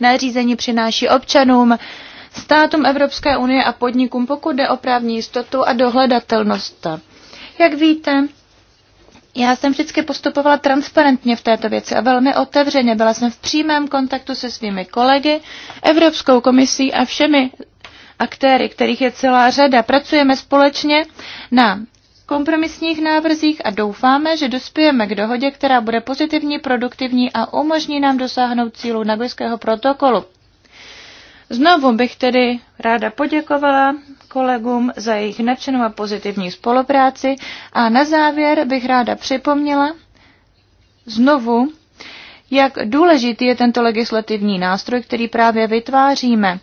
nařízení přináší občanům, státům Evropské unie a podnikům, pokud jde o právní jistotu a dohledatelnost. Jak víte, já jsem vždycky postupovala transparentně v této věci a velmi otevřeně. Byla jsem v přímém kontaktu se svými kolegy, Evropskou komisí a všemi aktéry, kterých je celá řada. Pracujeme společně na kompromisních návrzích a doufáme, že dospějeme k dohodě, která bude pozitivní, produktivní a umožní nám dosáhnout cílu Nagojského protokolu. Znovu bych tedy ráda poděkovala kolegům za jejich nadšenou a pozitivní spolupráci a na závěr bych ráda připomněla znovu jak důležitý je tento legislativní nástroj, který právě vytváříme.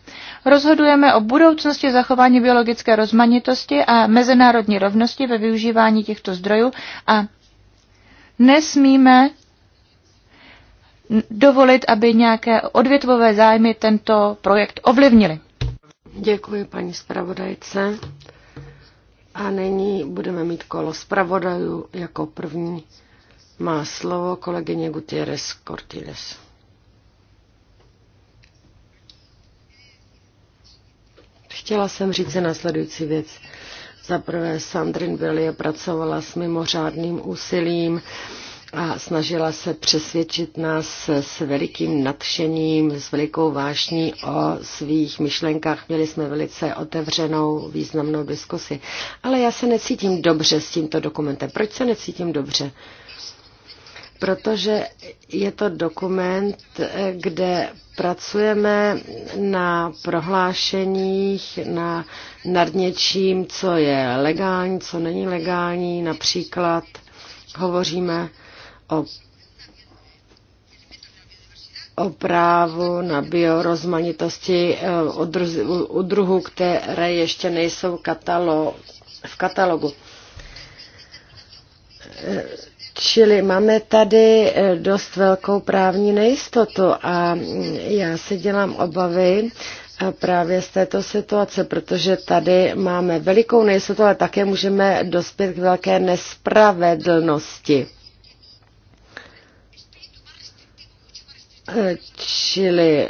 Rozhodujeme o budoucnosti zachování biologické rozmanitosti a mezinárodní rovnosti ve využívání těchto zdrojů a nesmíme dovolit, aby nějaké odvětvové zájmy tento projekt ovlivnily. Děkuji paní zpravodajce. A nyní budeme mít kolo zpravodajů jako první má slovo kolegyně Gutierrez Cortiles. Chtěla jsem říct následující věc. Za prvé, Sandrine Bellie pracovala s mimořádným úsilím a snažila se přesvědčit nás s velikým nadšením, s velikou vášní o svých myšlenkách. Měli jsme velice otevřenou, významnou diskusi. Ale já se necítím dobře s tímto dokumentem. Proč se necítím dobře? Uh, protože je to dokument, kde pracujeme na prohlášeních, na, nad něčím, co je legální, co není legální. Například hovoříme o, o právu na biorozmanitosti eh, u, u druhů, které ještě nejsou katalo, v katalogu eh, Čili máme tady eh, dost velkou právní nejistotu a mm, já si dělám obavy eh, právě z této situace, protože tady máme velikou nejistotu, ale také můžeme dospět k velké nespravedlnosti. Eh, čili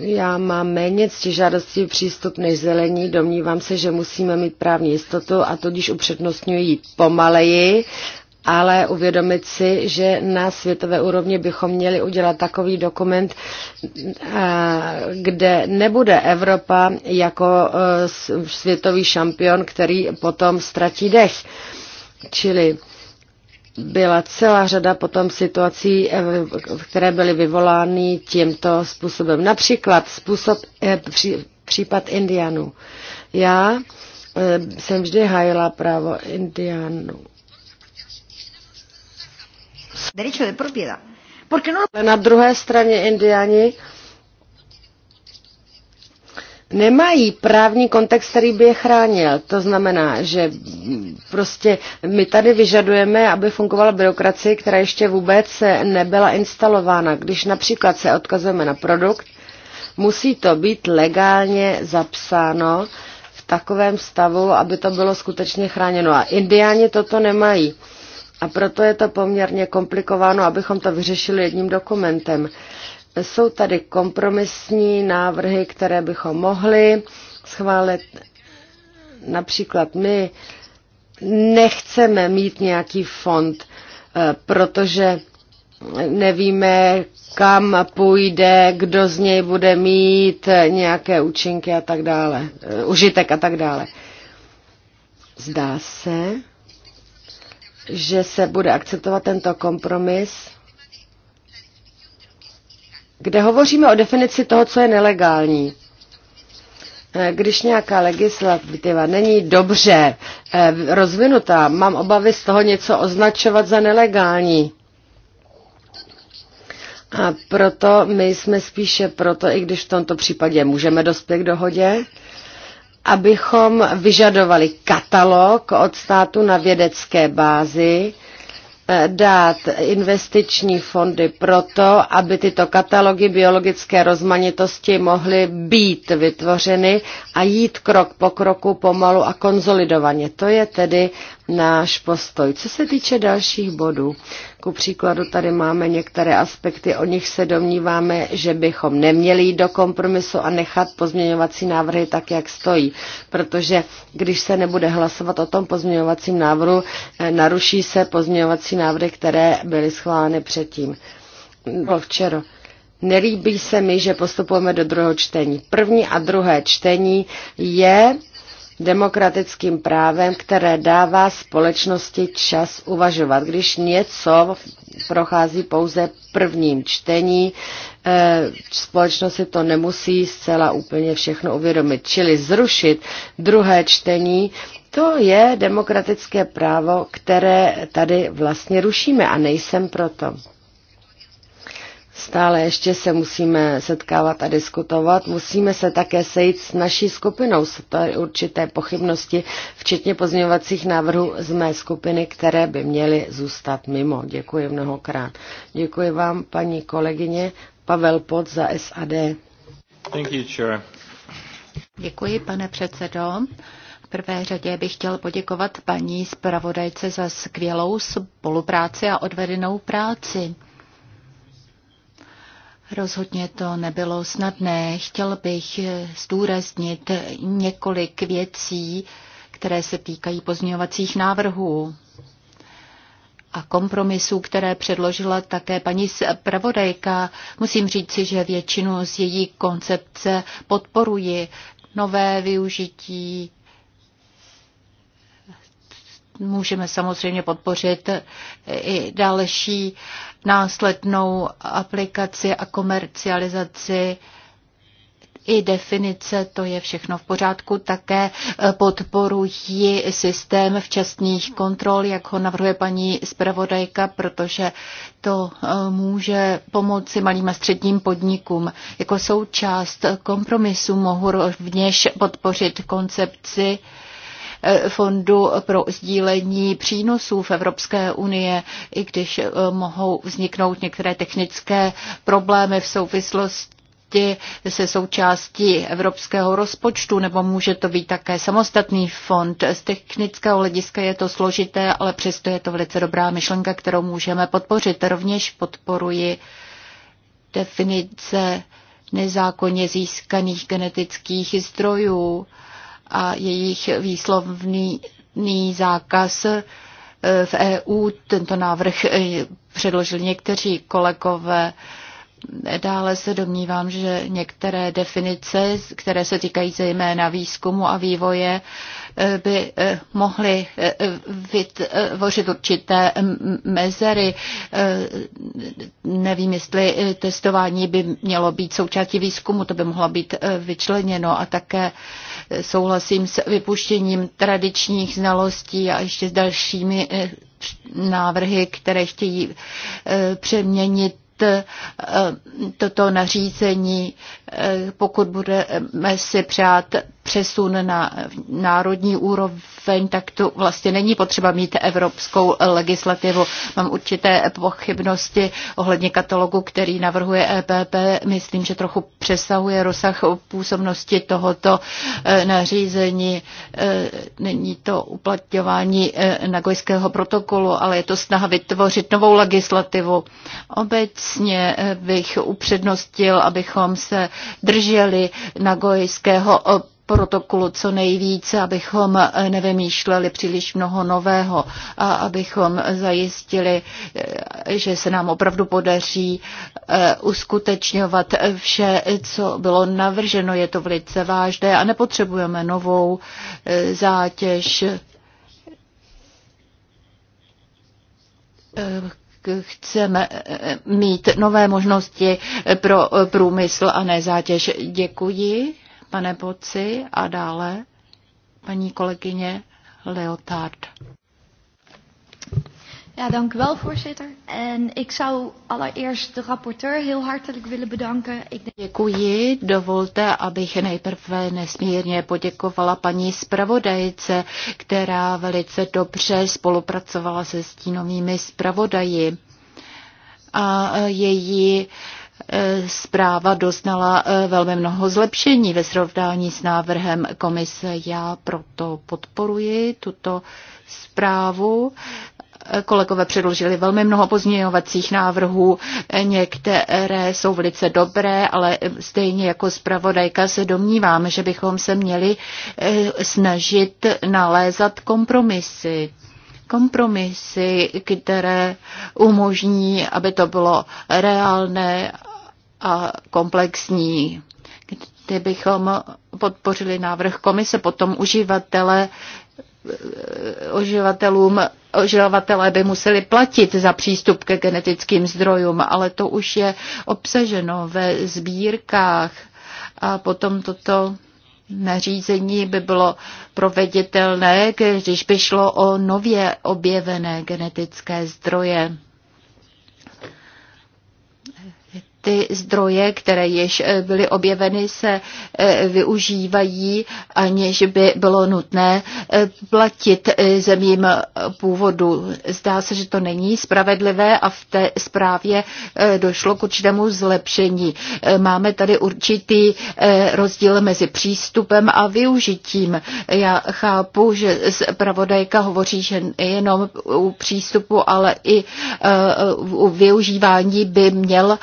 já mám méně žádostí přístup než zelení. Domnívám se, že musíme mít právní jistotu a tudíž upřednostňuji jít pomaleji ale uvědomit si, že na světové úrovni bychom měli udělat takový dokument, kde nebude Evropa jako e, světový šampion, který potom ztratí dech. Čili byla celá řada potom situací, e, které byly vyvolány tímto způsobem. Například způsob, e, případ Indianů. Já jsem vždy hájila právo Indianů derecho de propiedad. Porque no... Na druhé straně indiáni nemají právní kontext, který by je chránil. To znamená, že prostě my tady vyžadujeme, aby fungovala byrokracie, která ještě vůbec nebyla instalována. Když například se odkazujeme na produkt, musí to být legálně zapsáno v takovém stavu, aby to bylo skutečně chráněno. A indiáni toto nemají. A proto je to poměrně komplikováno, abychom to vyřešili jedním dokumentem. Jsou tady kompromisní návrhy, které bychom mohli schválit. Například my nechceme mít nějaký fond, eh, protože nevíme, kam půjde, kdo z něj bude mít nějaké účinky a tak dále, eh, užitek a tak dále. Zdá se, že se bude akceptovat tento kompromis, kde hovoříme o definici toho, co je nelegální. Eh, když nějaká legislativa není dobře eh, rozvinutá, mám obavy z toho něco označovat za nelegální. A proto my jsme spíše proto, i když v tomto případě můžeme dospět k dohodě, abychom vyžadovali katalog od státu na vědecké bázi, eh, dát investiční fondy proto, aby tyto katalogy biologické rozmanitosti mohly být vytvořeny a jít krok po kroku pomalu a konzolidovaně. To je tedy náš postoj. Co se týče dalších bodů, ku příkladu tady máme některé aspekty, o nich se domníváme, že bychom neměli jít do kompromisu a nechat pozměňovací návrhy tak, jak stojí. Protože když se nebude hlasovat o tom pozměňovacím návrhu, eh, naruší se pozměňovací návrhy, které byly schváleny předtím. Bylo včera. Nelíbí se mi, že postupujeme do druhého čtení. První a druhé čtení je demokratickým právem, které dává společnosti čas uvažovat. Když něco prochází pouze prvním čtení, eh, společnost si to nemusí zcela úplně všechno uvědomit. Čili zrušit druhé čtení, to je demokratické právo, které tady vlastně rušíme a nejsem proto. Stále ještě se musíme setkávat a diskutovat. Musíme se také sejít s naší skupinou. Jsou tady určité pochybnosti, včetně pozměňovacích návrhů z mé skupiny, které by měly zůstat mimo. Děkuji mnohokrát. Děkuji vám, paní kolegyně Pavel Pod za SAD. Thank you, chair. Děkuji, pane předsedo. V prvé řadě bych chtěl poděkovat paní zpravodajce za skvělou spolupráci a odvedenou práci. Rozhodně to nebylo snadné. Chtěl bych zdůraznit několik věcí, které se týkají pozměňovacích návrhů a kompromisů, které předložila také paní zpravodajka. Musím říci, že většinu z její koncepce podporuji. Nové využití můžeme samozřejmě podpořit i další následnou aplikaci a komercializaci i definice, to je všechno v pořádku. Také e, podporují systém včasných kontrol, jak ho navrhuje paní zpravodajka, protože to e, může pomoci malým a středním podnikům. Jako součást kompromisu mohu rovněž podpořit koncepci, Eh, fondu pro sdílení přínosů v Evropské unie, i když eh, mohou vzniknout některé technické problémy v souvislosti se součástí evropského rozpočtu, nebo může to být také samostatný fond. Z technického hlediska je to složité, ale přesto je to velice dobrá myšlenka, kterou můžeme podpořit. Rovněž podporuji definice nezákonně získaných genetických zdrojů a jejich výslovný zákaz e, v EU. Tento návrh e, předložili někteří kolegové Dále se domnívám, že některé definice, které se týkají zejména výzkumu a vývoje, eh, by eh, mohly eh, vytvořit určité mezery. Nevím, jestli testování by mělo být součástí výzkumu, to by mohlo být vyčleněno a také souhlasím s vypuštěním tradičních znalostí a ještě s dalšími návrhy, které chtějí přeměnit Eh, toto nařízení Eh, pokud budeme si přát přesun na národní úroveň, tak tu vlastně není potřeba mít evropskou legislativu. Mám určité pochybnosti ohledně katalogu, který navrhuje EPP. Myslím, že trochu přesahuje rozsah působnosti tohoto eh, nařízení. Eh, není to uplatňování Nagojského protokolu, ale je to snaha vytvořit novou legislativu. Obecně bych upřednostil, abychom se drželi Nagojského protokolu co nejvíce, abychom eh, nevymýšleli příliš mnoho nového a abychom zajistili, eh, že se nám opravdu podaří eh, uskutečňovat vše, co bylo navrženo. Je to velice vážné a nepotřebujeme novou zátěž chceme eh, mít nové možnosti eh, pro eh, průmysl a ne zátěž. Děkuji, pane Poci, a dále paní kolegyně Leotard. Ja, dank u wel, voorzitter. En ik zou allereerst de rapporteur heel hartelijk willen bedanken. Ik denk... Děkuji. Dovolte, abych nejprve nesmírně poděkovala paní zpravodajce, která velice dobře spolupracovala se stínovými zpravodaji. A e, její e, zpráva doznala e, velmi mnoho zlepšení ve srovnání s návrhem komise. Já proto podporuji tuto zprávu. Kolegové předložili velmi mnoho pozměňovacích návrhů, některé jsou velice dobré, ale stejně jako zpravodajka se domnívám, že bychom se měli eh, snažit nalézat kompromisy kompromisy, které umožní, aby to bylo reálné a komplexní. Kdybychom podpořili návrh komise, potom uživatele oživatelům, oživatelé by museli platit za přístup ke genetickým zdrojům, ale to už je obsaženo ve sbírkách a potom toto nařízení by bylo proveditelné, když by šlo o nově objevené genetické zdroje. ty zdroje, které již eh, byly objeveny, se eh, využívají, aniž by bylo nutné eh, platit zemím původu. Zdá se, že to není spravedlivé a v té zprávě došlo k určitému zlepšení. Máme tady určitý rozdíl mezi přístupem a využitím. Já chápu, že zpravodajka hovoří, že jenom u přístupu, ale i u využívání by měl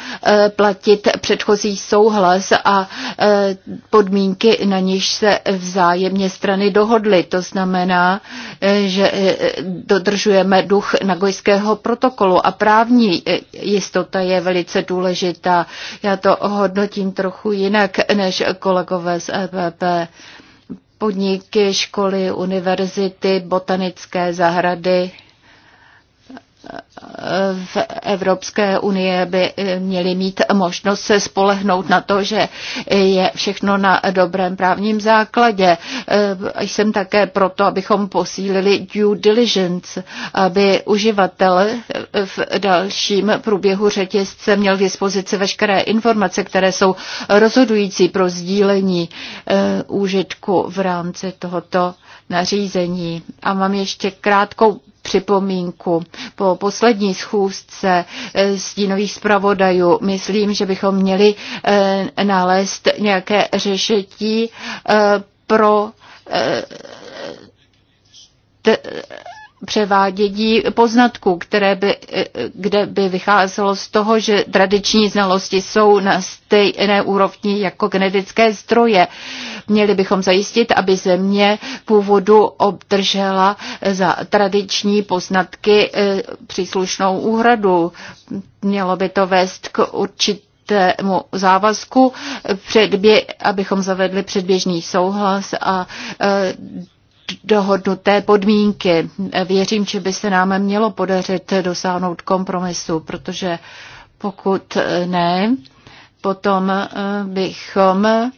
platit předchozí souhlas a e, podmínky, na níž se vzájemně strany dohodly. To znamená, e, že e, dodržujeme duch Nagojského protokolu a právní jistota je velice důležitá. Já to hodnotím trochu jinak než kolegové z EPP podniky, školy, univerzity, botanické zahrady v Evropské unie by měli mít možnost se spolehnout na to, že je všechno na dobrém právním základě. Jsem také proto, abychom posílili due diligence, aby uživatel v dalším průběhu řetězce měl k dispozici veškeré informace, které jsou rozhodující pro sdílení eh, úžitku v rámci tohoto nařízení. A mám ještě krátkou připomínku. Po poslední schůzce eh, stínových zpravodajů myslím, že bychom měli eh, nalézt nějaké řešení eh, pro převádění poznatků, které by, kde by vycházelo z toho, že tradiční znalosti jsou na stejné úrovni jako genetické zdroje. Uh, Měli bychom zajistit, aby země původu obdržela za tradiční poznatky eh, příslušnou úhradu. Mělo by to vést k určitě tému závazku, předbě, abychom zavedli předběžný souhlas a e, dohodnuté podmínky. Věřím, že by se nám mělo podařit dosáhnout kompromisu, protože pokud eh, ne, potom eh, bychom eh,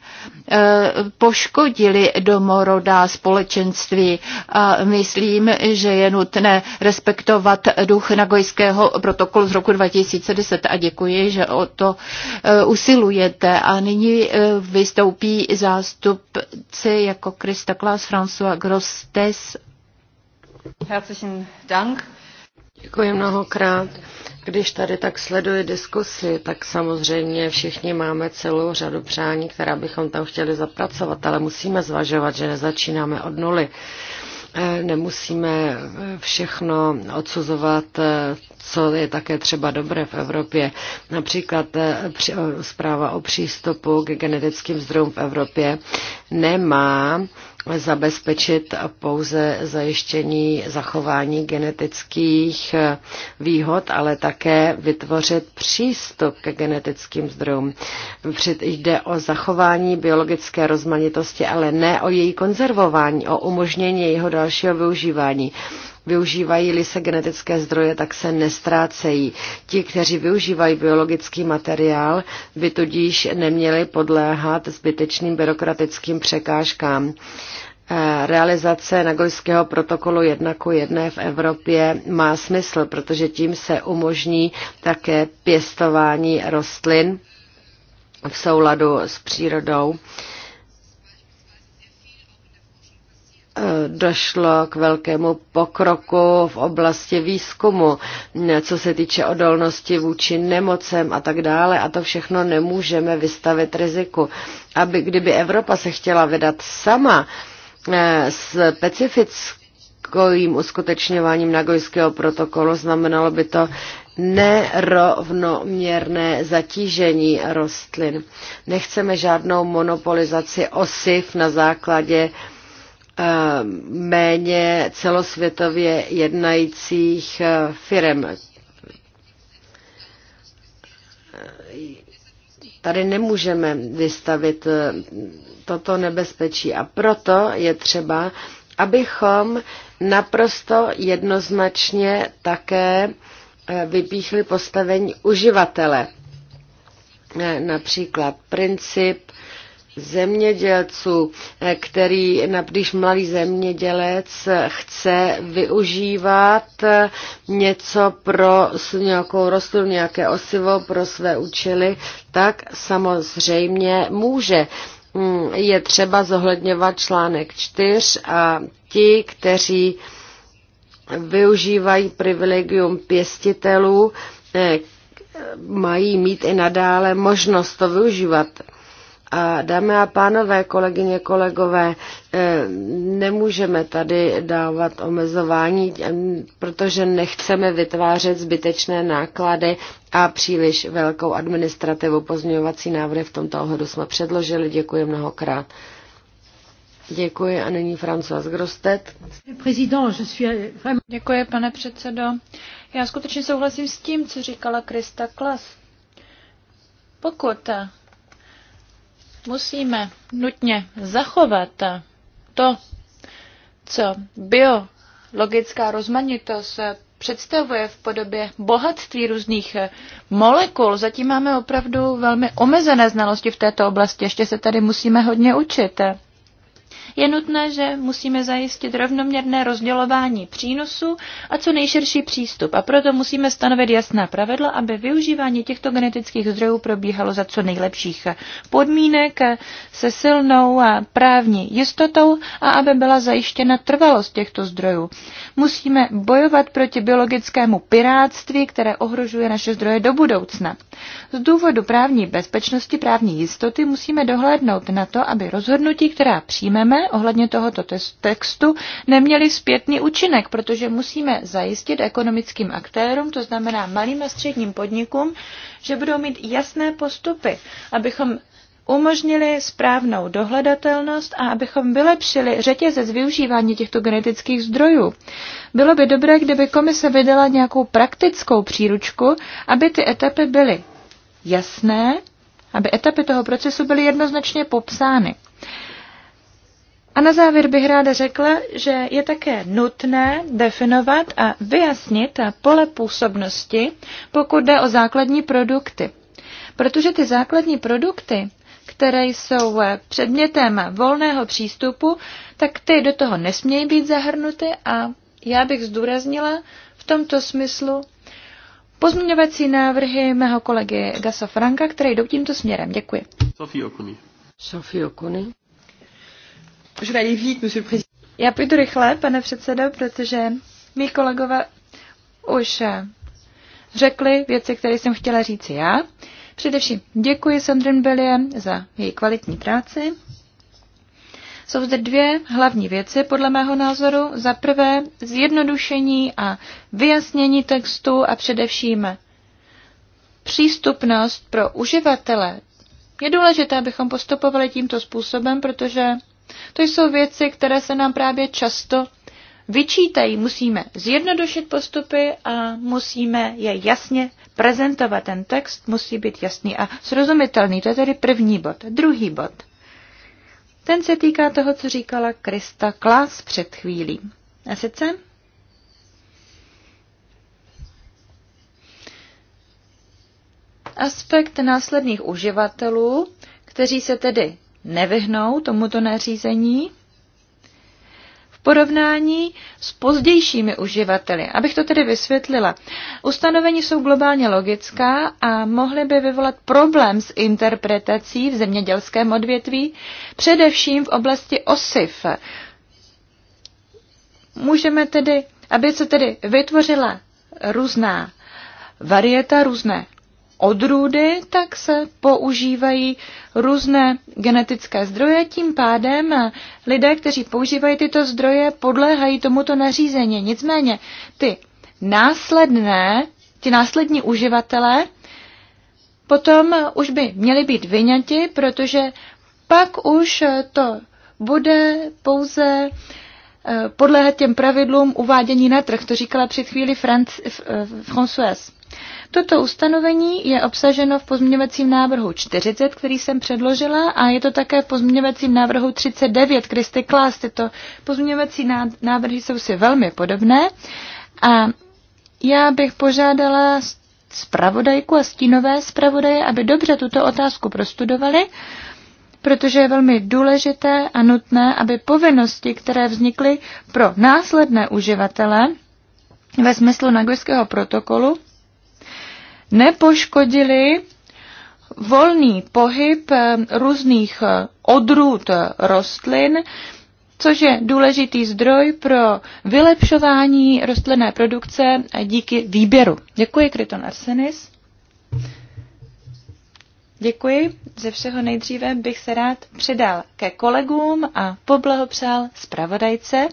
poškodili domorodá společenství. A myslím, že je nutné respektovat duch Nagojského protokolu z roku 2010 a děkuji, že o to eh, usilujete. A nyní vystoupí zástupci jako Krista Klaas, François Grostes. Herzlichen Dank. Děkuji mnohokrát. Když tady tak sleduje diskusy, tak samozřejmě všichni máme celou řadu přání, která bychom tam chtěli zapracovat, ale musíme zvažovat, že nezačínáme od nuly. Eh, nemusíme eh, všechno odsuzovat, eh, co je také třeba dobré v Evropě. Například zpráva o přístupu k genetickým zdrojům v Evropě nemá zabezpečit pouze zajištění zachování genetických výhod, ale také vytvořit přístup ke genetickým zdrojům. jde o zachování biologické rozmanitosti, ale ne o její konzervování, o umožnění jeho dalšího využívání. Využívají-li se genetické zdroje, tak se nestrácejí. Ti, kteří využívají biologický materiál, by tudíž neměli podléhat zbytečným byrokratickým překážkám e, realizace Nagojského protokolu 1 k 1 v Evropě má smysl, protože tím se umožní také pěstování rostlin v souladu s přírodou došlo k velkému pokroku v oblasti výzkumu, co se týče odolnosti vůči nemocem a tak dále. A to všechno nemůžeme vystavit riziku. Aby, kdyby Evropa se chtěla vydat sama eh, specifickým uskutečňováním Nagojského protokolu, znamenalo by to nerovnoměrné zatížení rostlin. Nechceme žádnou monopolizaci osiv na základě méně celosvětově jednajících eh, firm. Tady nemůžeme vystavit eh, toto nebezpečí a proto je třeba, abychom naprosto jednoznačně také eh, vypíchli postavení uživatele. Například princip zemědělců, eh, který, když mladý zemědělec chce využívat eh, něco pro nějakou rostlinu, nějaké osivo pro své účely, tak samozřejmě může hmm, je třeba zohledňovat článek 4 a ti, kteří využívají privilegium pěstitelů, eh, mají mít i nadále možnost to využívat. A dámy a pánové, kolegyně, kolegové, eh, nemůžeme tady dávat omezování, eh, protože nechceme vytvářet zbytečné náklady a příliš velkou administrativu. Pozměňovací návrhy v tomto ohledu jsme předložili. Děkuji mnohokrát. Děkuji a nyní François Grostet. Děkuji, pane předsedo. Já skutečně souhlasím s tím, co říkala Krista Klas. Pokud musíme nutně zachovat to, co biologická rozmanitost představuje v podobě bohatství různých molekul. Zatím máme opravdu velmi omezené znalosti v této oblasti, ještě se tady musíme hodně učit je nutné, že musíme zajistit rovnoměrné rozdělování přínosů a co nejširší přístup. A proto musíme stanovit jasná pravidla, aby využívání těchto genetických zdrojů probíhalo za co nejlepších podmínek se silnou a právní jistotou a aby byla zajištěna trvalost těchto zdrojů. Musíme bojovat proti biologickému piráctví, které ohrožuje naše zdroje do budoucna. Z důvodu právní bezpečnosti, právní jistoty musíme dohlédnout na to, aby rozhodnutí, která přijmeme, ohledně tohoto textu neměly zpětný účinek, protože musíme zajistit ekonomickým aktérům, to znamená malým a středním podnikům, že budou mít jasné postupy, abychom umožnili správnou dohledatelnost a abychom vylepšili řetězec využívání těchto genetických zdrojů. Bylo by dobré, kdyby komise vydala nějakou praktickou příručku, aby ty etapy byly jasné, aby etapy toho procesu byly jednoznačně popsány. A na závěr bych ráda řekla, že je také nutné definovat a vyjasnit pole působnosti, pokud jde o základní produkty. Protože ty základní produkty, které jsou předmětem volného přístupu, tak ty do toho nesmějí být zahrnuty a já bych zdůraznila v tomto smyslu pozměňovací návrhy mého kolegy Gasa Franka, který jdou tímto směrem. Děkuji. Sofie Okuny. Sofie Okuny. Já půjdu rychle, pane předsedo, protože mý kolegové už eh, řekli věci, které jsem chtěla říct. já. Především děkuji Sandrin Bellien za její kvalitní práci. Jsou zde dvě hlavní věci, podle mého názoru. Za prvé zjednodušení a vyjasnění textu a především přístupnost pro uživatele. Je důležité, abychom postupovali tímto způsobem, protože to jsou věci, které se nám právě často vyčítají. Musíme zjednodušit postupy a musíme je jasně prezentovat. Ten text musí být jasný a srozumitelný. To je tedy první bod. Druhý bod. Ten se týká toho, co říkala Krista Klas před chvílí. A sice? Aspekt následných uživatelů, kteří se tedy nevyhnou tomuto nařízení v porovnání s pozdějšími uživateli. Abych to tedy vysvětlila. Ustanovení jsou globálně logická a mohly by vyvolat problém s interpretací v zemědělském odvětví, především v oblasti osiv. Můžeme tedy, aby se tedy vytvořila různá varieta, různé odrůdy, tak se používají různé genetické zdroje. Tím pádem lidé, kteří používají tyto zdroje, podléhají tomuto nařízení. Nicméně ty následné, ti následní uživatelé potom už by měli být vyňati, protože pak už to bude pouze eh, podléhat těm pravidlům uvádění na trh. To říkala před chvíli Franc- eh, Françoise. Toto ustanovení je obsaženo v pozměňovacím návrhu 40, který jsem předložila a je to také v pozměňovacím návrhu 39 Kristy Klas. Tyto pozměňovací návrhy jsou si velmi podobné a já bych požádala zpravodajku a stínové zpravodaje, aby dobře tuto otázku prostudovali, protože je velmi důležité a nutné, aby povinnosti, které vznikly pro následné uživatele ve smyslu Nagojského protokolu, nepoškodili volný pohyb eh, různých eh, odrůd rostlin, což je důležitý zdroj pro vylepšování rostlinné produkce díky výběru. Děkuji, Kryton Arsenis. Děkuji. Ze všeho nejdříve bych se rád přidal ke kolegům a poblahopřál zpravodajce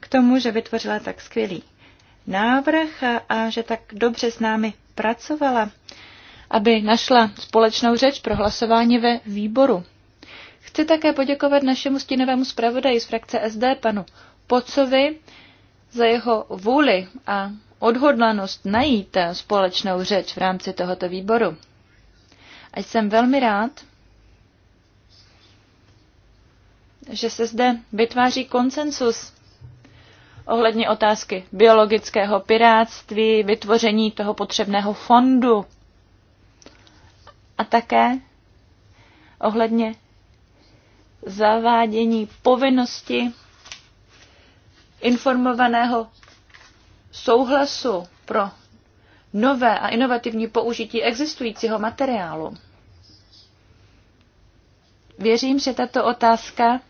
k tomu, že vytvořila tak skvělý návrh a že tak dobře s námi pracovala, aby našla společnou řeč pro hlasování ve výboru. Chci také poděkovat našemu stínovému zpravodaji z frakce SD, panu Pocovi, za jeho vůli a odhodlanost najít společnou řeč v rámci tohoto výboru. A jsem velmi rád, že se zde vytváří konsensus ohledně otázky biologického piráctví, vytvoření toho potřebného fondu a také ohledně zavádění povinnosti informovaného souhlasu pro nové a inovativní použití existujícího materiálu. Věřím, že tato otázka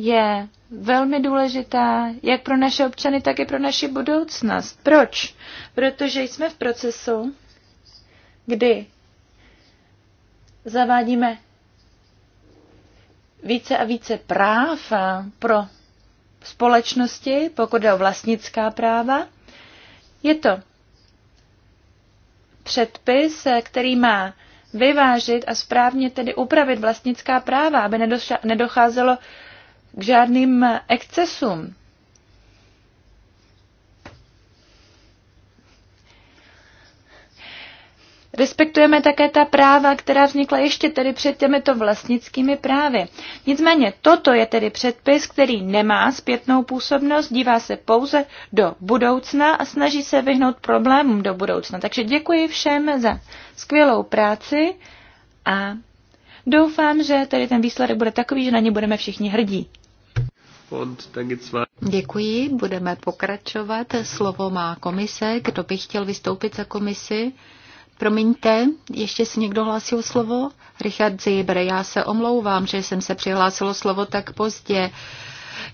je velmi důležitá jak pro naše občany, tak i pro naši budoucnost. Proč? Protože jsme v procesu, kdy zavádíme více a více práv pro společnosti, pokud je o vlastnická práva. Je to předpis, který má vyvážit a správně tedy upravit vlastnická práva, aby nedocházelo k žádným excesům. Respektujeme také ta práva, která vznikla ještě tedy před těmito vlastnickými právy. Nicméně toto je tedy předpis, který nemá zpětnou působnost, dívá se pouze do budoucna a snaží se vyhnout problémům do budoucna. Takže děkuji všem za skvělou práci a Doufám, že tedy ten výsledek bude takový, že na ně budeme všichni hrdí. Děkuji, budeme pokračovat. Slovo má komise. Kdo by chtěl vystoupit za komisi? Promiňte, ještě si někdo hlásil slovo? Richard Zibre, já se omlouvám, že jsem se přihlásil slovo tak pozdě. Uh,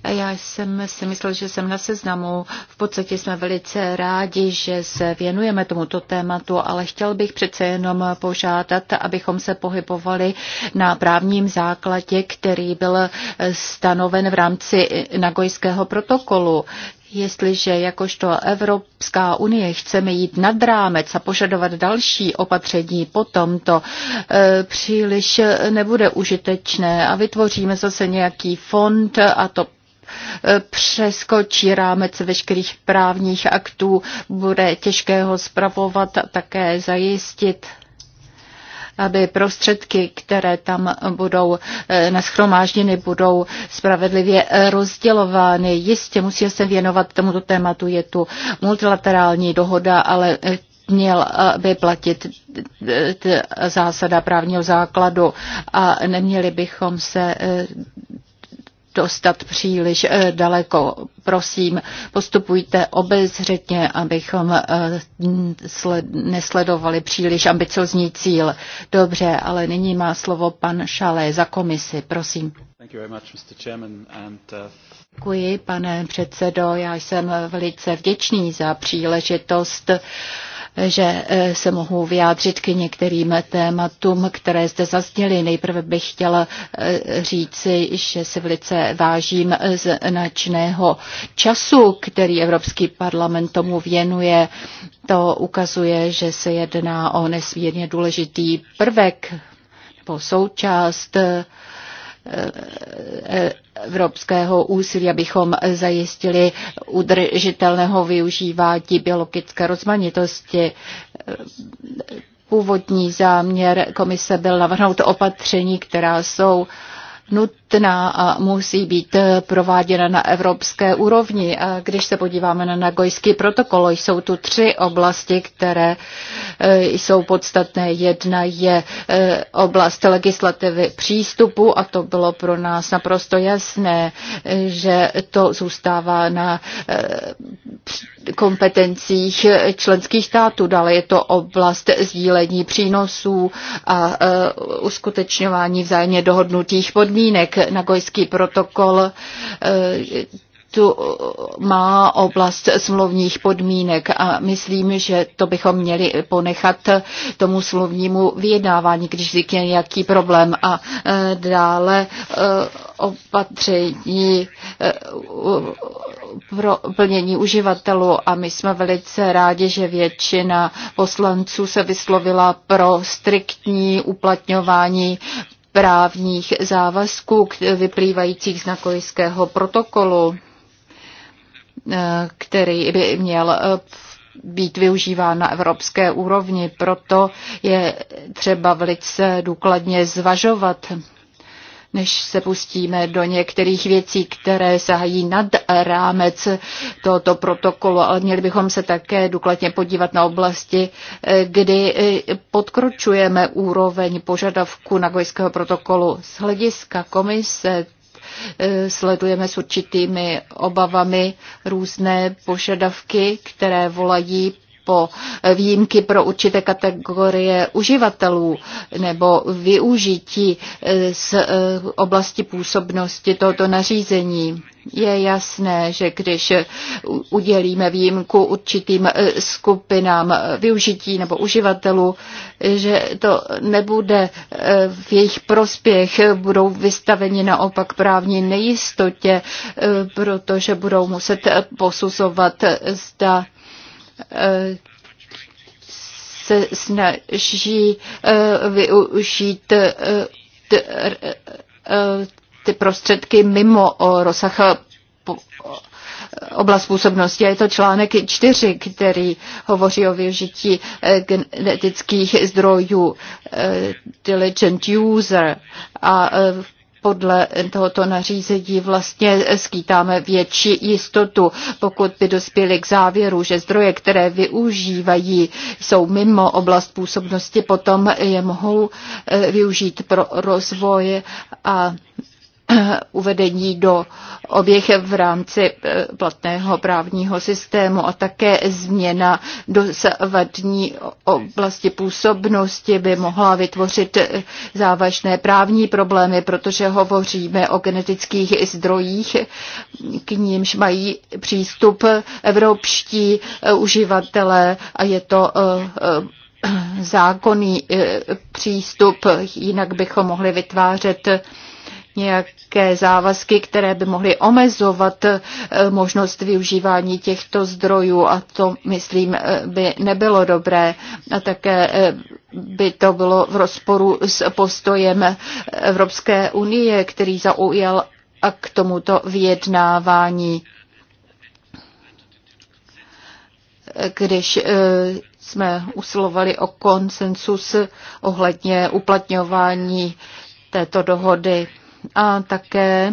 já jsem si myslel, že jsem na seznamu. V podstatě jsme velice rádi, že se věnujeme tomuto tématu, ale chtěl bych přece jenom požádat, abychom se pohybovali na právním základě, který byl stanoven v rámci Nagojského protokolu. Jestliže jakožto Evropská unie chceme jít nad rámec a požadovat další opatření, potom to e, příliš nebude užitečné a vytvoříme zase nějaký fond a to e, přeskočí rámec veškerých právních aktů, bude těžké ho zpravovat a také zajistit aby prostředky, které tam budou eh, naschromážděny, budou spravedlivě eh, rozdělovány. Jistě musí se věnovat tomuto tématu, je tu multilaterální dohoda, ale eh, měl by platit zásada právního základu a neměli bychom se dostat příliš eh, daleko. Prosím, postupujte obezřetně, abychom eh, nesledovali příliš ambiciozní cíl. Dobře, ale nyní má slovo pan Šalé za komisi, prosím. Uh, Děkuji, pane předsedo. Já jsem velice vděčný za příležitost uh, že eh, se mohu vyjádřit k některým tématům, které zde zazněly. Nejprve bych chtěla eh, říci, že si velice vážím eh, značného času, který Evropský parlament tomu věnuje. To ukazuje, že se jedná o nesmírně důležitý prvek nebo součást Eh, evropského úsilí, abychom zajistili udržitelného využívání biologické rozmanitosti. Původní záměr komise byl navrhnout opatření, která jsou nutná a musí být eh, prováděna na evropské úrovni. A když se podíváme na Nagojský protokol, jsou tu tři oblasti, které eh, jsou podstatné. Jedna je eh, oblast legislativy přístupu a to bylo pro nás naprosto jasné, že to zůstává na kompetencích členských států. Dále je to oblast sdílení přínosů a uskutečňování vzájemně dohodnutých podmínek podmínek. Nagojský protokol eh, tu má oblast smluvních podmínek a myslím, že to bychom měli ponechat tomu smluvnímu vyjednávání, když vznikne nějaký problém a eh, dále eh, opatření pro plnění uživatelů a my jsme velice rádi, že většina poslanců se vyslovila pro striktní uplatňování právních závazků vyplývajících z nakojského protokolu, eh, který by měl eh, být využíván na evropské úrovni. Proto je třeba velice důkladně zvažovat než se pustíme do některých věcí, které sahají nad rámec tohoto protokolu, ale měli bychom se také důkladně podívat na oblasti, kdy eh, podkročujeme úroveň požadavku gojského protokolu. Z hlediska komise eh, sledujeme s určitými obavami různé požadavky, které volají po výjimky pro určité kategorie uživatelů nebo využití z eh, oblasti působnosti tohoto nařízení. Je jasné, že když udělíme výjimku určitým eh, skupinám eh, využití nebo uživatelů, že to nebude v jejich prospěch, budou vystaveni naopak právní nejistotě, protože budou muset posuzovat, zda se snaží eh, využít eh, ty prostředky mimo eh, rozsah oblast působnosti. A je to článek 4, který hovoří o využití genetických zdrojů diligent user a podle tohoto nařízení vlastně skýtáme větší jistotu, pokud by dospěli k závěru, že zdroje, které využívají, jsou mimo oblast působnosti, potom je mohou eh, využít pro rozvoj a Eh, uvedení do oběh v rámci eh, platného právního systému a také změna dosavadní oblasti působnosti by mohla vytvořit eh, závažné právní problémy, protože hovoříme o genetických zdrojích, k nímž mají přístup evropští uživatelé a je to zákonný přístup, jinak bychom mohli vytvářet nějaké závazky, které by mohly omezovat eh, možnost využívání těchto zdrojů a to, myslím, eh, by nebylo dobré. A také eh, by to bylo v rozporu s postojem Evropské unie, který zaujal a k tomuto vyjednávání. Když jsme usilovali o konsensus ohledně uplatňování této dohody a také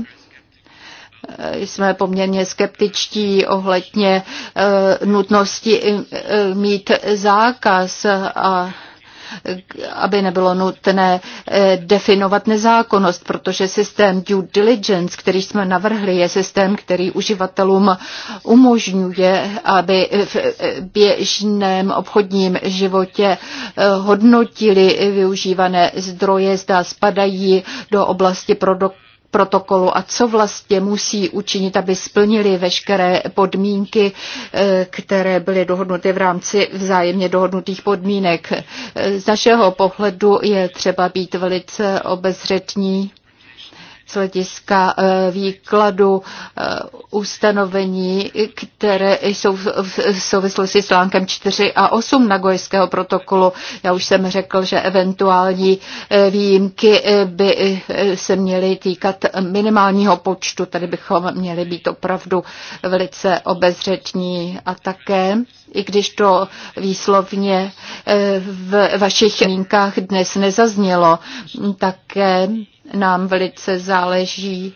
eh, jsme poměrně skeptičtí ohledně eh, nutnosti eh, mít zákaz a aby nebylo nutné eh, definovat nezákonnost, protože systém due diligence, který jsme navrhli, je systém, který uživatelům umožňuje, aby v eh, běžném obchodním životě eh, hodnotili využívané zdroje, zda spadají do oblasti produktů protokolu a co vlastně musí učinit, aby splnili veškeré podmínky, eh, které byly dohodnuty v rámci vzájemně dohodnutých podmínek. Eh, z našeho pohledu je třeba být velice obezřetní z hlediska eh, výkladu eh, ustanovení, které jsou v souvislosti s článkem 4 a 8 Nagojského protokolu. Já už jsem řekl, že eventuální eh, výjimky by se měly týkat minimálního počtu, tady bychom měli být opravdu velice obezřetní a také i když to výslovně v vašich linkách dnes nezaznělo, také nám velice záleží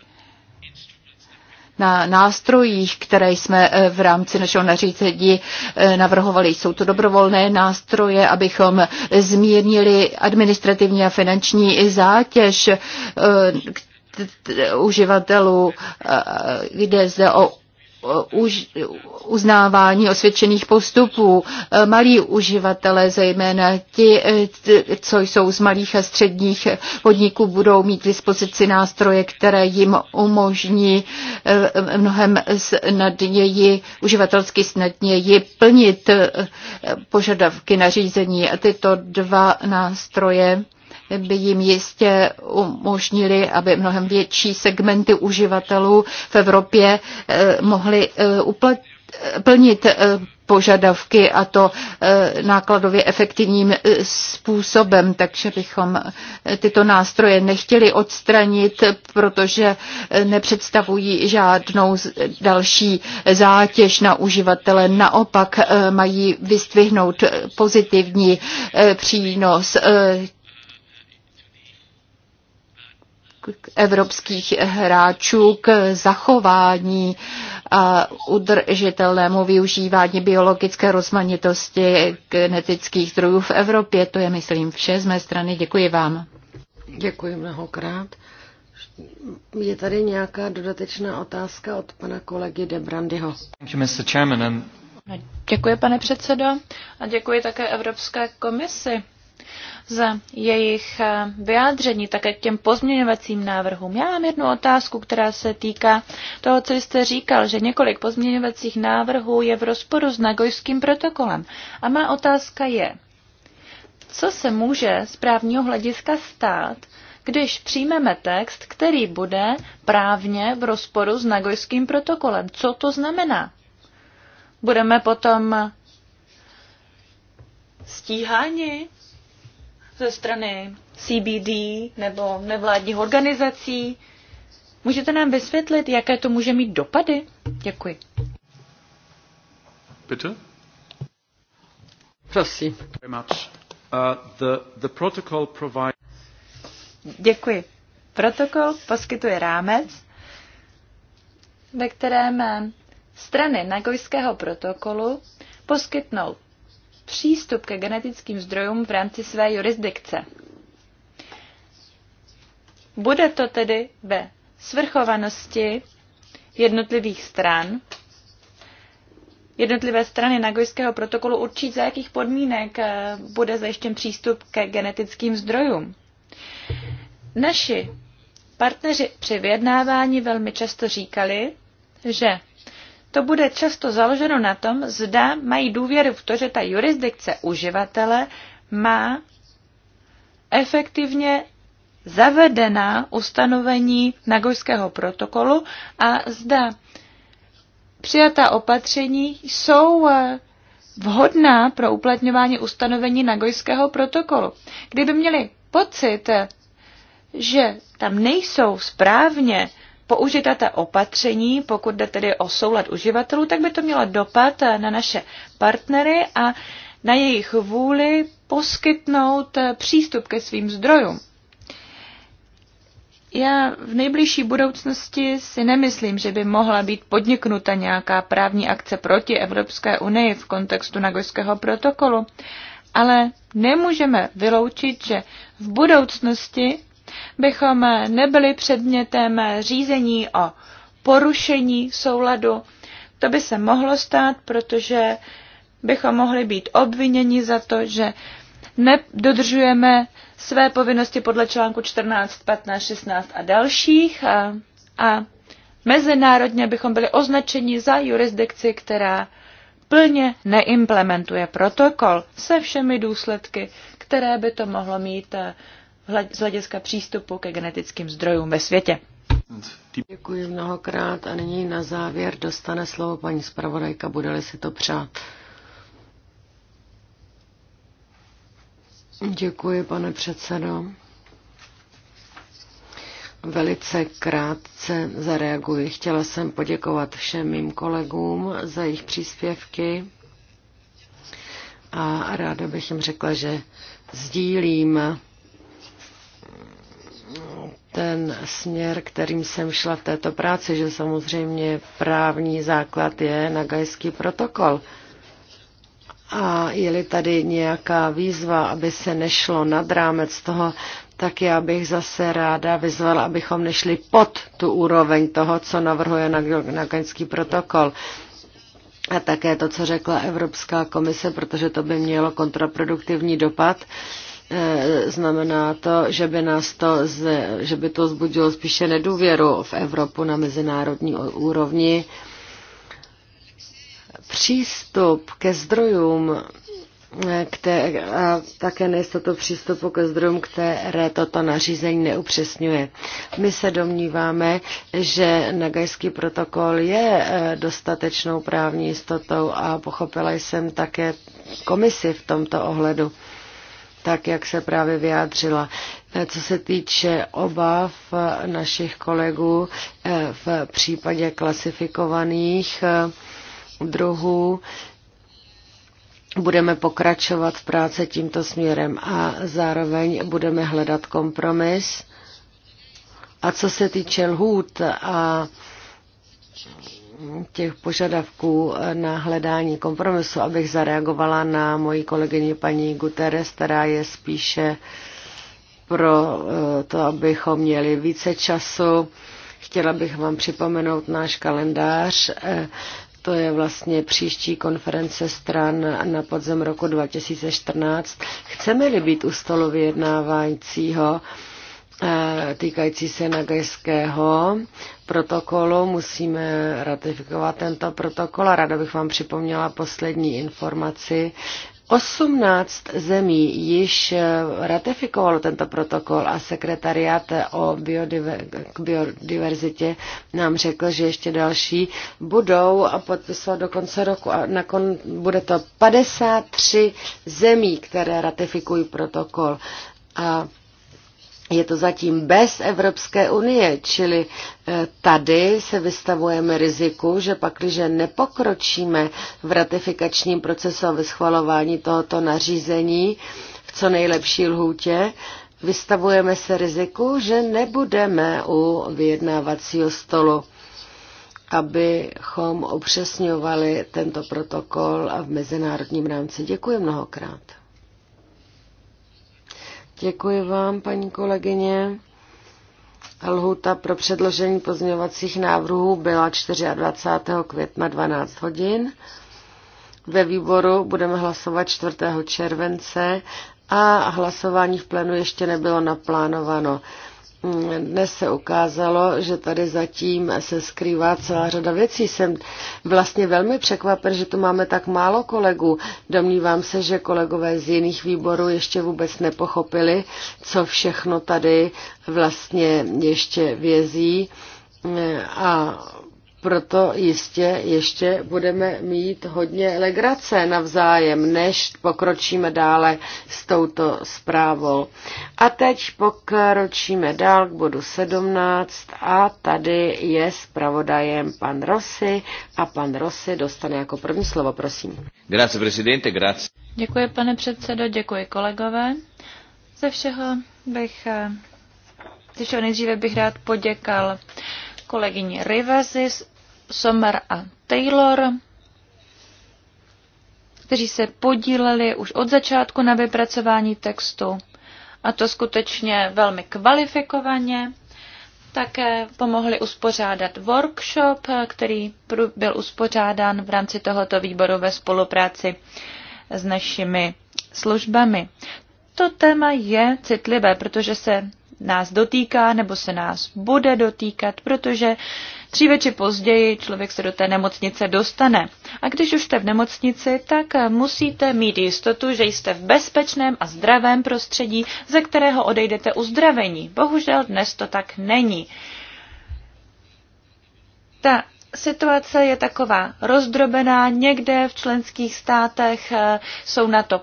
na nástrojích, které jsme eh, v rámci našeho nařízení eh, navrhovali. Jsou to dobrovolné nástroje, abychom zmírnili administrativní a finanční zátěž, eh, uživatelů, kde zde o Uh, uh, uznávání osvědčených postupů. Uh, malí uživatelé, zejména ti, co jsou z malých a středních podniků, budou mít k dispozici nástroje, které jim umožní mnohem snadněji, uživatelsky snadněji plnit požadavky na řízení. A tyto dva nástroje by jim jistě umožnili, aby mnohem větší segmenty uživatelů v Evropě eh, mohly eh, plnit eh, požadavky a to nákladově efektivním způsobem, takže bychom tyto nástroje nechtěli odstranit, protože nepředstavují žádnou další zátěž na uživatele. Naopak mají vystvihnout pozitivní přínos evropských hráčů k zachování a udržitelnému využívání biologické rozmanitosti genetických zdrojů v Evropě. To je, myslím, vše z mé strany. Děkuji vám. Děkuji mnohokrát. Je tady nějaká dodatečná otázka od pana kolegy Debrandyho. Děkuji, pane předsedo, a děkuji také Evropské komisi za jejich eh, vyjádření, také k těm pozměňovacím návrhům. Já mám jednu otázku, která se týká toho, co jste říkal, že několik pozměňovacích návrhů je v rozporu s Nagojským protokolem. A má otázka je, co se může z právního hlediska stát, když přijmeme text, který bude právně v rozporu s Nagojským protokolem. Co to znamená? Budeme potom stíháni ze strany CBD nebo nevládních organizací. Můžete nám vysvětlit, jaké to může mít dopady? Děkuji. Bitte? Prosím. Very much. Uh, the, the protocol provide... Děkuji. Protokol poskytuje rámec, ve kterém eh, strany Nagojského protokolu poskytnou přístup ke genetickým zdrojům v rámci své jurisdikce. Bude to tedy ve svrchovanosti jednotlivých stran. Jednotlivé strany Nagojského protokolu určí, za jakých podmínek eh, bude zajištěn přístup ke genetickým zdrojům. Naši partneři při vyjednávání velmi často říkali, že to bude často založeno na tom, zda mají důvěru v to, že ta jurisdikce uživatele má efektivně zavedená ustanovení Nagojského protokolu a zda přijatá opatření jsou eh, vhodná pro uplatňování ustanovení Nagojského protokolu. Kdyby měli pocit, eh, že tam nejsou správně použita ta opatření, pokud jde tedy o soulad uživatelů, tak by to mělo dopad na naše partnery a na jejich vůli poskytnout eh, přístup ke svým zdrojům. Já v nejbližší budoucnosti si nemyslím, že by mohla být podniknuta nějaká právní akce proti Evropské unii v kontextu Nagojského protokolu, ale nemůžeme vyloučit, že v budoucnosti bychom nebyli předmětem řízení o porušení souladu. To by se mohlo stát, protože bychom mohli být obviněni za to, že nedodržujeme své povinnosti podle článku 14, 15, 16 a dalších a, a mezinárodně bychom byli označeni za jurisdikci, která plně neimplementuje protokol se všemi důsledky, které by to mohlo mít z hlediska přístupu ke genetickým zdrojům ve světě. Děkuji mnohokrát a nyní na závěr dostane slovo paní zpravodajka, bude-li si to přát. Děkuji, pane předsedo. Velice krátce zareaguji. Chtěla jsem poděkovat všem mým kolegům za jejich příspěvky a ráda bych jim řekla, že sdílím ten směr, kterým jsem šla v této práci, že samozřejmě právní základ je Nagajský protokol. A je-li tady nějaká výzva, aby se nešlo nad rámec toho, tak já bych zase ráda vyzvala, abychom nešli pod tu úroveň toho, co navrhuje Nagajský protokol. A také to, co řekla Evropská komise, protože to by mělo kontraproduktivní dopad. Uh, Eh, znamená to, že by, nás to, z, že by to zbudilo spíše nedůvěru v Evropu na mezinárodní úrovni. Přístup ke zdrojům eh, které, a také nejistotu přístupu ke zdrojům, které toto nařízení neupřesňuje. My se domníváme, že Nagajský protokol je eh, dostatečnou právní jistotou a pochopila jsem také komisi v tomto ohledu tak jak se právě vyjádřila. Eh, co se týče obav eh, našich kolegů eh, v případě klasifikovaných druhů, budeme pokračovat v práci tímto směrem a zároveň budeme hledat kompromis. A co se týče lhůt a těch požadavků na hledání kompromisu, abych zareagovala na moji kolegyni paní Guterres, která je spíše pro eh, to, abychom měli více času. Chtěla bych vám připomenout náš kalendář. Eh, to je vlastně příští konference stran na podzem roku 2014. Chceme-li být u stolu vyjednávajícího, týkající se Nagajského protokolu. Musíme ratifikovat tento protokol a ráda bych vám připomněla poslední informaci. 18 zemí již ratifikovalo tento protokol a sekretariát o k biodiverzitě nám řekl, že ještě další budou a podpisovat do konce roku a nakon bude to 53 zemí, které ratifikují protokol. A je to zatím bez Evropské unie, čili eh, tady se vystavujeme riziku, že pakliže nepokročíme v ratifikačním procesu a ve schvalování tohoto nařízení v co nejlepší lhůtě, vystavujeme se riziku, že nebudeme u vyjednávacího stolu abychom upřesňovali tento protokol a v mezinárodním rámci. Děkuji mnohokrát. Děkuji vám, paní kolegyně. Lhuta pro předložení pozměňovacích návrhů byla 24. května 12 hodin. Ve výboru budeme hlasovat 4. července a hlasování v plenu ještě nebylo naplánováno dnes se ukázalo, že tady zatím se skrývá celá řada věcí. Jsem vlastně velmi překvapen, že tu máme tak málo kolegů. Domnívám se, že kolegové z jiných výborů ještě vůbec nepochopili, co všechno tady vlastně ještě vězí a proto jistě ještě budeme mít hodně legrace navzájem, než pokročíme dále s touto zprávou. A teď pokročíme dál k bodu 17 a tady je zpravodajem pan Rossi a pan Rossi dostane jako první slovo, prosím. Grazie, presidente, grazie. Děkuji, pane předsedo, děkuji kolegové. Ze všeho bych, ze všeho nejdříve bych rád poděkal uh, kolegyni Rivazy, Sommer a Taylor, kteří se podíleli už od začátku na vypracování textu a to skutečně velmi kvalifikovaně. Také pomohli uspořádat workshop, který byl uspořádán v rámci tohoto výboru ve spolupráci s našimi službami. To téma je citlivé, protože se nás dotýká nebo se nás bude dotýkat, protože dříve či později člověk se do té nemocnice dostane. A když už jste v nemocnici, tak musíte mít jistotu, že jste v bezpečném a zdravém prostředí, ze kterého odejdete uzdravení. Bohužel dnes to tak není. Ta situace je taková rozdrobená, někde v členských státech eh, jsou na to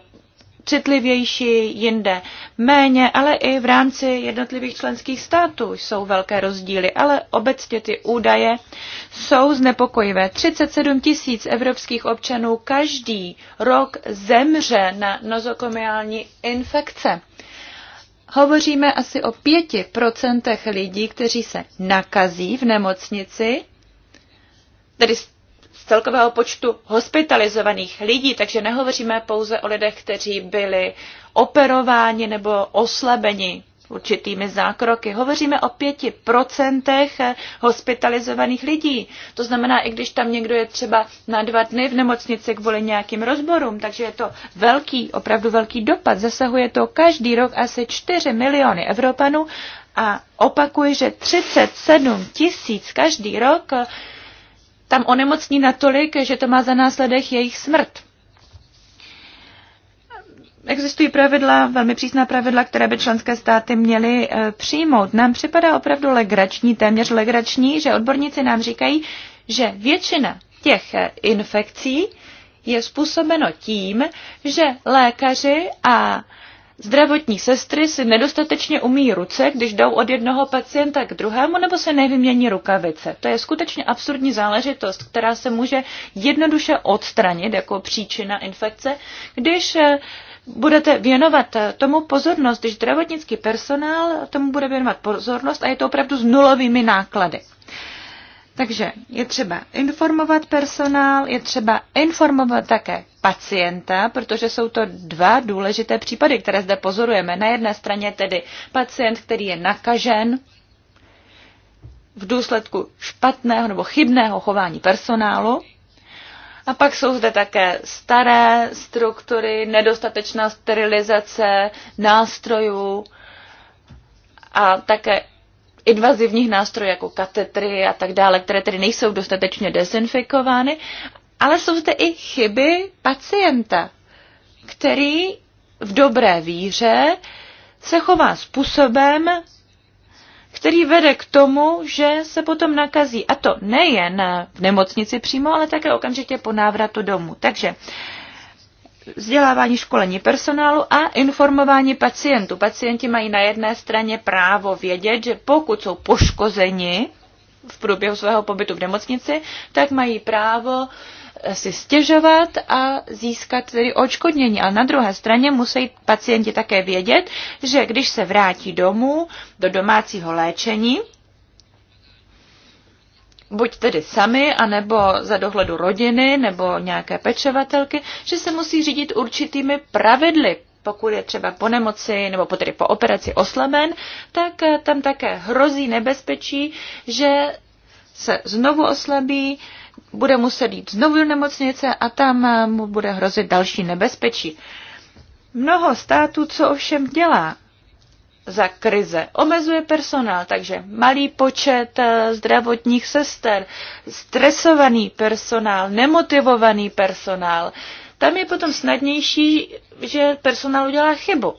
citlivější, jinde méně, ale i v rámci jednotlivých členských států jsou velké rozdíly, ale obecně ty údaje jsou znepokojivé. 37 tisíc evropských občanů každý rok zemře na nozokomiální infekce. Hovoříme asi o 5% lidí, kteří se nakazí v nemocnici, tedy z celkového počtu hospitalizovaných lidí, takže nehovoříme pouze o lidech, kteří byli operováni nebo oslabeni určitými zákroky. Hovoříme o pěti procentech hospitalizovaných lidí. To znamená, i když tam někdo je třeba na dva dny v nemocnici kvůli nějakým rozborům, takže je to velký, opravdu velký dopad. Zasahuje to každý rok asi 4 miliony Evropanů a opakuje, že 37 tisíc každý rok tam onemocní natolik, že to má za následek jejich smrt. Existují pravidla, velmi přísná pravidla, které by členské státy měly eh, přijmout. Nám připadá opravdu legrační, téměř legrační, že odborníci nám říkají, že většina těch eh, infekcí je způsobeno tím, že lékaři a zdravotní sestry si nedostatečně umí ruce, když jdou od jednoho pacienta k druhému, nebo se nevymění rukavice. To je skutečně absurdní záležitost, která se může jednoduše odstranit jako příčina infekce, když eh, budete věnovat eh, tomu pozornost, když zdravotnický personál tomu bude věnovat pozornost a je to opravdu s nulovými náklady. Takže je třeba informovat personál, je třeba informovat také pacienta, protože jsou to dva důležité případy, které zde pozorujeme. Na jedné straně tedy pacient, který je nakažen v důsledku špatného nebo chybného chování personálu. A pak jsou zde také staré struktury, nedostatečná sterilizace nástrojů a také invazivních nástrojů jako katetry a tak dále, které tedy nejsou dostatečně dezinfikovány, ale jsou zde i chyby pacienta, který v dobré víře se chová způsobem, který vede k tomu, že se potom nakazí. A to nejen v nemocnici přímo, ale také okamžitě po návratu domů. Takže vzdělávání školení personálu a informování pacientů. Pacienti mají na jedné straně právo vědět, že pokud jsou poškozeni v průběhu svého pobytu v nemocnici, tak mají právo eh, si stěžovat a získat tedy očkodnění. Ale na druhé straně musí pacienti také vědět, že když se vrátí domů do domácího léčení, buď tedy sami, anebo za dohledu rodiny, nebo nějaké pečovatelky, že se musí řídit určitými pravidly. Pokud je třeba po nemoci nebo po tedy po operaci oslaben, tak eh, tam také hrozí nebezpečí, že se znovu oslabí, bude muset jít znovu do nemocnice a tam eh, mu bude hrozit další nebezpečí. Mnoho států, co ovšem dělá, za krize. Omezuje personál, takže malý počet eh, zdravotních sester, stresovaný personál, nemotivovaný personál. Tam je potom snadnější, že personál udělá chybu.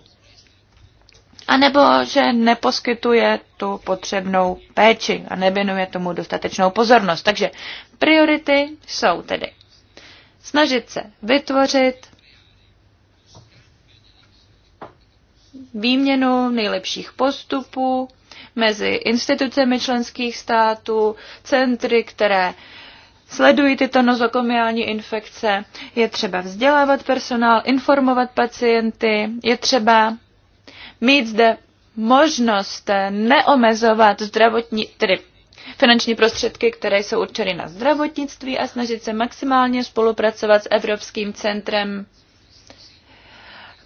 A nebo že neposkytuje tu potřebnou péči a nevěnuje tomu dostatečnou pozornost. Takže priority jsou tedy snažit se vytvořit výměnu nejlepších postupů mezi institucemi členských států, centry, které sledují tyto nozokomiální infekce. Je třeba vzdělávat personál, informovat pacienty, je třeba mít zde možnost neomezovat zdravotní, tedy finanční prostředky, které jsou určeny na zdravotnictví a snažit se maximálně spolupracovat s Evropským centrem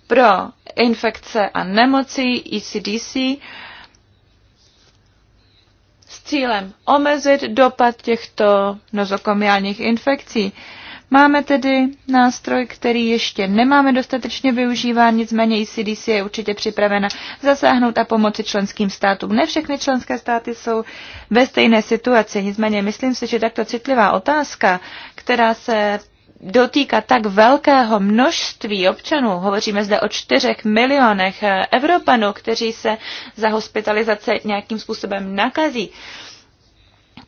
pro infekce a nemoci ECDC s cílem omezit dopad těchto nozokomiálních infekcí. Máme tedy nástroj, který ještě nemáme dostatečně využíván, nicméně ECDC je určitě připravena zasáhnout a pomoci členským státům. Ne všechny členské státy jsou ve stejné situaci, nicméně myslím si, že takto citlivá otázka, která se dotýkat tak velkého množství občanů, hovoříme zde o čtyřech milionech eh, Evropanů, kteří se za hospitalizace nějakým způsobem nakazí.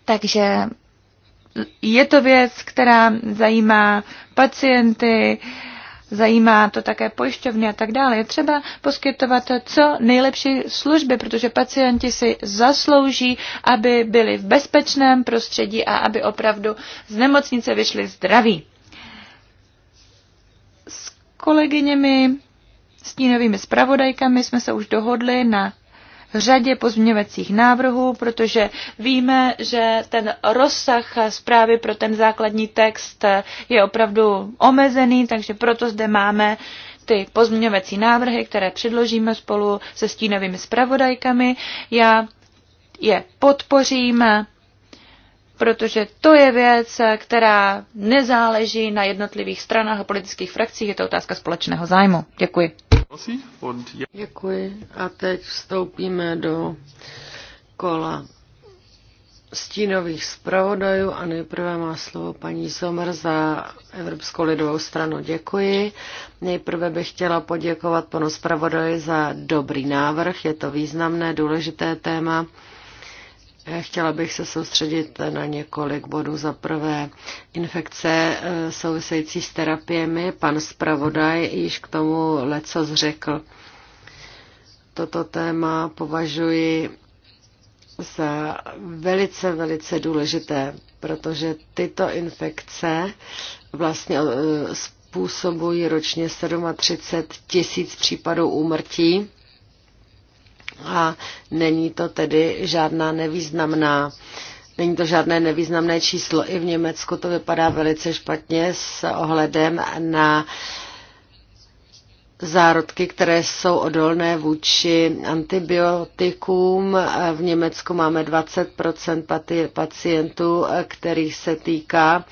Takže je to věc, která zajímá pacienty, zajímá to také pojišťovny a tak dále. Je třeba poskytovat co nejlepší služby, protože pacienti si zaslouží, aby byli v bezpečném prostředí a aby opravdu z nemocnice vyšli zdraví kolegyněmi, stínovými zpravodajkami jsme se už dohodli na řadě pozměňovacích návrhů, protože víme, že ten rozsah zprávy pro ten základní text je opravdu omezený, takže proto zde máme ty pozměňovací návrhy, které předložíme spolu se stínovými zpravodajkami. Já je podpořím protože to je věc, která nezáleží na jednotlivých stranách a politických frakcích, je to otázka společného zájmu. Děkuji. Děkuji a teď vstoupíme do kola stínových zpravodajů a nejprve má slovo paní Zomer za Evropskou lidovou stranu. Děkuji. Nejprve bych chtěla poděkovat panu zpravodaji za dobrý návrh. Je to významné, důležité téma Chtěla bych se soustředit na několik bodů. Za prvé infekce eh, související s terapiemi. Pan zpravodaj již k tomu leco zřekl. Toto téma považuji za velice, velice důležité, protože tyto infekce vlastně eh, způsobují ročně 37 tisíc případů úmrtí a není to tedy žádná nevýznamná Není to žádné nevýznamné číslo. I v Německu to vypadá velice špatně s ohledem na zárodky, které jsou odolné vůči antibiotikům. V Německu máme 20 pacientů, kterých se týká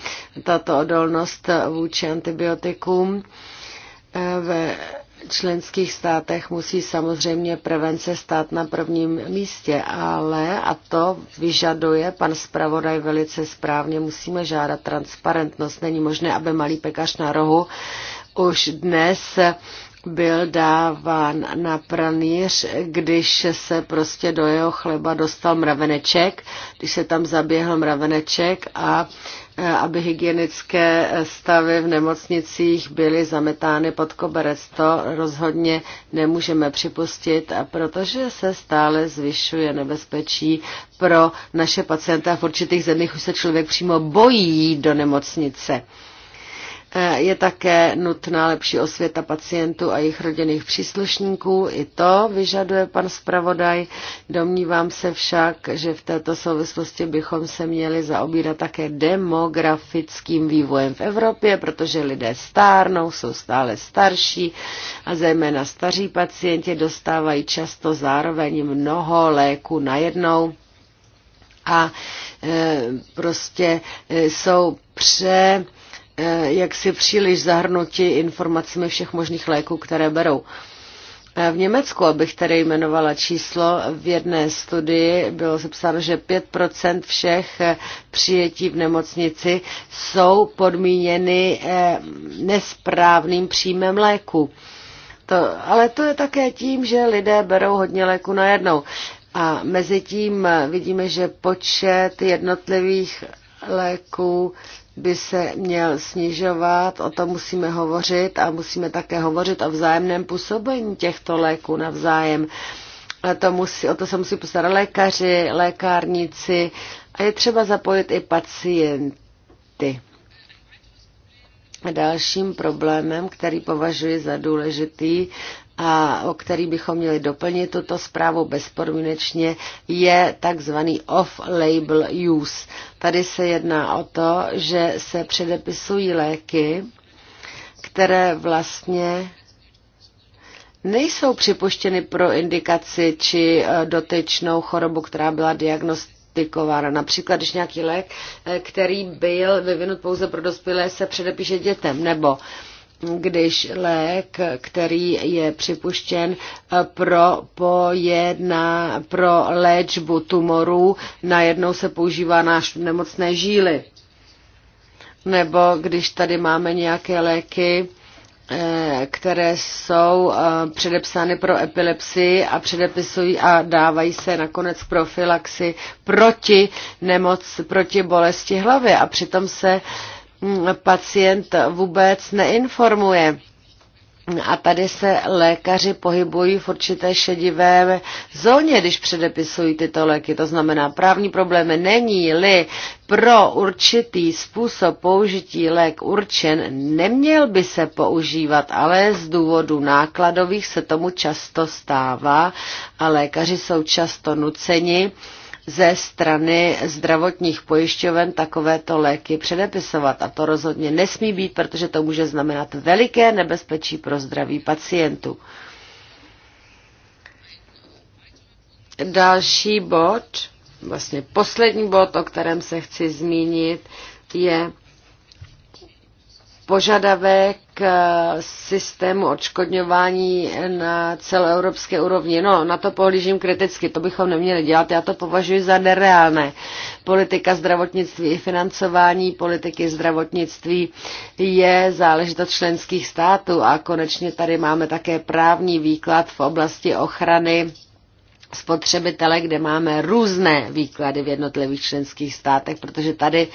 tato odolnost vůči antibiotikům. Ve členských státech musí samozřejmě prevence stát na prvním místě, ale a to vyžaduje pan zpravodaj velice správně, musíme žádat transparentnost. Není možné, aby malý pekař na rohu už dnes byl dáván na pranýř, když se prostě do jeho chleba dostal mraveneček, když se tam zaběhl mraveneček a e, aby hygienické stavy v nemocnicích byly zametány pod koberec. To rozhodně nemůžeme připustit, a protože se stále zvyšuje nebezpečí pro naše pacienta. V určitých zemích už se člověk přímo bojí do nemocnice. E, je také nutná lepší osvěta pacientů a jejich rodinných příslušníků. I to vyžaduje pan zpravodaj. Domnívám se však, že v této souvislosti bychom se měli zaobírat také demografickým vývojem v Evropě, protože lidé stárnou, jsou stále starší a zejména staří pacienti dostávají často zároveň mnoho léků najednou a e, prostě e, jsou pře Eh, jaksi příliš zahrnuti informacemi všech možných léků, které berou. Eh, v Německu, abych tady jmenovala číslo, v jedné studii bylo sepsáno, že 5% všech eh, přijetí v nemocnici jsou podmíněny nesprávným příjmem léku. To, ale to je také tím, že lidé berou hodně léku najednou. A mezi tím vidíme, že počet jednotlivých léků by se měl snižovat, o tom musíme hovořit a musíme také hovořit o vzájemném působení těchto léků navzájem. A to musí, o to se musí postarat lékaři, lékárníci a je třeba zapojit i pacienty. Dalším problémem, který považuji za důležitý, a o který bychom měli doplnit tuto zprávu bezpodmínečně, je takzvaný off-label use. Tady se jedná o to, že se předepisují léky, které vlastně nejsou připuštěny pro indikaci či eh, dotyčnou chorobu, která byla diagnostikována Například, když nějaký lék, eh, který byl vyvinut pouze pro dospělé, se předepíše dětem, nebo když lék, který je připuštěn eh, pro, pojedna, pro léčbu tumorů, najednou se používá na nemocné žíly. Nebo když tady máme nějaké léky, eh, které jsou eh, předepsány pro epilepsii a předepisují a dávají se nakonec profilaxi proti nemoc, proti bolesti hlavy a přitom se pacient vůbec neinformuje. A tady se lékaři pohybují v určité šedivé zóně, když předepisují tyto léky. To znamená, právní problémy není-li pro určitý způsob použití lék určen, neměl by se používat, ale z důvodu nákladových se tomu často stává a lékaři jsou často nuceni uh, ze strany zdravotních pojišťoven takovéto léky předepisovat. A to rozhodně nesmí být, protože to může znamenat veliké nebezpečí pro zdraví pacientů. Další bod, vlastně poslední bod, o kterém se chci zmínit, je požadavek eh, systému odškodňování na celoevropské úrovni. No, na to pohlížím kriticky, to bychom neměli dělat, já to považuji za nereálné. Politika zdravotnictví i financování politiky zdravotnictví je záležitost členských států a konečně tady máme také právní výklad v oblasti ochrany spotřebitele, kde máme různé výklady v jednotlivých členských státech, protože tady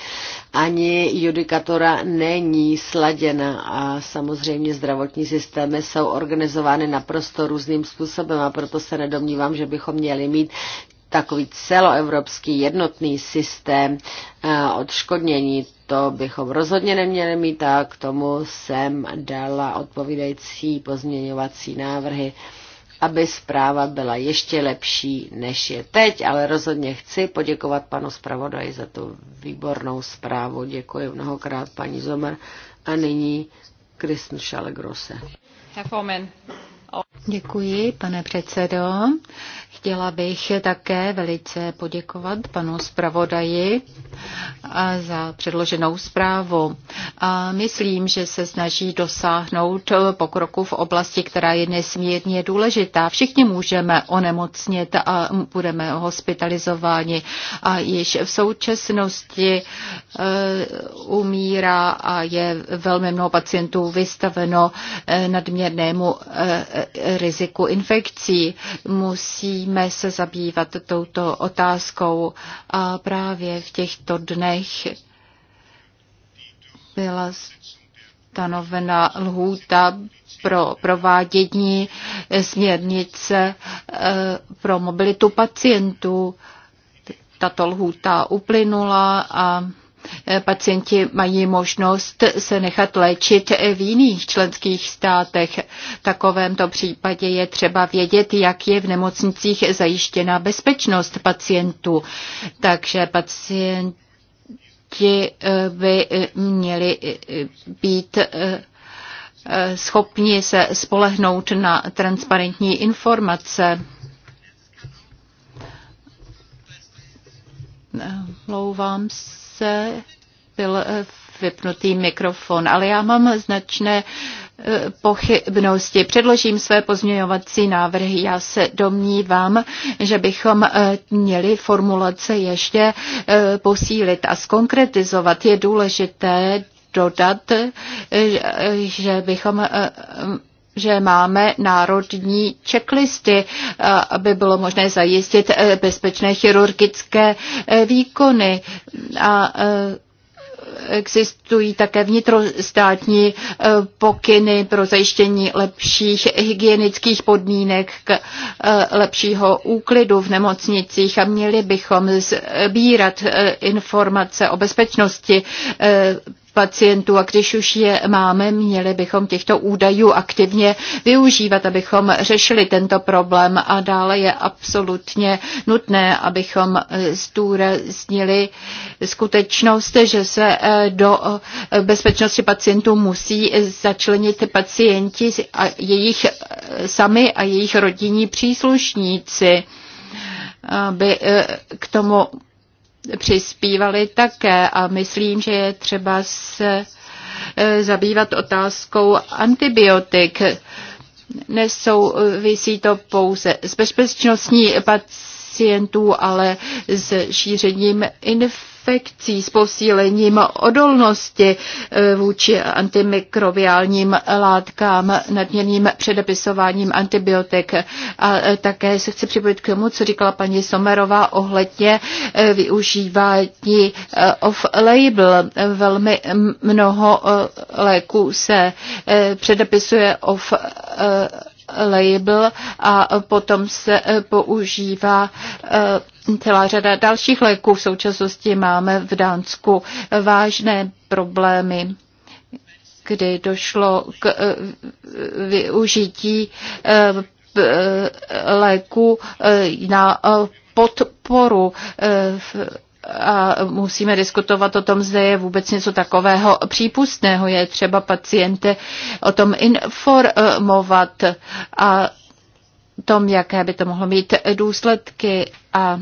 ani judikatura není sladěna a samozřejmě zdravotní systémy jsou organizovány naprosto různým způsobem a proto se nedomnívám, že bychom měli mít takový celoevropský jednotný systém eh, odškodnění. To bychom rozhodně neměli mít a k tomu jsem dala odpovídající pozměňovací návrhy aby zpráva byla ještě lepší, než je teď, ale rozhodně chci poděkovat panu zpravodaji za tu výbornou zprávu. Děkuji mnohokrát paní Zomer a nyní Kristen Schalegrose. Děkuji, pane předsedo. Chtěla bych také velice poděkovat panu zpravodaji za předloženou zprávu. A myslím, že se snaží dosáhnout pokroku v oblasti, která je nesmírně důležitá. Všichni můžeme onemocnit a budeme hospitalizováni. A již v současnosti e, umírá a je velmi mnoho pacientů vystaveno e, nadměrnému e, riziku infekcí. Musíme musíme se zabývat touto otázkou a právě v těchto dnech byla stanovena lhůta pro provádění směrnice e, pro mobilitu pacientů. Tato lhůta uplynula a Eh, pacienti mají možnost se nechat léčit eh, v jiných členských státech. V takovémto případě je třeba vědět, jak je v nemocnicích zajištěna bezpečnost pacientů. Takže pacienti eh, by měli být schopni se spolehnout na transparentní informace. Mlouvám se se byl eh, vypnutý mikrofon, ale já mám značné eh, pochybnosti. Předložím své pozměňovací návrhy. Já se domnívám, že bychom eh, měli formulace ještě posílit a skonkretizovat. Je důležité dodat, že bychom že máme národní checklisty, eh, aby bylo možné zajistit eh, bezpečné chirurgické eh, výkony. A existují také vnitrostátní pokyny pro zajištění lepších hygienických podmínek k lepšího úklidu v nemocnicích a měli bychom sbírat informace o bezpečnosti pacientů a když už je máme, měli bychom těchto údajů aktivně využívat, abychom řešili tento problém a dále je absolutně nutné, abychom eh, zdůraznili skutečnost, že se eh, do eh, bezpečnosti pacientů musí začlenit pacienti a jejich sami a jejich rodinní příslušníci aby k tomu přispívali také a myslím, že je třeba se e, zabývat otázkou antibiotik. Nesouvisí to pouze s bezpečnostní pacientů, ale s šířením infekcí infekcí, s posílením odolnosti eh, vůči antimikrobiálním látkám, nadměrným předepisováním antibiotik. A eh, také se chci připojit k tomu, co říkala paní Somerová ohledně eh, využívání off-label. Velmi mnoho léků se předepisuje off label a potom se eh, používá eh, celá řada dalších léků. V současnosti máme v Dánsku vážné problémy kdy došlo k eh, využití léku na podporu a musíme diskutovat o tom, zda je vůbec něco takového přípustného. Je třeba paciente o tom informovat a tom, jaké by to mohlo mít důsledky a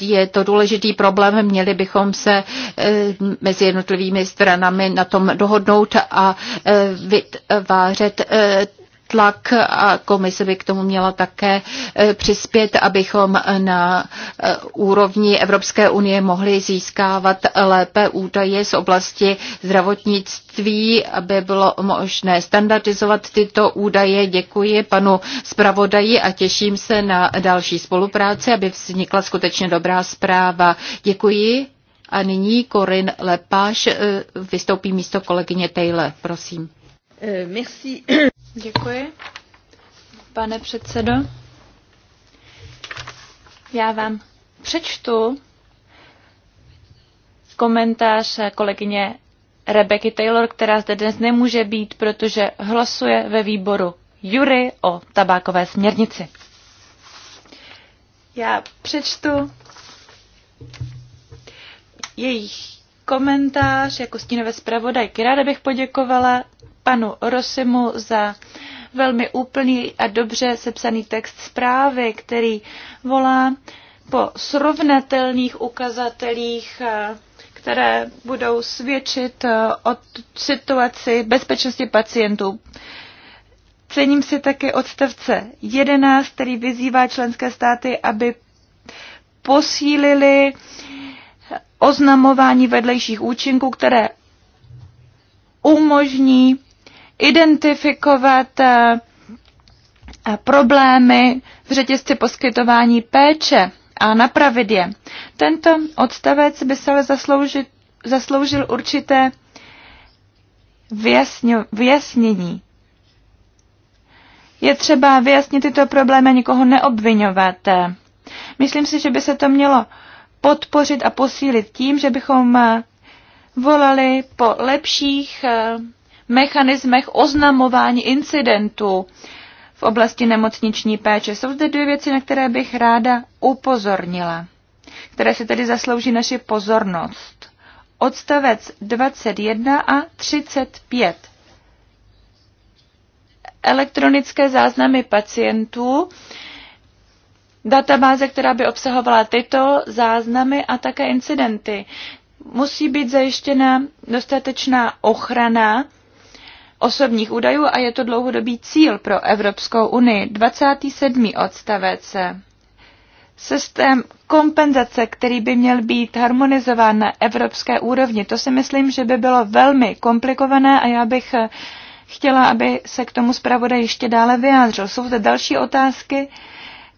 je to důležitý problém, měli bychom se eh, mezi jednotlivými stranami na tom dohodnout a eh, vytvářet eh, tlak a komise by k tomu měla také eh, přispět, abychom na eh, úrovni Evropské unie mohli získávat lépe údaje z oblasti zdravotnictví, aby bylo možné standardizovat tyto údaje. Děkuji panu zpravodaji a těším se na další spolupráci, aby vznikla skutečně dobrá zpráva. Děkuji. A nyní Korin Lepáš eh, vystoupí místo kolegyně Taylor. Prosím. Eh, Pane předsedo, já vám přečtu komentář kolegyně Rebeky Taylor, která zde dnes nemůže být, protože hlasuje ve výboru Jury o tabákové směrnici. Já přečtu jejich komentář jako stínové zpravodajky. Ráda bych poděkovala panu Rosimu za velmi úplný a dobře sepsaný text zprávy, který volá po srovnatelných ukazatelích, eh, které budou svědčit eh, o situaci bezpečnosti pacientů. Cením si také odstavce 11, který vyzývá členské státy, aby posílili oznamování vedlejších účinků, které umožní identifikovat eh, eh, problémy v řetězci poskytování péče a napravit je. Tento odstavec by se ale zasloužil, zasloužil určité vyjasnění. Je třeba vyjasnit tyto problémy a nikoho neobvinovat. Myslím si, že by se to mělo podpořit a posílit tím, že bychom eh, volali po lepších mechanismech oznamování incidentů v oblasti nemocniční péče. Jsou zde dvě věci, na které bych ráda upozornila, které si tedy zaslouží naši pozornost. Odstavec 21 a 35. Elektronické záznamy pacientů, databáze, která by obsahovala tyto záznamy a také incidenty. Musí být zajištěna dostatečná ochrana osobních údajů a je to dlouhodobý cíl pro Evropskou unii. 27. odstavec. Systém kompenzace, který by měl být harmonizován na evropské úrovni, to si myslím, že by bylo velmi komplikované a já bych eh, chtěla, aby se k tomu zpravodaj ještě dále vyjádřil. Jsou zde další otázky,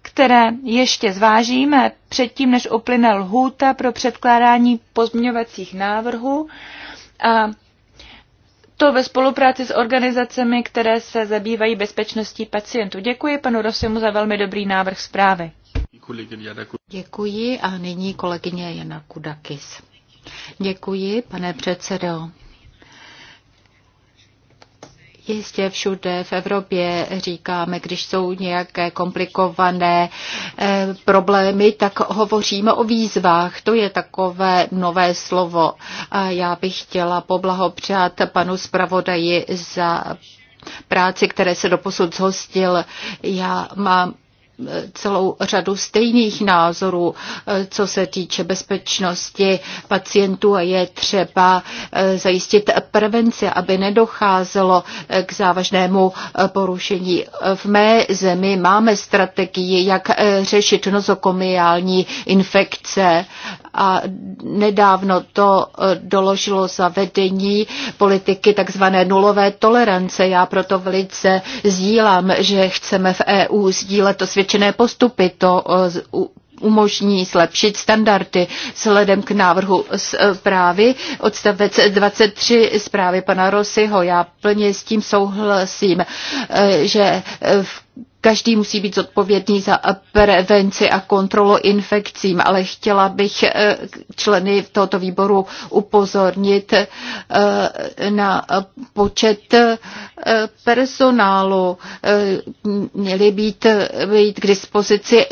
které ještě zvážíme předtím, než uplyne lhůta pro předkládání pozměňovacích návrhů. A to ve spolupráci s organizacemi, které se zabývají bezpečností pacientů. Děkuji panu Rosimu za velmi dobrý návrh zprávy. Děkuji a nyní kolegyně Jana Kudakis. Děkuji, pane předsedo. Jistě všude v Evropě říkáme, když jsou nějaké komplikované eh, problémy, tak hovoříme o výzvách. To je takové nové slovo. A já bych chtěla poblahopřát panu zpravodaji za práci, které se doposud zhostil. Já mám celou řadu stejných názorů, eh, co se týče bezpečnosti pacientů a je třeba eh, zajistit prevenci, aby nedocházelo eh, k závažnému porušení. V mé zemi máme strategii, jak řešit nozokomiální infekce a nedávno to doložilo zavedení politiky takzvané nulové tolerance. Já proto velice sdílám, že chceme v EU sdílet to svět osvědčené postupy. To eh, umožní zlepšit standardy. Sledem k návrhu eh, zprávy odstavec 23 zprávy pana Rosyho. Já plně s tím souhlasím, eh, že v každý musí být zodpovědný za prevenci a kontrolu infekcím, ale chtěla bych eh, členy tohoto výboru upozornit eh, na počet eh, personálu. Měly být, být k dispozici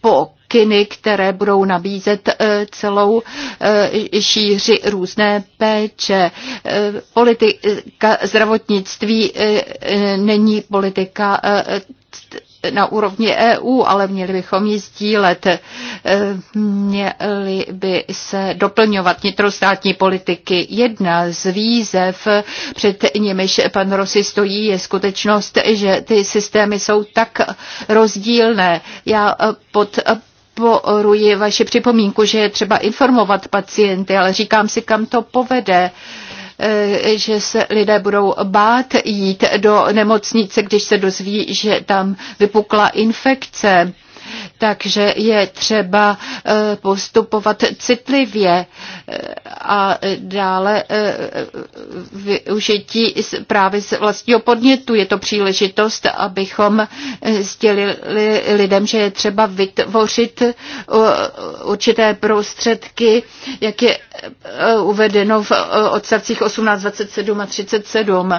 po kiny, které budou nabízet e, celou e, šíři různé péče. E, politika zdravotnictví není politika na úrovni EU, ale měli bychom ji sdílet. Měly by se doplňovat nitrostátní politiky. Jedna z výzev, před nimiž pan Rosy stojí, je skutečnost, že ty systémy jsou tak rozdílné. Já pod podporuji vaši připomínku, že je třeba informovat pacienty, ale říkám si, kam to povede eh, že se lidé budou bát jít do nemocnice, když se dozví, že tam vypukla infekce takže je třeba eh, postupovat citlivě eh, a dále eh, využití právě z vlastního podnětu. Je to příležitost, abychom sdělili lidem, že je třeba vytvořit určité prostředky, jak je uvedeno v odstavcích 18, 27 a 37.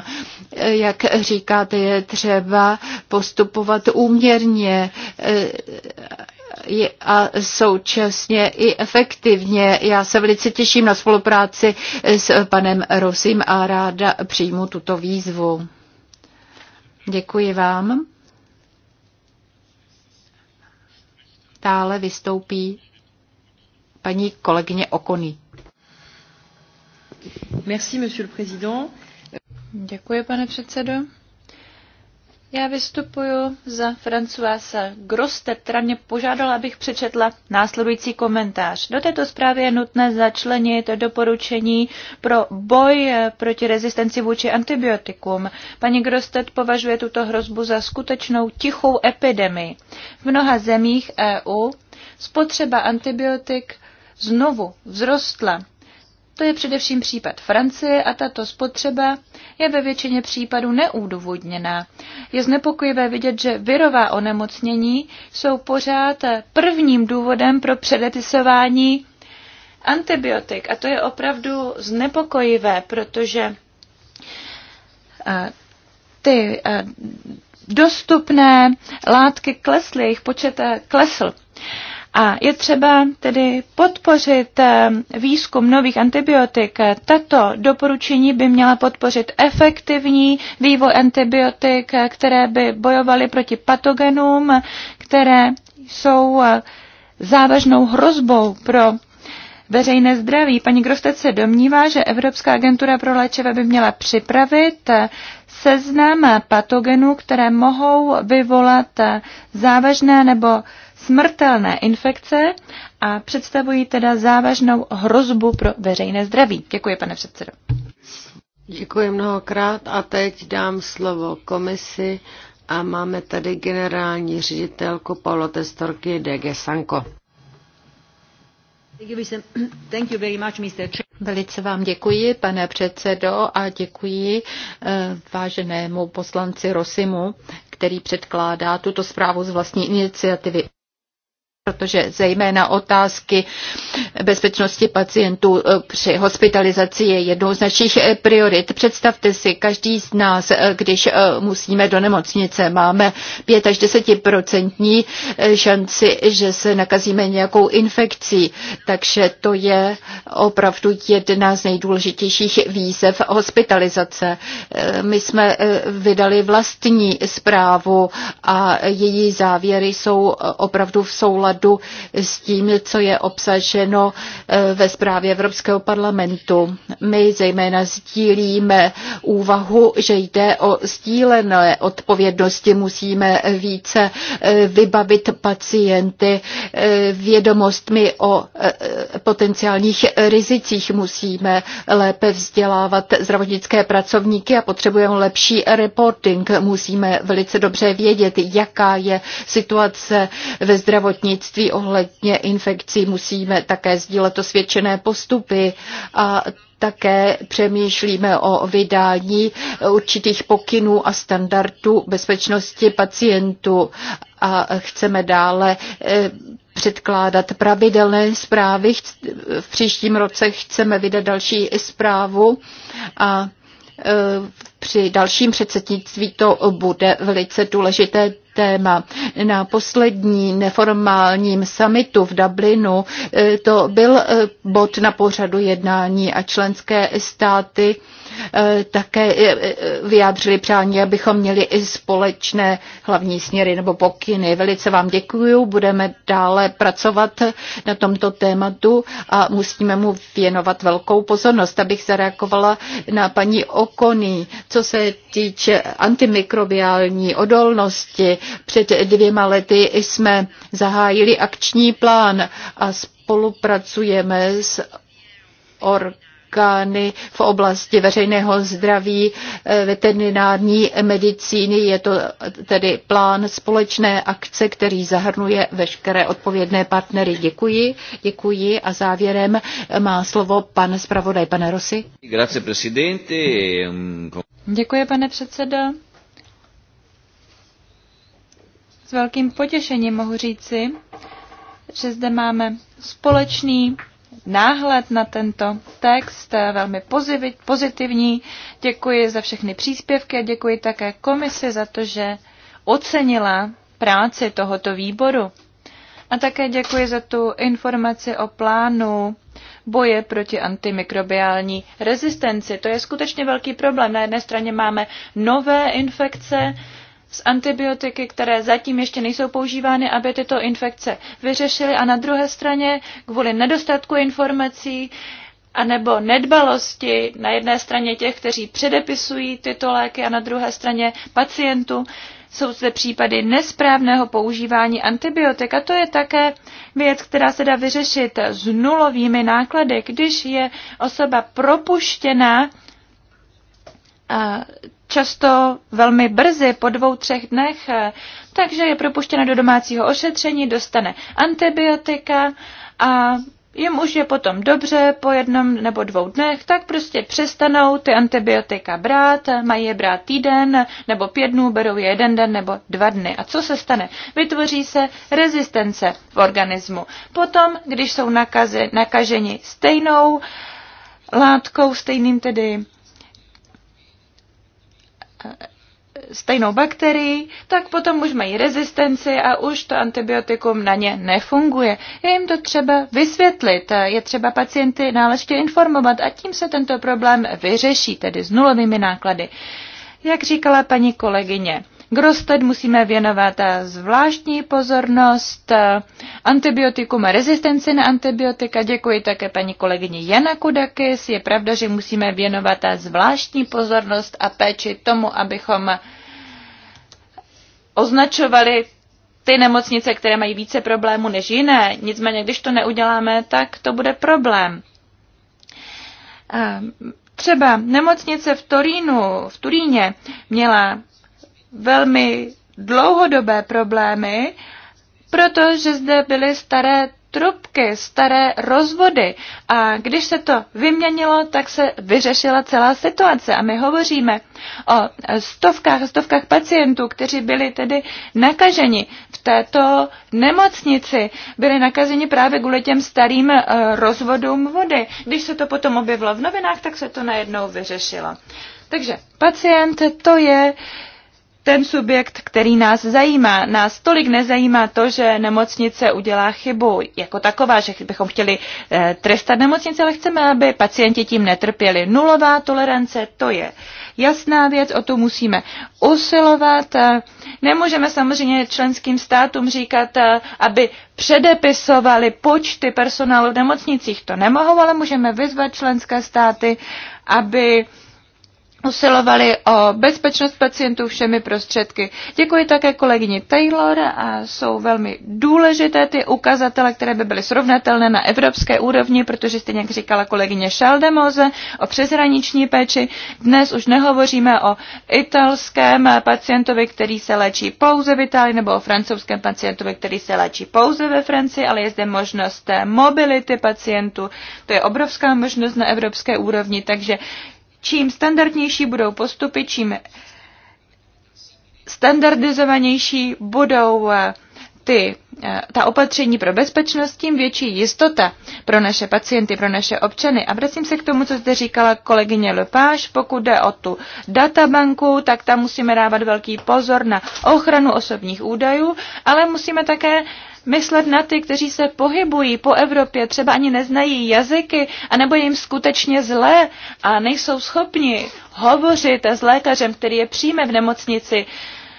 Jak říkáte, je třeba postupovat úměrně a současně i efektivně. Já se velice těším na spolupráci s panem Rosím a ráda přijmu tuto výzvu. Děkuji vám. Dále vystoupí paní kolegyně Okony. Merci, monsieur le président. Děkuji, pane předsedo. Já vystupuju za Francoise Groste, která mě požádala, abych přečetla následující komentář. Do této zprávy je nutné začlenit doporučení pro boj proti rezistenci vůči antibiotikům. Paní Grostet považuje tuto hrozbu za skutečnou tichou epidemii. V mnoha zemích EU spotřeba antibiotik znovu vzrostla. To je především případ Francie a tato spotřeba je ve většině případů neúdůvodněná. Je znepokojivé vidět, že virová onemocnění jsou pořád prvním důvodem pro předepisování antibiotik. A to je opravdu znepokojivé, protože eh, ty eh, dostupné látky klesly, jejich počet eh, klesl. A je třeba tedy podpořit eh, výzkum nových antibiotik. Tato doporučení by měla podpořit efektivní vývoj antibiotik, které by bojovaly proti patogenům, které jsou eh, závažnou hrozbou pro veřejné zdraví. Paní Grostec se domnívá, že Evropská agentura pro léčeva by měla připravit eh, seznam patogenů, které mohou vyvolat závažné nebo smrtelné infekce a představují teda závažnou hrozbu pro veřejné zdraví. Děkuji, pane předsedo. Děkuji mnohokrát a teď dám slovo komisi a máme tady generální ředitelku Paolo Testorky DG Sanko. Velice vám děkuji, pane předsedo, a děkuji eh, váženému poslanci Rosimu, který předkládá tuto zprávu z vlastní iniciativy protože zejména otázky bezpečnosti pacientů eh, při hospitalizaci je jednou z našich eh, priorit. Představte si, každý z nás, eh, když musíme do nemocnice, máme 5 až 10% šanci, že se nakazíme nějakou infekcí, takže to je opravdu jedna z nejdůležitějších výzev hospitalizace. My jsme vydali vlastní zprávu a její závěry jsou opravdu v souladu souladu s tím, co je obsaženo eh, ve zprávě Evropského parlamentu. My zejména sdílíme úvahu, že jde o sdílené odpovědnosti. Musíme více eh, vybavit pacienty eh, vědomostmi o potenciálních rizicích. Musíme lépe vzdělávat zdravotnické pracovníky a potřebujeme lepší reporting. Musíme velice dobře vědět, jaká je situace ve zdravotnictví zdravotnictví ohledně infekcí. Musíme také sdílet osvědčené postupy a také přemýšlíme o vydání určitých pokynů a standardů bezpečnosti pacientů a chceme dále eh, předkládat pravidelné zprávy. V příštím roce chceme vydat další zprávu a eh, při dalším předsednictví to bude velice důležité téma. Na poslední neformálním summitu v Dublinu eh, to byl eh, bod na pořadu jednání a členské státy Eh, také eh, eh, vyjádřili přání, abychom měli i společné hlavní směry nebo pokyny. Velice vám děkuji, budeme dále pracovat na tomto tématu a musíme mu věnovat velkou pozornost, abych zareagovala na paní Okony, co se týče antimikrobiální odolnosti. Před dvěma lety jsme zahájili akční plán a spolupracujeme s orgány orgány v oblasti veřejného zdraví, eh, veterinární medicíny. Je to tedy plán společné akce, který zahrnuje veškeré odpovědné partnery. Děkuji, děkuji a závěrem má slovo pan zpravodaj, pane Rosy. Děkuji, pane předsedo. S velkým potěšením mohu říci, že zde máme společný náhled na tento text, eh, velmi pozitivní. Děkuji za všechny příspěvky a děkuji také komisi za to, že ocenila práci tohoto výboru. A také děkuji za tu informaci o plánu boje proti antimikrobiální rezistenci. To je skutečně velký problém. Na jedné straně máme nové infekce, s antibiotiky, které zatím ještě nejsou používány, aby tyto infekce vyřešily a na druhé straně kvůli nedostatku informací a nebo nedbalosti na jedné straně těch, kteří předepisují tyto léky a na druhé straně pacientů, jsou zde případy nesprávného používání antibiotik a to je také věc, která se dá vyřešit s nulovými náklady, když je osoba propuštěna často velmi brzy, po dvou, třech dnech, eh, takže je propuštěna do domácího ošetření, dostane antibiotika a jim už je potom dobře po jednom nebo dvou dnech, tak prostě přestanou ty antibiotika brát, mají je brát týden nebo pět dnů, berou je jeden den nebo dva dny. A co se stane? Vytvoří se rezistence v organismu. Potom, když jsou nakaze, nakaženi stejnou látkou, stejným tedy stejnou bakterii, tak potom už mají rezistenci a už to antibiotikum na ně nefunguje. Je jim to třeba vysvětlit, je třeba pacienty náležitě informovat a tím se tento problém vyřeší, tedy s nulovými náklady. Jak říkala paní kolegyně, Grosted musíme věnovat zvláštní pozornost antibiotikum a rezistenci na antibiotika. Děkuji také paní kolegyni Jana Kudakis. Je pravda, že musíme věnovat zvláštní pozornost a péči tomu, abychom označovali ty nemocnice, které mají více problémů než jiné. Nicméně, když to neuděláme, tak to bude problém. Ehm, třeba nemocnice v Turínu, v Turíně měla velmi dlouhodobé problémy, protože zde byly staré trubky, staré rozvody a když se to vyměnilo, tak se vyřešila celá situace a my hovoříme o stovkách a stovkách pacientů, kteří byli tedy nakaženi v této nemocnici, byli nakaženi právě kvůli těm starým eh, rozvodům vody. Když se to potom objevilo v novinách, tak se to najednou vyřešilo. Takže pacient to je uh, ten subjekt, který nás zajímá. Nás tolik nezajímá to, že nemocnice udělá chybu jako taková, že bychom chtěli eh, trestat nemocnice, ale chceme, aby pacienti tím netrpěli. Nulová tolerance, to je jasná věc, o to musíme usilovat. Eh, nemůžeme samozřejmě členským státům říkat, eh, aby předepisovali počty personálu v nemocnicích. To nemohou, ale můžeme vyzvat členské státy, aby usilovali o bezpečnost pacientů všemi prostředky. Děkuji také kolegyni Taylor a jsou velmi důležité ty ukazatele, které by byly srovnatelné na evropské úrovni, protože stejně jak říkala kolegyně Šaldemoze o přeshraniční péči, dnes už nehovoříme o italském pacientovi, který se léčí pouze v Itálii, nebo o francouzském pacientovi, který se léčí pouze ve Francii, ale je zde možnost mobility pacientů. To je obrovská možnost na evropské úrovni, takže Čím standardnější budou postupy, čím standardizovanější budou eh, ty, eh, ta opatření pro bezpečnost, tím větší jistota pro naše pacienty, pro naše občany. A vracím se k tomu, co zde říkala kolegyně Lepáš. Pokud jde o tu databanku, tak tam musíme dávat velký pozor na ochranu osobních údajů, ale musíme také myslet na ty, kteří se pohybují po Evropě, třeba ani neznají jazyky, anebo je jim skutečně zlé a nejsou schopni hovořit s lékařem, který je přijme v nemocnici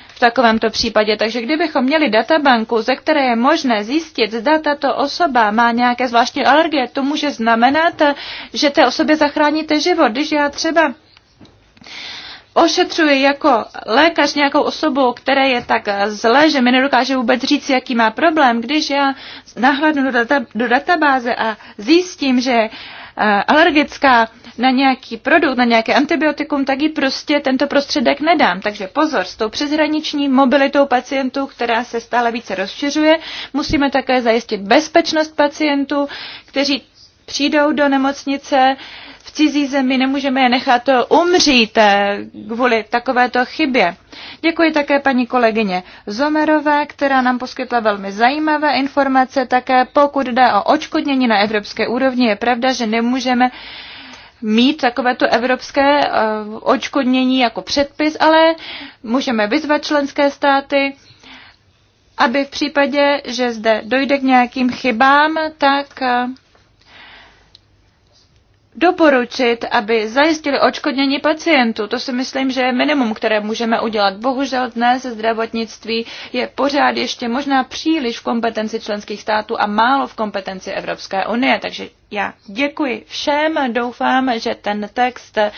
v takovémto případě. Takže kdybychom měli databanku, ze které je možné zjistit, zda tato osoba má nějaké zvláštní alergie, to může znamenat, že té osobě zachráníte život. Když já třeba ošetřuji jako lékař nějakou osobu, které je tak zlé, že mi nedokáže vůbec říct, jaký má problém, když já nahlednu do, data, do databáze a zjistím, že eh, alergická na nějaký produkt, na nějaké antibiotikum, tak ji prostě tento prostředek nedám. Takže pozor, s tou přeshraniční mobilitou pacientů, která se stále více rozšiřuje, musíme také zajistit bezpečnost pacientů, kteří přijdou do nemocnice, uh, cizí zemi, nemůžeme je nechat eh, umřít eh, kvůli takovéto chybě. Děkuji také paní kolegyně Zomerové, která nám poskytla velmi zajímavé informace. Také pokud jde o očkodnění na evropské úrovni, je pravda, že nemůžeme mít takovéto evropské eh, očkodnění jako předpis, ale můžeme vyzvat členské státy, aby v případě, že zde dojde k nějakým chybám, tak doporučit, aby zajistili očkodnění pacientů. To si myslím, že je minimum, které můžeme udělat. Bohužel dnes zdravotnictví je pořád ještě možná příliš v kompetenci členských států a málo v kompetenci Evropské unie. Takže já děkuji všem, doufám, že ten text eh,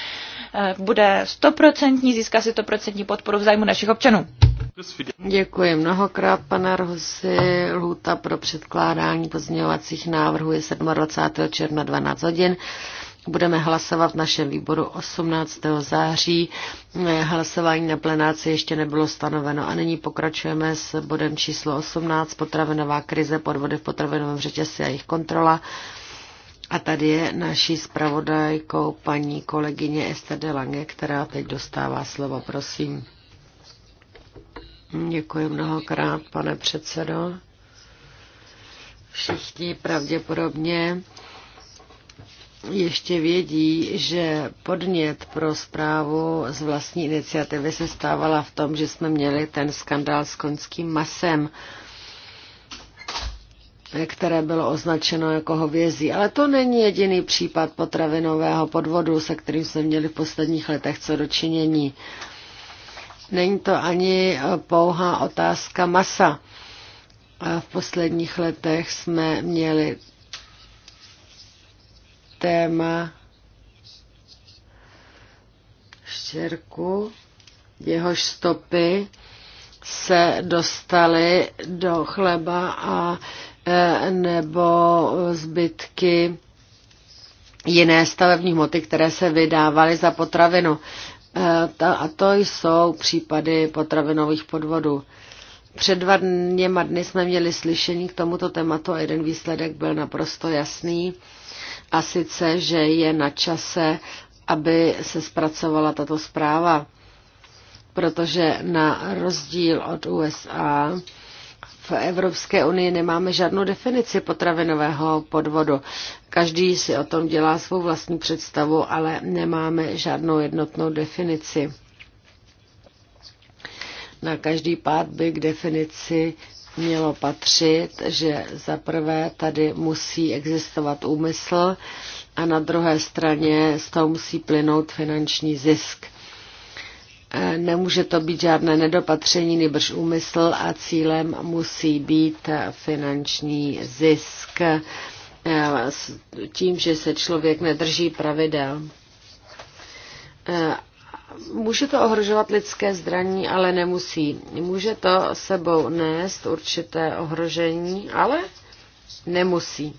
bude stoprocentní, získá si stoprocentní podporu v zájmu našich občanů. Děkuji mnohokrát, pane Rhusi. Lhuta pro předkládání pozměňovacích návrhů je 27. června 12 hodin. Budeme hlasovat v našem výboru 18. září. Hlasování na plenáci ještě nebylo stanoveno. A nyní pokračujeme s bodem číslo 18, potravinová krize, podvody v potravinovém řetězci a jejich kontrola. A tady je naší zpravodajkou paní kolegyně Esther de Lange, která teď dostává slovo. Prosím. Děkuji mnohokrát, pane předsedo. Všichni pravděpodobně ještě vědí, že podnět pro zprávu z vlastní iniciativy se stávala v tom, že jsme měli ten skandál s konským masem, které bylo označeno jako hovězí. Ale to není jediný případ potravinového podvodu, se kterým jsme měli v posledních letech co dočinění. Není to ani pouhá otázka masa. V posledních letech jsme měli téma štěrku, jehož stopy se dostaly do chleba a e, nebo zbytky jiné stavební hmoty, které se vydávaly za potravinu. E, a to jsou případy potravinových podvodů. Před dva dněma dny jsme měli slyšení k tomuto tématu a jeden výsledek byl naprosto jasný a sice, že je na čase, aby se zpracovala tato zpráva, protože na rozdíl od USA v Evropské unii nemáme žádnou definici potravinového podvodu. Každý si o tom dělá svou vlastní představu, ale nemáme žádnou jednotnou definici. Na každý pád by k definici mělo patřit, že za prvé tady musí existovat úmysl a na druhé straně z toho musí plynout finanční zisk. E, nemůže to být žádné nedopatření, nebož úmysl a cílem musí být finanční zisk e, tím, že se člověk nedrží pravidel e, Může to ohrožovat lidské zdraní, ale nemusí. Může to sebou nést určité ohrožení, ale nemusí.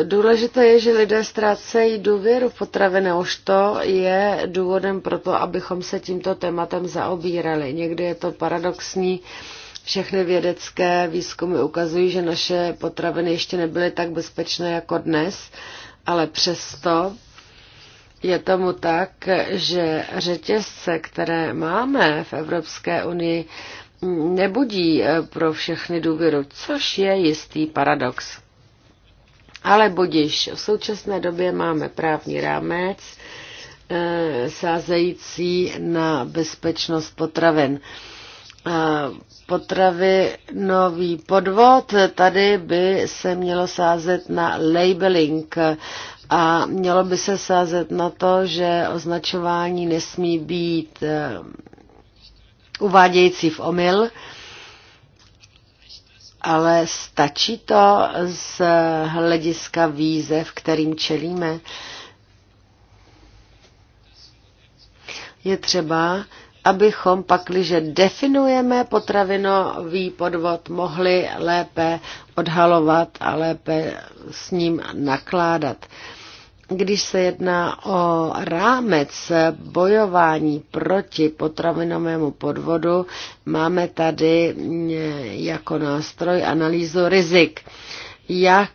E, důležité je, že lidé ztrácejí důvěru v potraviny. Už to je důvodem pro to, abychom se tímto tématem zaobírali. Někdy je to paradoxní. Všechny vědecké výzkumy ukazují, že naše potraviny ještě nebyly tak bezpečné jako dnes, ale přesto je tomu tak, že řetězce, které máme v Evropské unii, nebudí eh, pro všechny důvěru, což je jistý paradox. Ale budiš, v současné době máme právní rámec eh, sázející na bezpečnost potravin. Potravy nový podvod, tady by se mělo sázet na labeling a mělo by se sázet na to, že označování nesmí být eh, uvádějící v omyl, ale stačí to z hlediska výzev, kterým čelíme. Je třeba, abychom pakliže definujeme potravinový podvod, mohli lépe odhalovat a lépe s ním nakládat když se jedná o rámec bojování proti potravinovému podvodu, máme tady jako nástroj analýzu rizik. Jak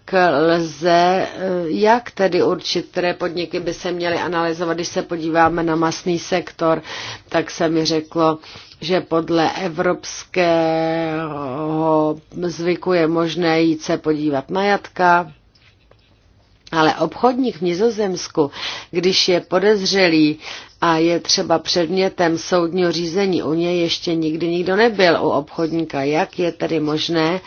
lze, jak tedy určit, které podniky by se měly analyzovat, když se podíváme na masný sektor, tak se mi řeklo, že podle evropského zvyku je možné jít se podívat na jatka, ale obchodník v Nizozemsku, když je podezřelý a je třeba předmětem soudního řízení, u něj ještě nikdy nikdo nebyl u obchodníka. Jak je tedy možné,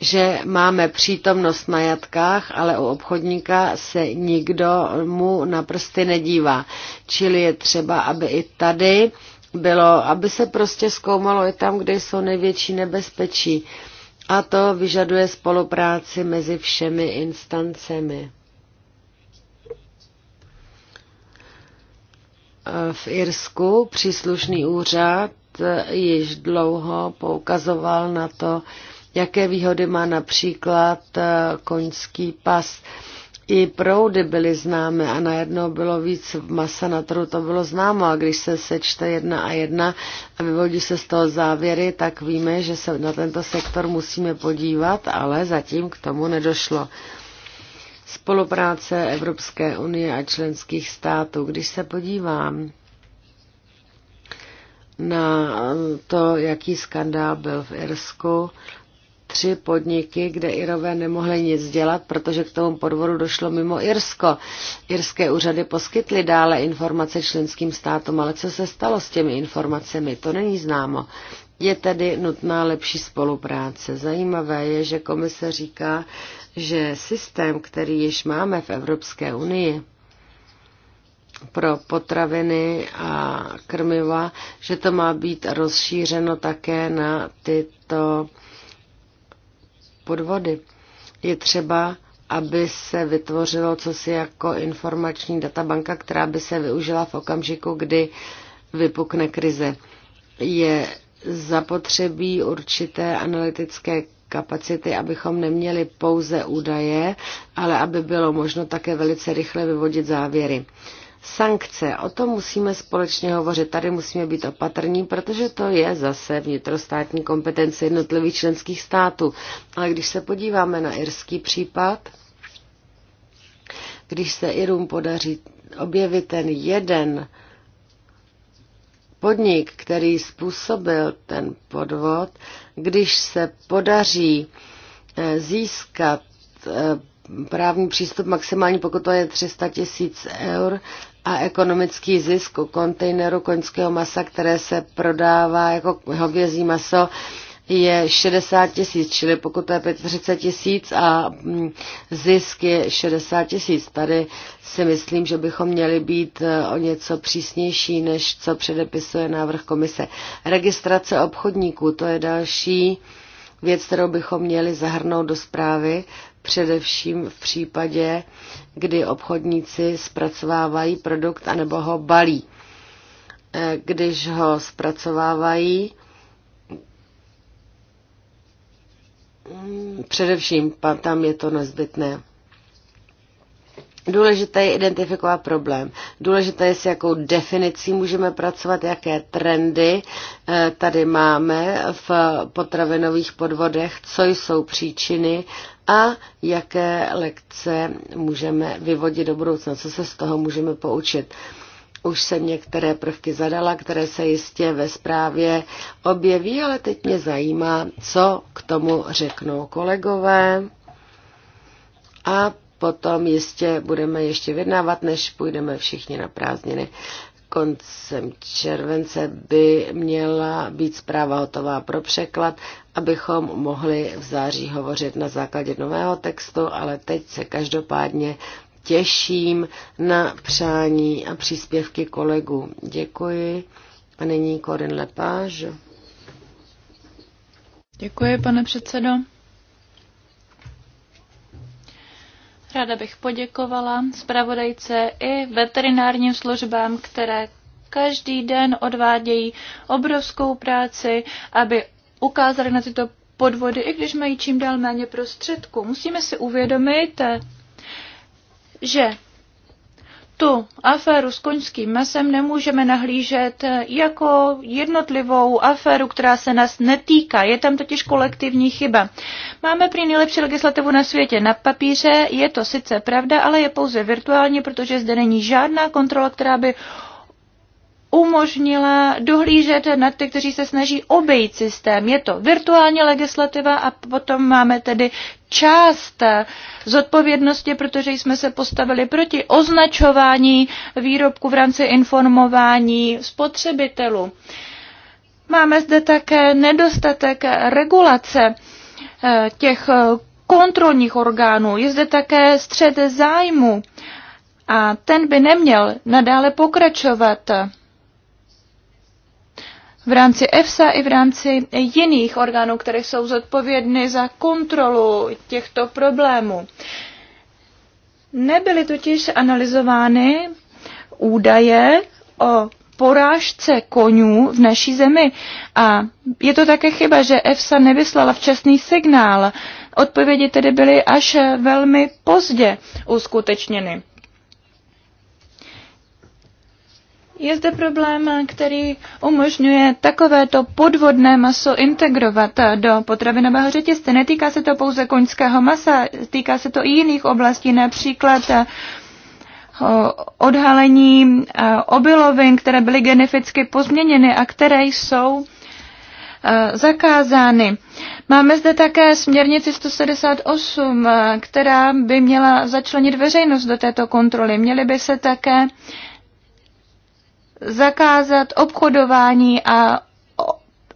že máme přítomnost na jatkách, ale u obchodníka se nikdo mu na prsty nedívá. Čili je třeba, aby i tady bylo, aby se prostě zkoumalo i tam, kde jsou největší nebezpečí. A to vyžaduje spolupráci mezi všemi instancemi. V Irsku příslušný úřad již dlouho poukazoval na to, jaké výhody má například koňský pas i proudy byly známy a najednou bylo víc masa na trhu, to bylo známo. A když se sečte jedna a jedna a vyvodí se z toho závěry, tak víme, že se na tento sektor musíme podívat, ale zatím k tomu nedošlo. Spolupráce Evropské unie a členských států. Když se podívám na to, jaký skandál byl v Irsku, tři podniky, kde Irové nemohli nic dělat, protože k tomu podvodu došlo mimo Irsko. Irské úřady poskytly dále informace členským státům, ale co se stalo s těmi informacemi, to není známo. Je tedy nutná lepší spolupráce. Zajímavé je, že komise říká, že systém, který již máme v Evropské unii, pro potraviny a krmiva, že to má být rozšířeno také na tyto podvody. Je třeba, aby se vytvořilo cosi jako informační databanka, která by se využila v okamžiku, kdy vypukne krize. Je zapotřebí určité analytické kapacity, abychom neměli pouze údaje, ale aby bylo možno také velice rychle vyvodit závěry. Sankce, o tom musíme společně hovořit, tady musíme být opatrní, protože to je zase vnitrostátní kompetence jednotlivých členských států. Ale když se podíváme na irský případ, když se Irům podaří objevit ten jeden podnik, který způsobil ten podvod, když se podaří eh, získat eh, právní přístup maximální to je 300 tisíc eur, a ekonomický zisk u kontejneru koňského masa, které se prodává jako hovězí maso, je 60 tisíc, čili pokud to je 30 tisíc a mm, zisk je 60 tisíc. Tady si myslím, že bychom měli být e, o něco přísnější, než co předepisuje návrh komise. Registrace obchodníků, to je další věc, kterou bychom měli zahrnout do zprávy, především v případě, kdy obchodníci zpracovávají produkt anebo ho balí. E, když ho zpracovávají, mm, především tam je to nezbytné. Důležité je identifikovat problém. Důležité je, s jakou definicí můžeme pracovat, jaké trendy e, tady máme v potravinových podvodech, co jsou příčiny a jaké lekce můžeme vyvodit do budoucna, co se z toho můžeme poučit. Už jsem některé prvky zadala, které se jistě ve zprávě objeví, ale teď mě zajímá, co k tomu řeknou kolegové. A potom jistě budeme ještě vyjednávat, než půjdeme všichni na prázdniny koncem července by měla být zpráva hotová pro překlad, abychom mohli v září hovořit na základě nového textu, ale teď se každopádně těším na přání a příspěvky kolegů. Děkuji. A nyní Corinne Lepage. Děkuji, pane předsedo. Ráda bych poděkovala zpravodajce i veterinárním službám, které každý den odvádějí obrovskou práci, aby ukázali na tyto podvody, i když mají čím dál méně prostředků. Musíme si uvědomit, že tu aféru s koňským masem nemůžeme nahlížet jako jednotlivou aféru, která se nás netýká. Je tam totiž kolektivní chyba. Máme prý nejlepší legislativu na světě na papíře, je to sice pravda, ale je pouze virtuální, protože zde není žádná kontrola, která by umožnila dohlížet na ty, kteří se snaží obejít systém. Je to virtuální legislativa a potom máme tedy část zodpovědnosti, protože jsme se postavili proti označování výrobku v rámci informování spotřebitelů. Máme zde také nedostatek regulace eh, těch kontrolních orgánů. Je zde také střed zájmu a ten by neměl nadále pokračovat v rámci EFSA i v rámci jiných orgánů, které jsou zodpovědny za kontrolu těchto problémů. Nebyly totiž analyzovány údaje o porážce konňů v naší zemi. A je to také chyba, že EFSA nevyslala včasný signál. Odpovědi tedy byly až velmi pozdě uskutečněny. Je zde problém, který umožňuje takovéto podvodné maso integrovat do potravinového řetězce. Netýká se to pouze koňského masa, týká se to i jiných oblastí, například eh, odhalení eh, obilovin, které byly geneticky pozměněny a které jsou eh, zakázány. Máme zde také směrnici 178, která by měla začlenit veřejnost do této kontroly. Měly by se také zakázat obchodování a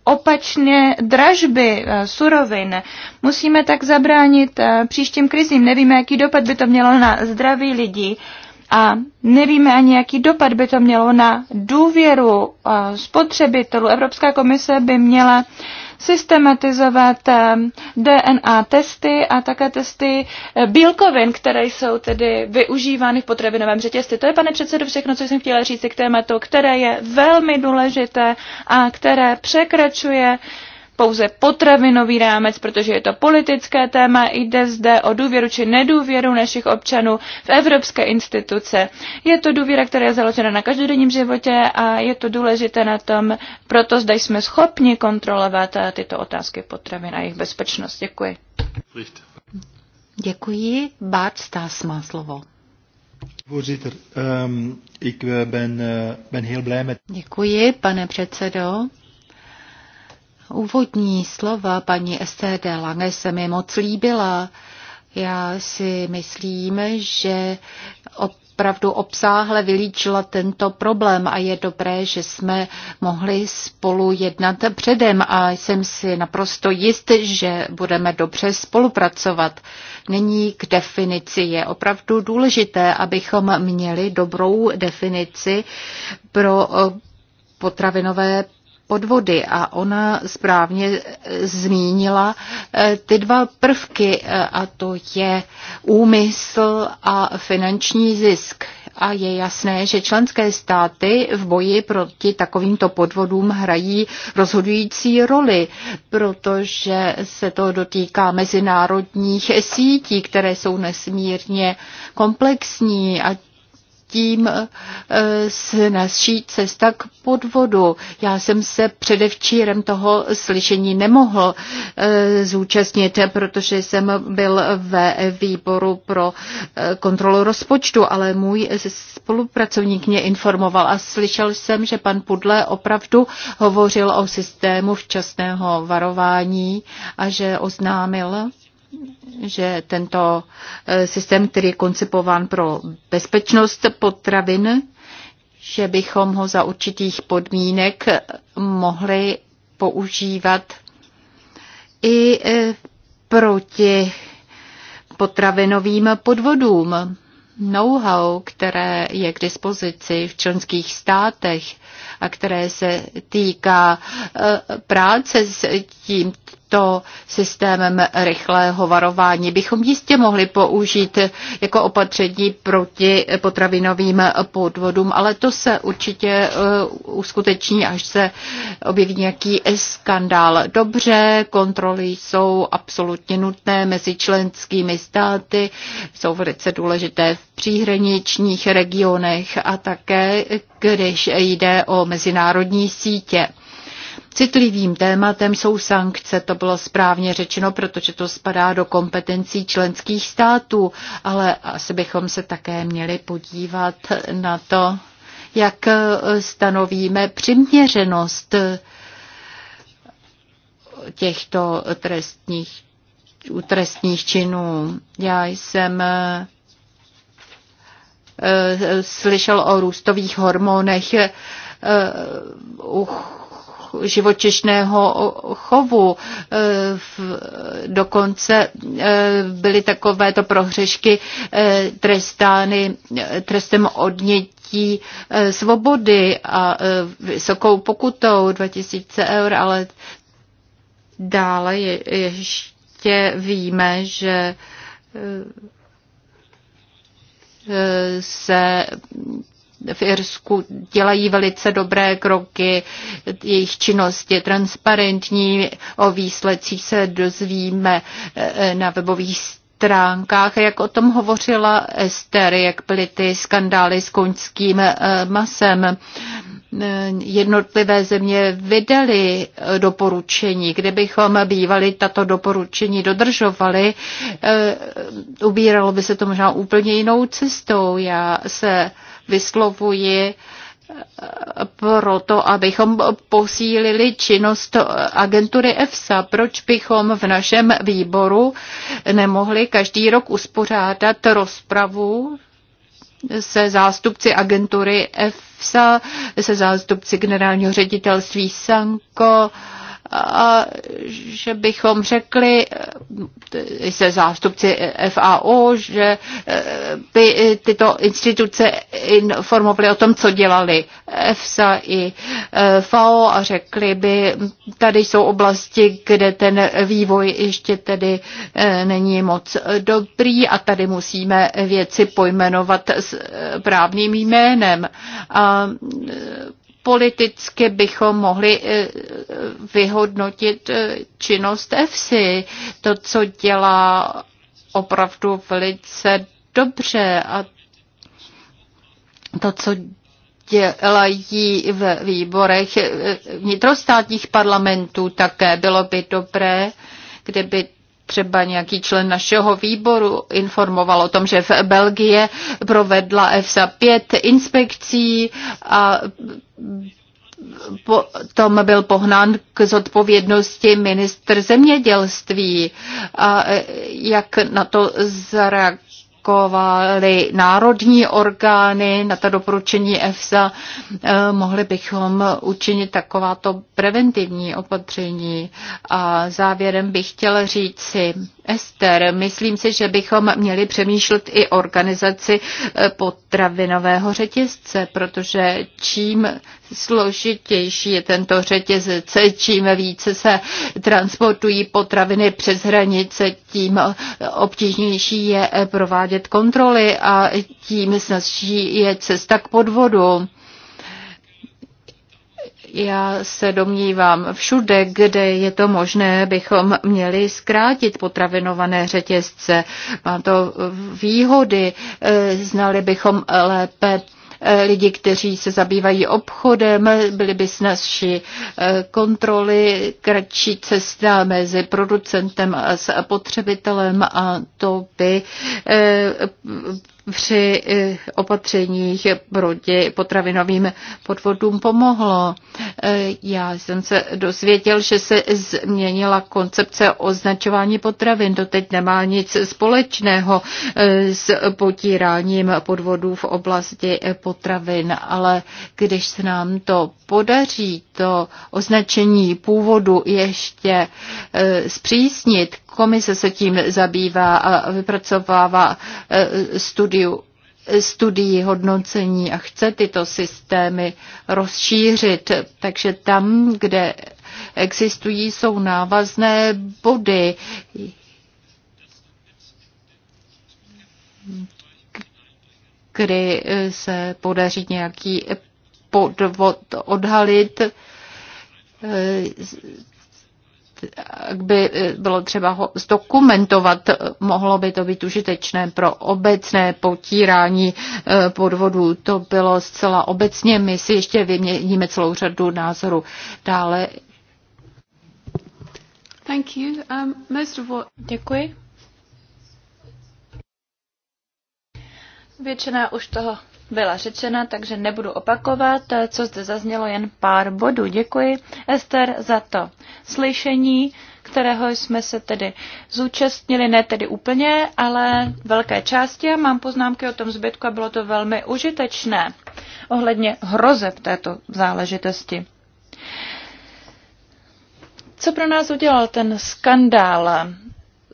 opačně dražby e, surovin. Musíme tak zabránit e, příštím krizím. Nevíme, jaký dopad by to mělo na zdraví lidí a nevíme ani, jaký dopad by to mělo na důvěru e, spotřebitelů. Evropská komise by měla uh, systematizovat eh, DNA testy a také testy eh, bílkovin, které jsou tedy využívány v potravinovém řetězci. To je, pane předsedo, všechno, co jsem chtěla říct k tématu, které je velmi důležité a které překračuje uh, pouze potravinový rámec, protože je to politické téma, jde zde o důvěru či nedůvěru našich občanů v evropské instituce. Je to důvěra, která je založena na každodenním životě a je to důležité na tom, proto zde jsme schopni kontrolovat eh, tyto otázky potravin a jejich bezpečnost. Děkuji. Děkuji. Bart Stas má slovo. Ehm, eh, eh, Děkuji, pane předsedo úvodní slova paní STD Lange se mi moc líbila. Já si myslím, že opravdu obsáhle vylíčila tento problém a je dobré, že jsme mohli spolu jednat předem a jsem si naprosto jist, že budeme dobře spolupracovat. Nyní k definici. Je opravdu důležité, abychom měli dobrou definici pro potravinové podvody a ona správně eh, zmínila eh, ty dva prvky eh, a to je úmysl a finanční zisk. A je jasné, že členské státy v boji proti takovýmto podvodům hrají rozhodující roli, protože se to dotýká mezinárodních sítí, které jsou nesmírně komplexní a tím eh, snaží cesta k podvodu. Já jsem se předevčírem toho slyšení nemohl eh, zúčastnit, protože jsem byl ve výboru pro eh, kontrolu rozpočtu, ale můj spolupracovník mě informoval a slyšel jsem, že pan Pudle opravdu hovořil o systému včasného varování a že oznámil, že tento eh, systém, který je koncipován pro bezpečnost potravin, že bychom ho za určitých podmínek mohli používat i eh, proti potravinovým podvodům. Know-how, které je k dispozici v členských státech a které se týká eh, práce s tím, to systémem rychlého varování bychom jistě mohli použít jako opatření proti potravinovým podvodům, ale to se určitě eh, uskuteční, až se objeví nějaký skandál. Dobře, kontroly jsou absolutně nutné mezi členskými státy, jsou velice důležité v příhraničních regionech a také, když jde o mezinárodní sítě. Citlivým tématem jsou sankce, to bylo správně řečeno, protože to spadá do kompetencí členských států, ale asi bychom se také měli podívat na to, jak stanovíme přiměřenost těchto trestních, trestních činů. Já jsem eh, slyšel o růstových hormonech eh, u živočišného chovu. E, dokonce e, byly takovéto prohřešky e, trestány trestem odnětí svobody a vysokou pokutou 2000 eur, ale dále je, ještě víme, že se v Irsku dělají velice dobré kroky, jejich činnost je transparentní, o výsledcích se dozvíme eh, eh, na webových stránkách, jak o tom hovořila Ester, jak byly ty skandály s koňským eh, masem. Jednotlivé země vydali doporučení. Kdybychom bývali tato doporučení dodržovali, ubíralo by se to možná úplně jinou cestou. Já se vyslovuji eh, proto, abychom posílili činnost agentury EFSA. Proč bychom v našem výboru nemohli každý rok uspořádat rozpravu se zástupci agentury EFSA, se zástupci generálního ředitelství Sanko, a že bychom řekli eh, se zástupci FAO, že eh, by tyto instituce informovaly o tom, co dělali EFSA i eh, FAO a řekli by, tady jsou oblasti, kde ten vývoj ještě tedy není moc dobrý a tady musíme věci pojmenovat s právním jménem. A politicky bychom mohli eh, vyhodnotit eh, činnost EFSI, to, co dělá opravdu velice dobře a to, co dělají v výborech eh, vnitrostátních parlamentů také. Bylo by dobré, kdyby třeba nějaký člen našeho výboru informoval o tom, že v Belgie provedla EFSA pět inspekcí a potom byl pohnán k zodpovědnosti ministr zemědělství. A jak na to zareagoval reagovaly národní orgány na ta doporučení EFSA, eh, mohli bychom učinit takováto preventivní opatření. A závěrem bych chtěla říct si ester. Myslím si, že bychom měli přemýšlet i organizaci eh, potravinového řetězce, protože čím složitější je tento řetězec, čím více se transportují potraviny přes hranice, tím obtížnější je eh, provádět kontroly a tím snazší je cesta k podvodu. Já se domnívám, všude, kde je to možné, bychom měli zkrátit potravinované řetězce. Má to výhody, eh, znali bychom lépe eh, lidi, kteří se zabývají obchodem, byli by snazší eh, kontroly, kratší cesta mezi producentem a spotřebitelem a to by při eh, opatřeních proti potravinovým podvodům pomohlo. Eh, já jsem se dozvěděl, že se změnila koncepce označování potravin. Doteď nemá nic společného eh, s potíráním podvodů v oblasti potravin, ale když se nám to podaří, to označení původu ještě zpřísnit, Komise se tím zabývá a vypracovává e, studiu studii hodnocení a chce tyto systémy rozšířit. Takže tam, kde existují, jsou návazné body. kdy e, se podaří nějaký podvod odhalit, e, by eh, bylo třeba ho zdokumentovat, mohlo by to být užitečné pro obecné potírání eh, podvodů. To bylo zcela obecně, my si ještě vyměníme celou řadu názorů. Dále. Thank you. Um, most of what... Děkuji. Většina už toho byla řečena, takže nebudu opakovat, eh, co zde zaznělo, jen pár bodů. Děkuji, Ester, za to slyšení, kterého jsme se tedy zúčastnili, ne tedy úplně, ale velké části. Mám poznámky o tom zbytku a bylo to velmi užitečné ohledně hrozeb této záležitosti. Co pro nás udělal ten skandál?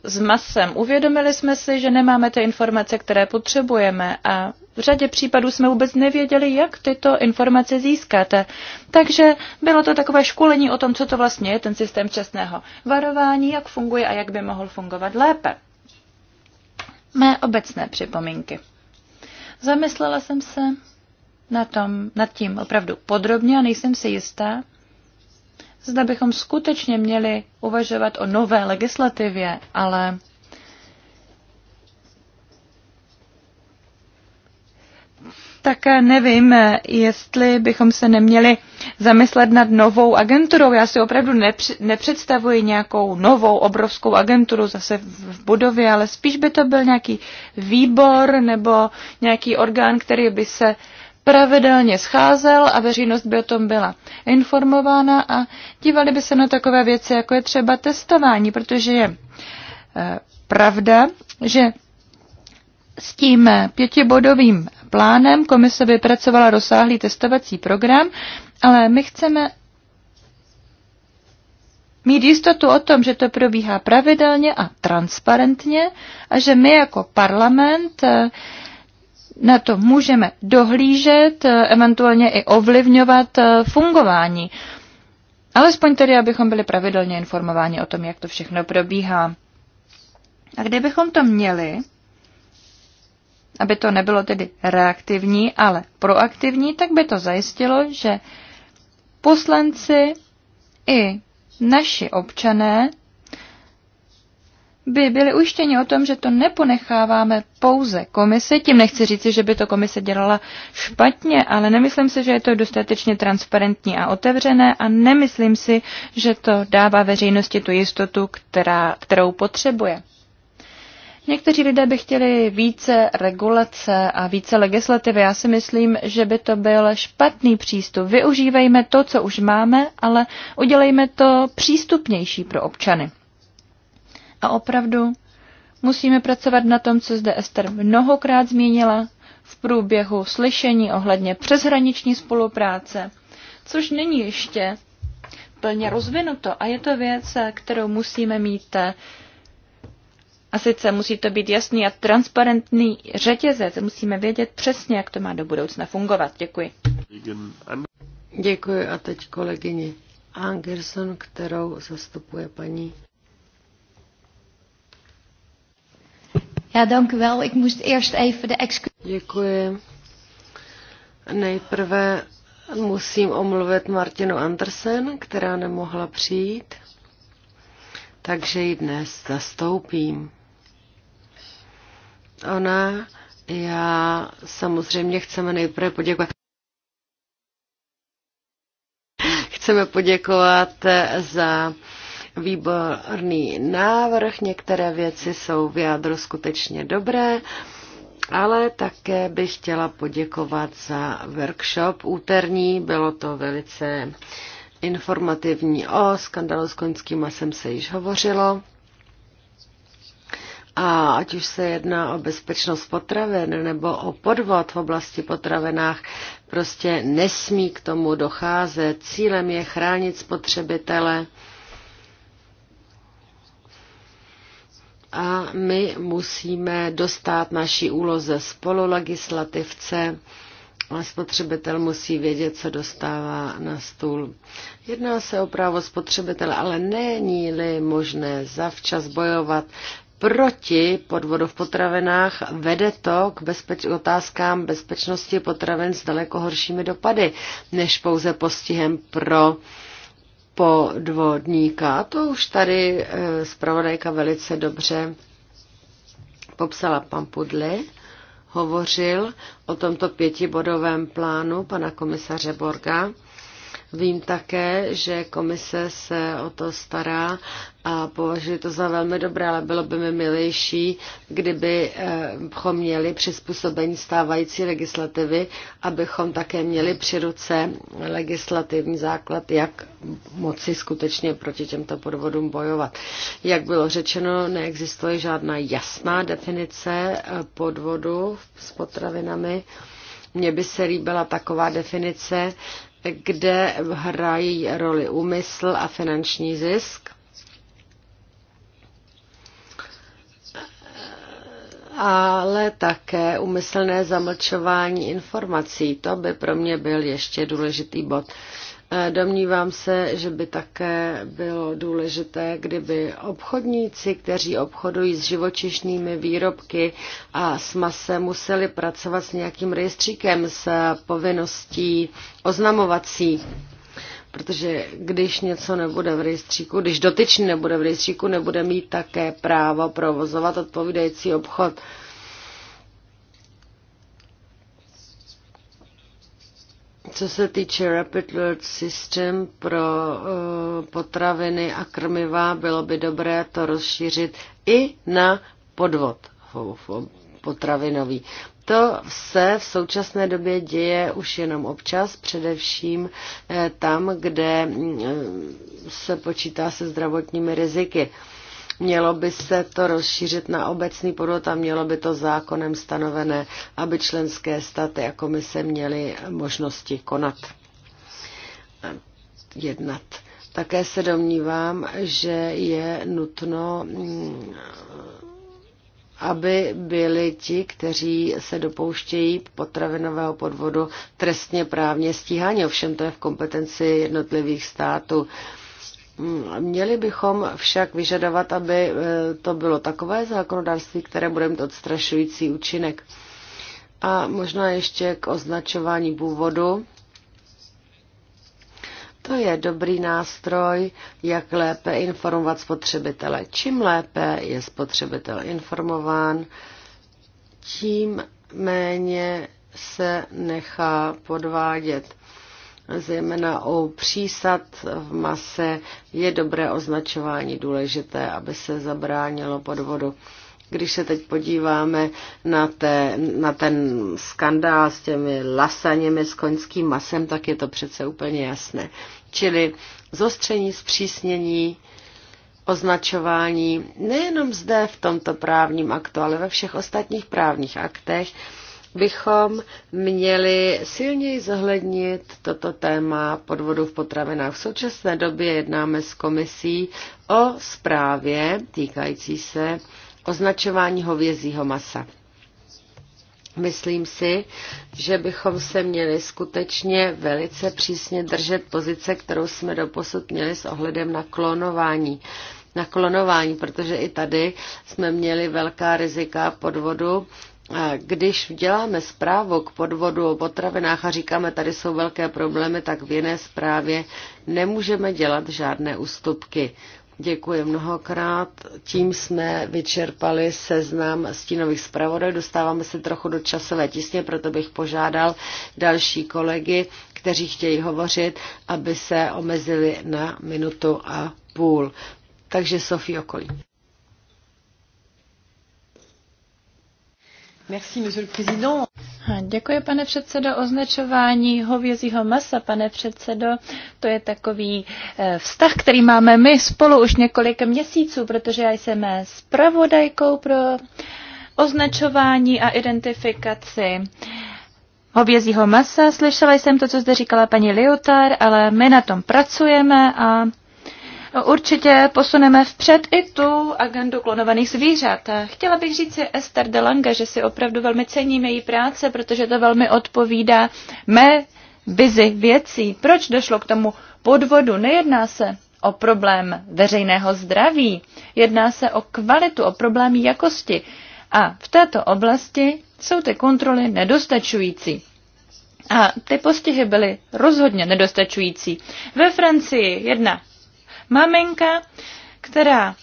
s masem. Uvědomili jsme si, že nemáme ty informace, které potřebujeme a v řadě případů jsme vůbec nevěděli, jak tyto informace získáte. Takže bylo to takové školení o tom, co to vlastně je ten systém čestného varování, jak funguje a jak by mohl fungovat lépe. Mé obecné připomínky. Zamyslela jsem se na tom, nad tím opravdu podrobně a nejsem si jistá, zda bychom skutečně měli uvažovat o nové legislativě, ale také nevím, jestli bychom se neměli zamyslet nad novou agenturou. Já si opravdu nepředstavuji nějakou novou obrovskou agenturu zase v budově, ale spíš by to byl nějaký výbor nebo nějaký orgán, který by se pravidelně scházel a veřejnost by o tom byla informována a dívali by se na takové věci, jako je třeba testování, protože je eh, pravda, že s tím pětibodovým plánem, komise vypracovala rozsáhlý testovací program, ale my chceme mít jistotu o tom, že to probíhá pravidelně a transparentně a že my jako parlament eh, na to můžeme dohlížet, eh, eventuálně i ovlivňovat eh, fungování. Alespoň tedy, abychom byli pravidelně informováni o tom, jak to všechno probíhá. A kdybychom to měli, aby to nebylo tedy reaktivní, ale proaktivní, tak by to zajistilo, že poslanci i naši občané by byli ujištěni o tom, že to neponecháváme pouze komisi. Tím nechci říci, že by to komise dělala špatně, ale nemyslím si, že je to dostatečně transparentní a otevřené a nemyslím si, že to dává veřejnosti tu jistotu, která, kterou potřebuje. Někteří lidé by chtěli více regulace a více legislativy. Já si myslím, že by to byl špatný přístup. Využívejme to, co už máme, ale udělejme to přístupnější pro občany. A opravdu musíme pracovat na tom, co zde Ester mnohokrát zmínila v průběhu slyšení ohledně přeshraniční spolupráce, což není ještě plně rozvinuto a je to věc, kterou musíme mít a sice musí to být jasný a transparentní řetězec. Musíme vědět přesně, jak to má do budoucna fungovat. Děkuji. Děkuji a teď kolegyně Angerson, kterou zastupuje paní. Ja, dank u wel. Ik moest eerst even de excuus. Děkuji. Nejprve musím omluvit Martinu Andersen, která nemohla přijít, takže ji dnes zastoupím. Ona, já samozřejmě chceme nejprve poděkovat. Chceme poděkovat za výborný návrh. Některé věci jsou v jádru skutečně dobré, ale také bych chtěla poděkovat za workshop úterní. Bylo to velice informativní o skandalu s koňským masem se již hovořilo. A ať už se jedná o bezpečnost potravin nebo o podvod v oblasti potravinách, prostě nesmí k tomu docházet. Cílem je chránit spotřebitele. A my musíme dostat naší úloze spolulegislativce. a spotřebitel musí vědět, co dostává na stůl. Jedná se o právo spotřebitele, ale není-li možné zavčas bojovat proti podvodu v potravinách vede to k bezpeč- otázkám bezpečnosti potravin s daleko horšími dopady, než pouze postihem pro podvodníka. To už tady e, zpravodajka velice dobře popsala pan Pudli. Hovořil o tomto pětibodovém plánu pana komisaře Borga Vím také, že komise se o to stará a považuji to za velmi dobré, ale bylo by mi milejší, kdybychom eh, měli přizpůsobení stávající legislativy, abychom také měli při ruce legislativní základ, jak moci skutečně proti těmto podvodům bojovat. Jak bylo řečeno, neexistuje žádná jasná definice eh, podvodu s potravinami. Mně by se líbila taková definice, kde hrají roli úmysl a finanční zisk. ale také umyslné zamlčování informací. To by pro mě byl ještě důležitý bod. Domnívám se, že by také bylo důležité, kdyby obchodníci, kteří obchodují s živočišnými výrobky a s masem, museli pracovat s nějakým rejstříkem, s povinností oznamovací. Protože když něco nebude v rejstříku, když dotyčný nebude v rejstříku, nebude mít také právo provozovat odpovídající obchod. Co se týče Rapid Alert System pro eh, potraviny a krmiva, bylo by dobré to rozšířit i na podvod potravinový. To se v současné době děje už jenom občas, především eh, tam, kde mm, eh, se počítá se zdravotními riziky. Mělo by se to rozšířit na obecný podvod a mělo by to zákonem stanovené, aby členské státy a komise měly možnosti konat a jednat. Také se domnívám, že je nutno, mm, aby byli ti, kteří se dopouštějí potravinového podvodu, trestně právně stíháni. Ovšem to je v kompetenci jednotlivých států. Měli bychom však vyžadovat, aby eh, to bylo takové zákonodárství, které bude mít odstrašující účinek. A možná ještě k označování původu. To je dobrý nástroj, jak lépe informovat spotřebitele. Čím lépe je spotřebitel informován, tím méně se nechá podvádět zejména u přísad v mase, je dobré označování důležité, aby se zabránilo podvodu. Když se teď podíváme na, té, na ten skandál s těmi lasaněmi s koňským masem, tak je to přece úplně jasné. Čili zostření, zpřísnění, označování nejenom zde v tomto právním aktu, ale ve všech ostatních právních aktech bychom měli silněji zohlednit toto téma podvodu v potravinách. V současné době jednáme s komisí o zprávě týkající se označování hovězího masa. Myslím si, že bychom se měli skutečně velice přísně držet pozice, kterou jsme doposud měli s ohledem na klonování. Na klonování, protože i tady jsme měli velká rizika podvodu když děláme zprávu k podvodu o potravinách a říkáme, tady jsou velké problémy, tak v jiné zprávě nemůžeme dělat žádné ústupky. Děkuji mnohokrát. Tím jsme vyčerpali seznam stínových zpravodaj. Dostáváme se trochu do časové tisně, proto bych požádal další kolegy, kteří chtějí hovořit, aby se omezili na minutu a půl. Takže Sofie Okolí. Děkuji, pane předsedo. Označování hovězího masa, pane předsedo, to je takový eh, vztah, který máme my spolu už několik měsíců, protože já jsem zpravodajkou pro označování a identifikaci hovězího masa. Slyšela jsem to, co zde říkala paní Liotar, ale my na tom pracujeme a určitě posuneme vpřed i tu agendu klonovaných zvířat. Chtěla bych říct si Esther de Lange, že si opravdu velmi cením její práce, protože to velmi odpovídá mé vizi věcí. Proč došlo k tomu podvodu? Nejedná se o problém veřejného zdraví, jedná se o kvalitu, o problém jakosti. A v této oblasti jsou ty kontroly nedostačující. A ty postihy byly rozhodně nedostačující. Ve Francii jedna Maminka, která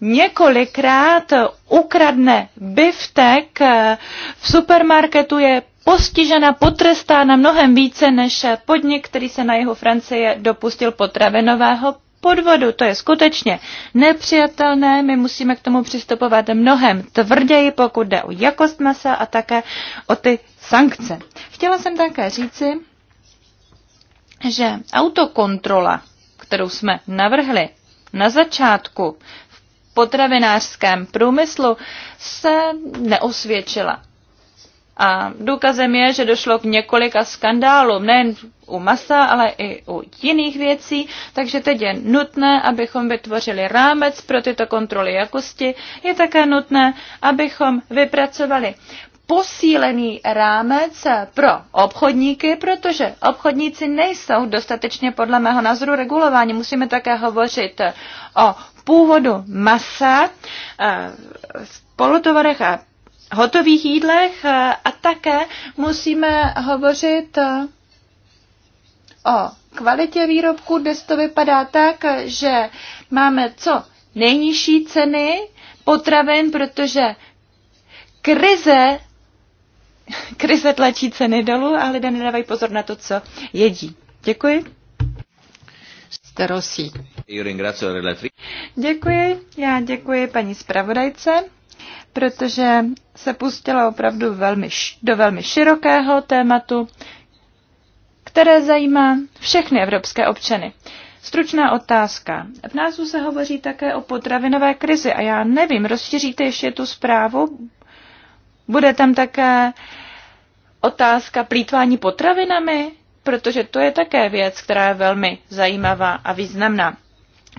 několikrát ukradne biftek eh, v supermarketu, je postižena, potrestána mnohem více než podnik, který se na jeho Francie dopustil potravenového podvodu. To je skutečně nepřijatelné. My musíme k tomu přistupovat mnohem tvrději, pokud jde o jakost masa a také o ty sankce. Chtěla jsem také říci, že autokontrola kterou jsme navrhli na začátku v potravinářském průmyslu, se neosvědčila. A důkazem je, že došlo k několika skandálům, nejen u masa, ale i u jiných věcí, takže teď je nutné, abychom vytvořili rámec pro tyto kontroly jakosti. Je také nutné, abychom vypracovali posílený rámec pro obchodníky, protože obchodníci nejsou dostatečně podle mého názoru regulováni. Musíme také hovořit o původu masa eh, v polotovarech a hotových jídlech eh, a také musíme hovořit eh, o kvalitě výrobku, dnes to vypadá tak, že máme co nejnižší ceny potravin, protože krize krize tlačí ceny dolů a lidé nedávají pozor na to, co jedí. Děkuji. Starosí. Děkuji, já děkuji paní zpravodajce, protože se pustila opravdu velmi, do velmi širokého tématu, které zajímá všechny evropské občany. Stručná otázka. V názvu se hovoří také o potravinové krizi a já nevím, rozšíříte ještě tu zprávu, bude tam také otázka plítvání potravinami, protože to je také věc, která je velmi zajímavá a významná.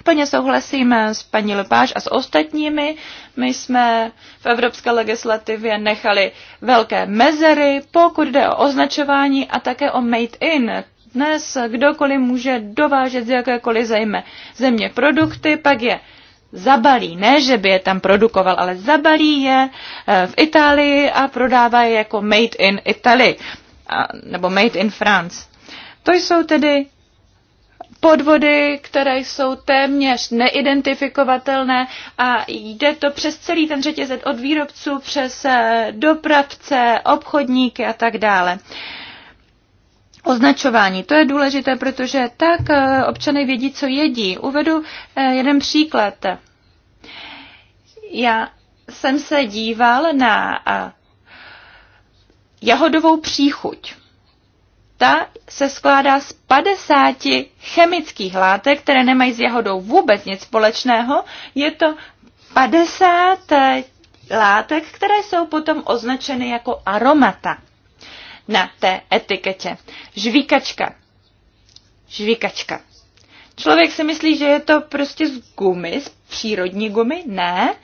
Plně souhlasím s paní Lepáš a s ostatními. My jsme v evropské legislativě nechali velké mezery, pokud jde o označování a také o made in. Dnes kdokoliv může dovážet z jakékoliv země, země produkty, pak je zabalí, ne že by je tam produkoval, ale zabalí je eh, v Itálii a prodává je jako made in Italy nebo made in France. To jsou tedy podvody, které jsou téměř neidentifikovatelné a jde to přes celý ten řetězec od výrobců přes eh, dopravce, obchodníky a tak dále. Uh, Označování, to je důležité, protože tak eh, občany vědí, co jedí. Uvedu eh, jeden příklad. Já jsem se díval na eh, jahodovou příchuť. Ta se skládá z 50 chemických látek, které nemají s jahodou vůbec nic společného. Je to 50 látek, které jsou potom označeny jako aromata na té etiketě. Žvíkačka. Žvíkačka. Člověk si myslí, že je to prostě z gumy, z přírodní gumy. Ne.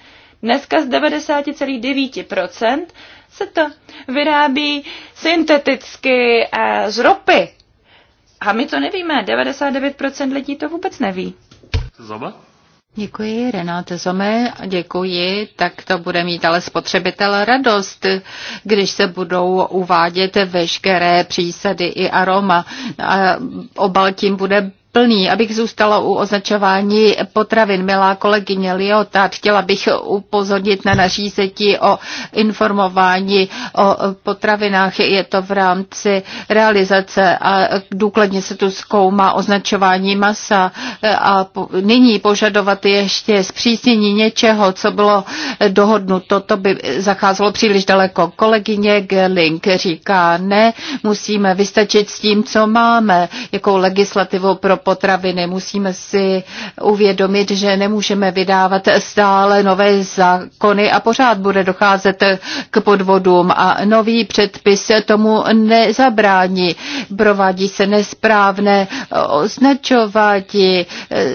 Dneska z 90,9% se to vyrábí synteticky z ropy. A my to nevíme. 99% lidí to vůbec neví. Zoba? Děkuji, Renáte Zome, děkuji. Tak to bude mít ale spotřebitel radost, když se budou uvádět veškeré přísady i aroma. A obal tím bude plný. Abych zůstala u označování potravin, milá kolegyně Liota, chtěla bych upozornit na nařízení o informování o potravinách. Je to v rámci realizace a důkladně se tu zkoumá označování masa a nyní požadovat ještě zpřísnění něčeho, co bylo dohodnuto, to by zacházelo příliš daleko. Kolegyně Gerling říká, ne, musíme vystačit s tím, co máme, jakou legislativu pro potraviny. Musíme si uvědomit, že nemůžeme vydávat stále nové zákony a pořád bude docházet k podvodům a nový předpis tomu nezabrání. Provádí se nesprávné označování,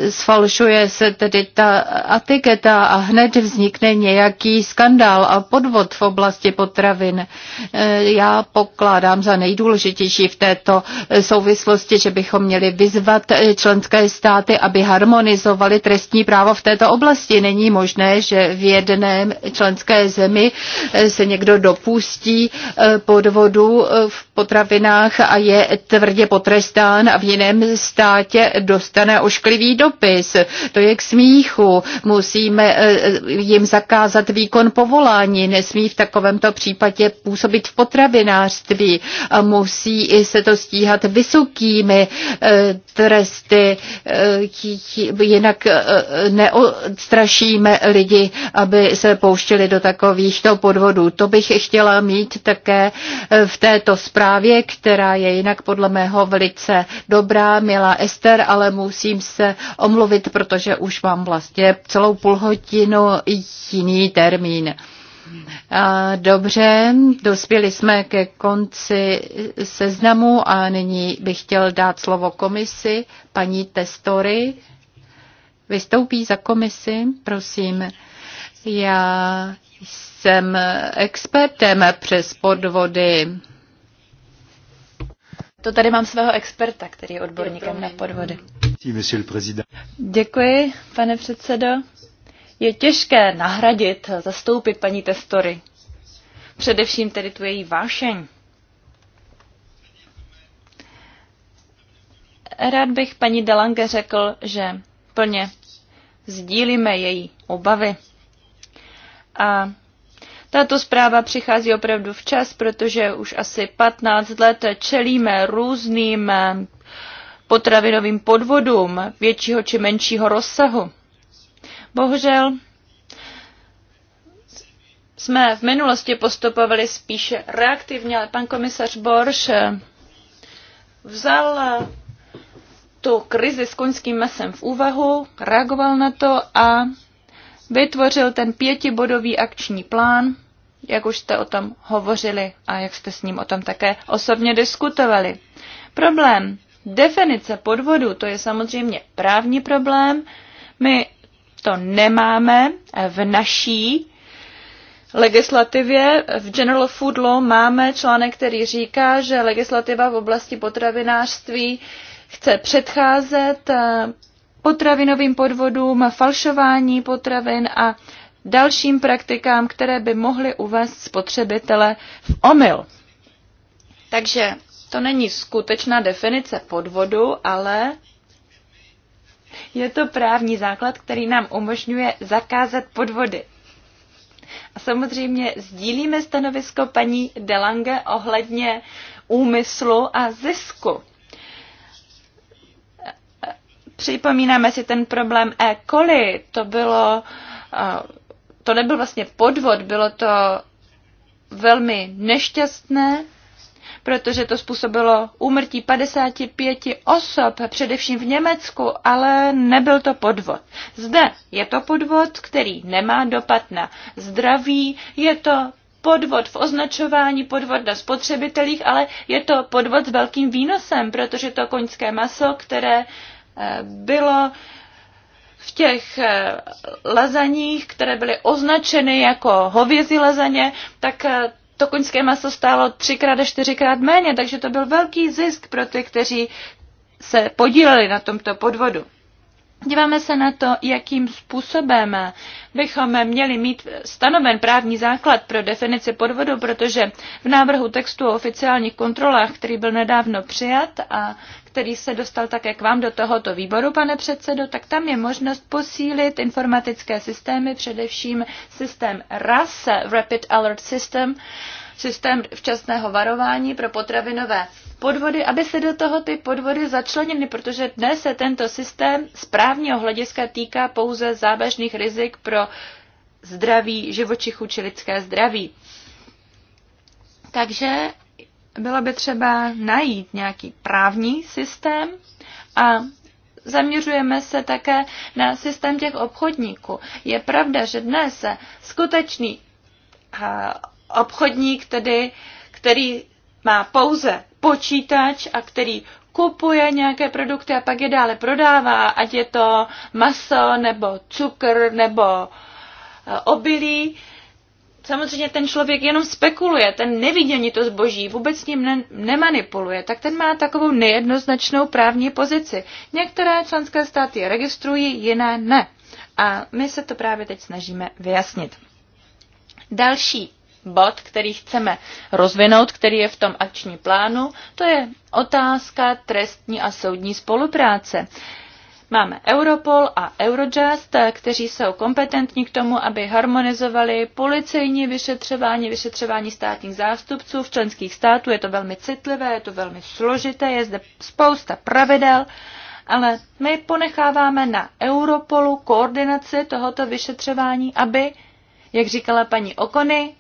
sfalšuje se tedy ta etiketa a hned vznikne nějaký skandál a podvod v oblasti potravin. Já pokládám za nejdůležitější v této souvislosti, že bychom měli vyzvat členské státy, aby harmonizovaly trestní právo v této oblasti. Není možné, že v jedné členské zemi eh, se někdo dopustí eh, podvodu eh, v potravinách a je tvrdě potrestán a v jiném státě dostane ošklivý dopis. To je k smíchu. Musíme jim zakázat výkon povolání. Nesmí v takovémto případě působit v potravinářství. musí se to stíhat vysokými trestními testy, eh, jinak eh, neodstrašíme lidi, aby se pouštěli do takovýchto podvodů. To bych chtěla mít také eh, v této zprávě, která je jinak podle mého velice dobrá, milá Ester, ale musím se omluvit, protože už mám vlastně celou půl hodinu jiný termín. Dobře, dospěli jsme ke konci seznamu a nyní bych chtěl dát slovo komisi. Paní Testory vystoupí za komisi, prosím. Já jsem expertem přes podvody. To tady mám svého experta, který je odborníkem na podvody. Děkuji, pane předsedo je těžké nahradit, zastoupit paní Testory. Především tedy tu její vášeň. Rád bych paní Delange řekl, že plně sdílíme její obavy. A tato zpráva přichází opravdu včas, protože už asi 15 let čelíme různým potravinovým podvodům většího či menšího rozsahu. Bohužel jsme v minulosti postupovali spíše reaktivně, ale pan komisař Borš eh, vzal eh, tu krizi s koňským mesem v úvahu, reagoval na to a vytvořil ten pětibodový akční plán, jak už jste o tom hovořili a jak jste s ním o tom také osobně diskutovali. Problém definice podvodu, to je samozřejmě právní problém. My to nemáme v naší legislativě. V General Food Law máme článek, který říká, že legislativa v oblasti potravinářství chce předcházet eh, potravinovým podvodům, falšování potravin a dalším praktikám, které by mohly uvést spotřebitele v omyl. Takže to není skutečná definice podvodu, ale je to právní základ, který nám umožňuje zakázat podvody. A samozřejmě sdílíme stanovisko paní Delange ohledně úmyslu a zisku. Připomínáme si ten problém E. coli, to bylo, to nebyl vlastně podvod, bylo to velmi nešťastné protože to způsobilo úmrtí 55 osob, především v Německu, ale nebyl to podvod. Zde je to podvod, který nemá dopad na zdraví, je to podvod v označování, podvod na spotřebitelích, ale je to podvod s velkým výnosem, protože to koňské maso, které eh, bylo v těch eh, lazaních, které byly označeny jako hovězí lazaně, tak eh, to kuňské maso stálo třikrát a čtyřikrát méně, takže to byl velký zisk pro ty, kteří se podíleli na tomto podvodu. Díváme se na to, jakým způsobem bychom měli mít stanoven právní základ pro definici podvodu, protože v návrhu textu o oficiálních kontrolách, který byl nedávno přijat a který se dostal také k vám do tohoto výboru, pane předsedo, tak tam je možnost posílit informatické systémy, především systém RAS, Rapid Alert System, systém včasného varování pro potravinové podvody, aby se do toho ty podvody začleněny, protože dnes se tento systém z právního hlediska týká pouze závažných rizik pro zdraví živočichů či lidské zdraví. Takže bylo by třeba najít nějaký právní systém a zaměřujeme se také na systém těch obchodníků. Je pravda, že dnes skutečný obchodník, tedy, který má pouze počítač a který kupuje nějaké produkty a pak je dále prodává, ať je to maso nebo cukr nebo obilí, samozřejmě ten člověk jenom spekuluje, ten nevidí ani to zboží, vůbec s ním ne- nemanipuluje, tak ten má takovou nejednoznačnou právní pozici. Některé členské státy registrují, jiné ne. A my se to právě teď snažíme vyjasnit. Další bod, který chceme rozvinout, který je v tom akční plánu, to je otázka trestní a soudní spolupráce. Uh, Máme Europol a Eurojust, kteří jsou kompetentní k tomu, aby harmonizovali policejní vyšetřování, vyšetřování státních zástupců v členských států. Je to velmi citlivé, je to velmi složité, je zde spousta pravidel, ale my ponecháváme na Europolu koordinaci tohoto vyšetřování, aby, jak říkala paní Okony,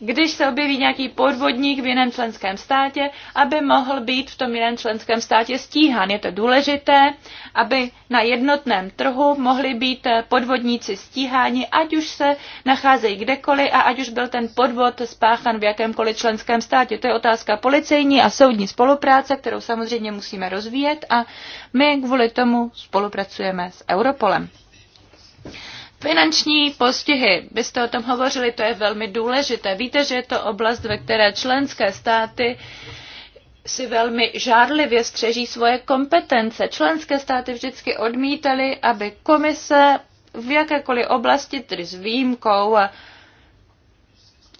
když se objeví nějaký podvodník v jiném členském státě, aby mohl být v tom jiném členském státě stíhan. Je to důležité, aby na jednotném trhu mohli být eh, podvodníci stíháni, ať už se nacházejí kdekoliv a ať už byl ten podvod spáchan v jakémkoliv členském státě. To je otázka policejní a soudní spolupráce, kterou samozřejmě musíme rozvíjet a my kvůli tomu spolupracujeme s Europolem. Finanční postihy, byste o tom hovořili, to je velmi důležité. Víte, že je to oblast, ve které členské státy si velmi žárlivě střeží svoje kompetence. Členské státy vždycky odmítaly, aby komise v jakékoliv oblasti, tedy s výjimkou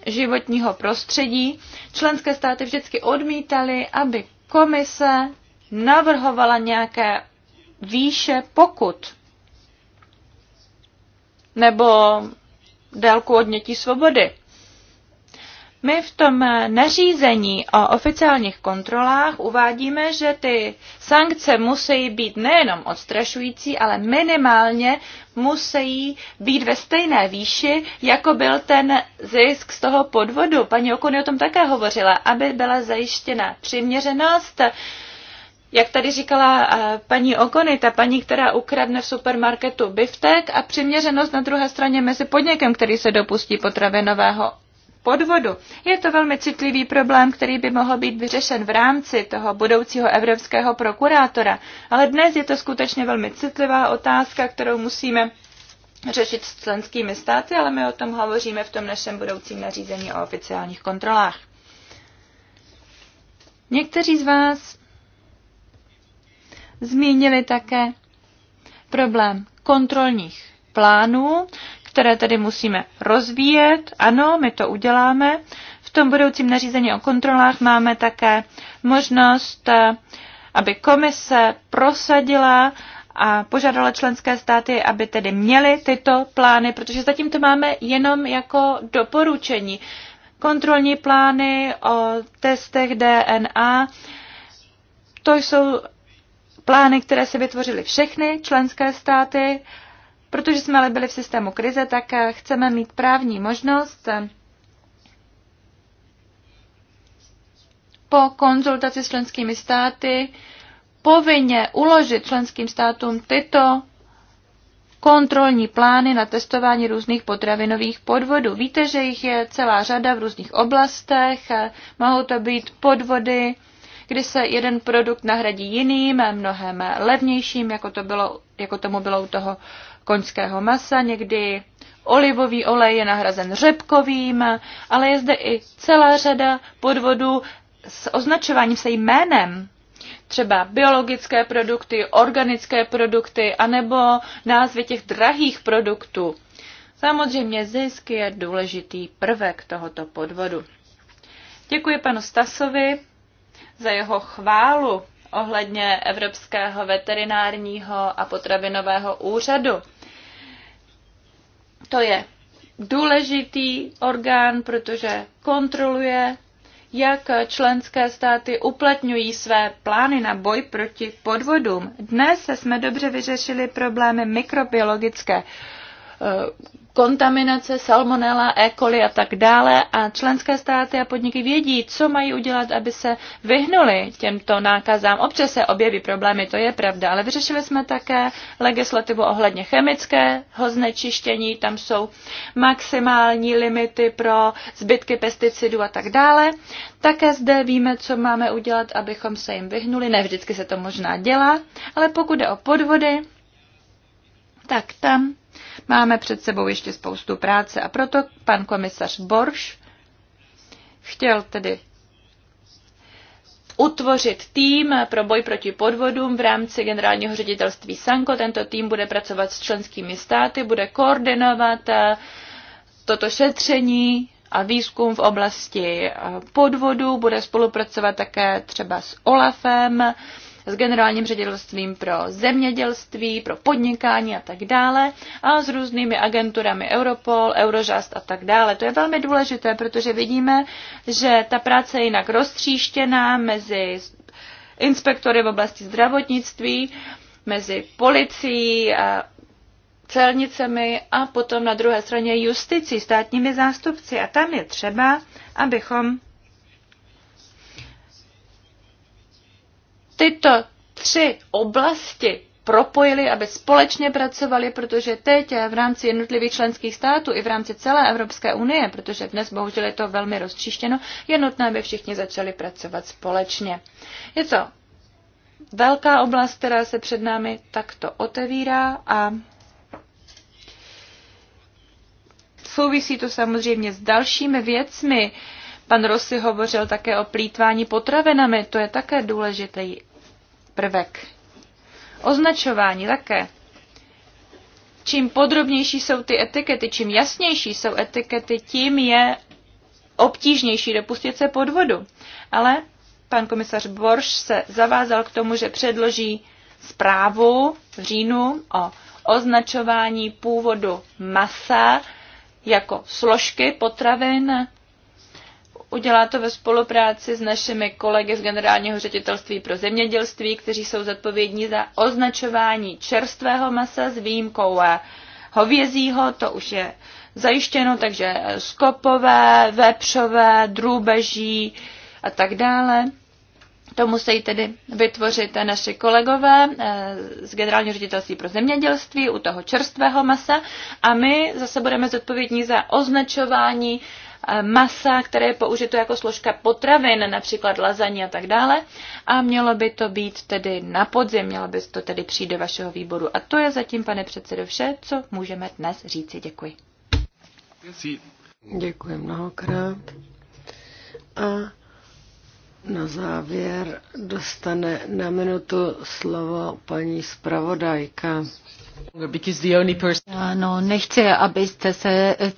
životního prostředí, členské státy vždycky odmítaly, aby komise navrhovala nějaké výše pokut nebo délku odnětí svobody. My v tom nařízení o oficiálních kontrolách uvádíme, že ty sankce musí být nejenom odstrašující, ale minimálně musí být ve stejné výši, jako byl ten zisk z toho podvodu. Paní Okuny o tom také hovořila, aby byla zajištěna přiměřenost, jak tady říkala eh, paní Okony, ta paní, která ukradne v supermarketu biftek a přiměřenost na druhé straně mezi podnikem, který se dopustí potravinového podvodu. Je to velmi citlivý problém, který by mohl být vyřešen v rámci toho budoucího evropského prokurátora. Ale dnes je to skutečně velmi citlivá otázka, kterou musíme řešit s členskými státy, ale my o tom hovoříme v tom našem budoucím nařízení o oficiálních kontrolách. Někteří z vás zmínili také problém kontrolních plánů, které tedy musíme rozvíjet. Ano, my to uděláme. V tom budoucím nařízení o kontrolách máme také možnost, eh, aby komise prosadila a požádala členské státy, aby tedy měly tyto plány, protože zatím to máme jenom jako doporučení. Kontrolní plány o testech DNA, to jsou plány, které si vytvořily všechny členské státy. Protože jsme ale byli v systému krize, tak eh, chceme mít právní možnost eh, po konzultaci s členskými státy povinně uložit členským státům tyto kontrolní plány na testování různých potravinových podvodů. Víte, že jich je celá řada v různých oblastech, eh, mohou to být podvody kdy se jeden produkt nahradí jiným, mnohem levnějším, jako, to bylo, jako tomu bylo u toho koňského masa. Někdy olivový olej je nahrazen řepkovým, ale je zde i celá řada podvodů s označováním se jménem třeba biologické produkty, organické produkty, anebo názvy těch drahých produktů. Samozřejmě zisk je důležitý prvek tohoto podvodu. Děkuji panu Stasovi za jeho chválu ohledně Evropského veterinárního a potravinového úřadu. To je důležitý orgán, protože kontroluje, jak členské státy uplatňují své plány na boj proti podvodům. Dnes jsme dobře vyřešili problémy mikrobiologické Eh, kontaminace, salmonella, E. coli a tak dále a členské státy a podniky vědí, co mají udělat, aby se vyhnuli těmto nákazám. Občas se objeví problémy, to je pravda, ale vyřešili jsme také legislativu ohledně chemického znečištění, tam jsou maximální limity pro zbytky pesticidů a tak dále. Také zde víme, co máme udělat, abychom se jim vyhnuli, ne vždycky se to možná dělá, ale pokud jde o podvody, tak tam Máme před sebou ještě spoustu práce a proto pan komisař Borš chtěl tedy utvořit tým pro boj proti podvodům v rámci generálního ředitelství Sanko. Tento tým bude pracovat s členskými státy, bude koordinovat eh, toto šetření a výzkum v oblasti eh, podvodů, bude spolupracovat také třeba s OLAFem, s generálním ředitelstvím pro zemědělství, pro podnikání a tak dále a s různými agenturami Europol, Eurojust a tak dále. To je velmi důležité, protože vidíme, že ta práce je jinak roztříštěná mezi inspektory v oblasti zdravotnictví, mezi policií, a celnicemi a potom na druhé straně justicí, státními zástupci. A tam je třeba, abychom tyto tři oblasti propojili, aby společně pracovali, protože teď v rámci jednotlivých členských států i v rámci celé Evropské unie, protože dnes bohužel je to velmi rozčištěno, je nutné, aby všichni začali pracovat společně. Je to velká oblast, která se před námi takto otevírá a souvisí to samozřejmě s dalšími věcmi, Pan Rossi hovořil také o plítvání potravinami, to je také důležitý prvek. Označování také. Čím podrobnější jsou ty etikety, čím jasnější jsou etikety, tím je obtížnější dopustit se podvodu. Ale pan komisař Borš se zavázal k tomu, že předloží zprávu v říjnu o označování původu masa jako složky potravin Udělá to ve spolupráci s našimi kolegy z Generálního ředitelství pro zemědělství, kteří jsou zodpovědní za označování čerstvého masa s výjimkou eh, hovězího, to už je zajištěno, takže eh, skopové, vepřové, drůbeží a tak dále. To musí tedy vytvořit naše kolegové eh, z Generálního ředitelství pro zemědělství u toho čerstvého masa a my zase budeme zodpovědní za označování masa, které je použito jako složka potravin, například lazaní a tak dále. A mělo by to být tedy na podzim, mělo by to tedy přijít do vašeho výboru. A to je zatím, pane předsedo, vše, co můžeme dnes říci. Děkuji. Děkuji mnohokrát. A na závěr dostane na minutu slovo paní zpravodajka. Ano, nechci, abyste se eh,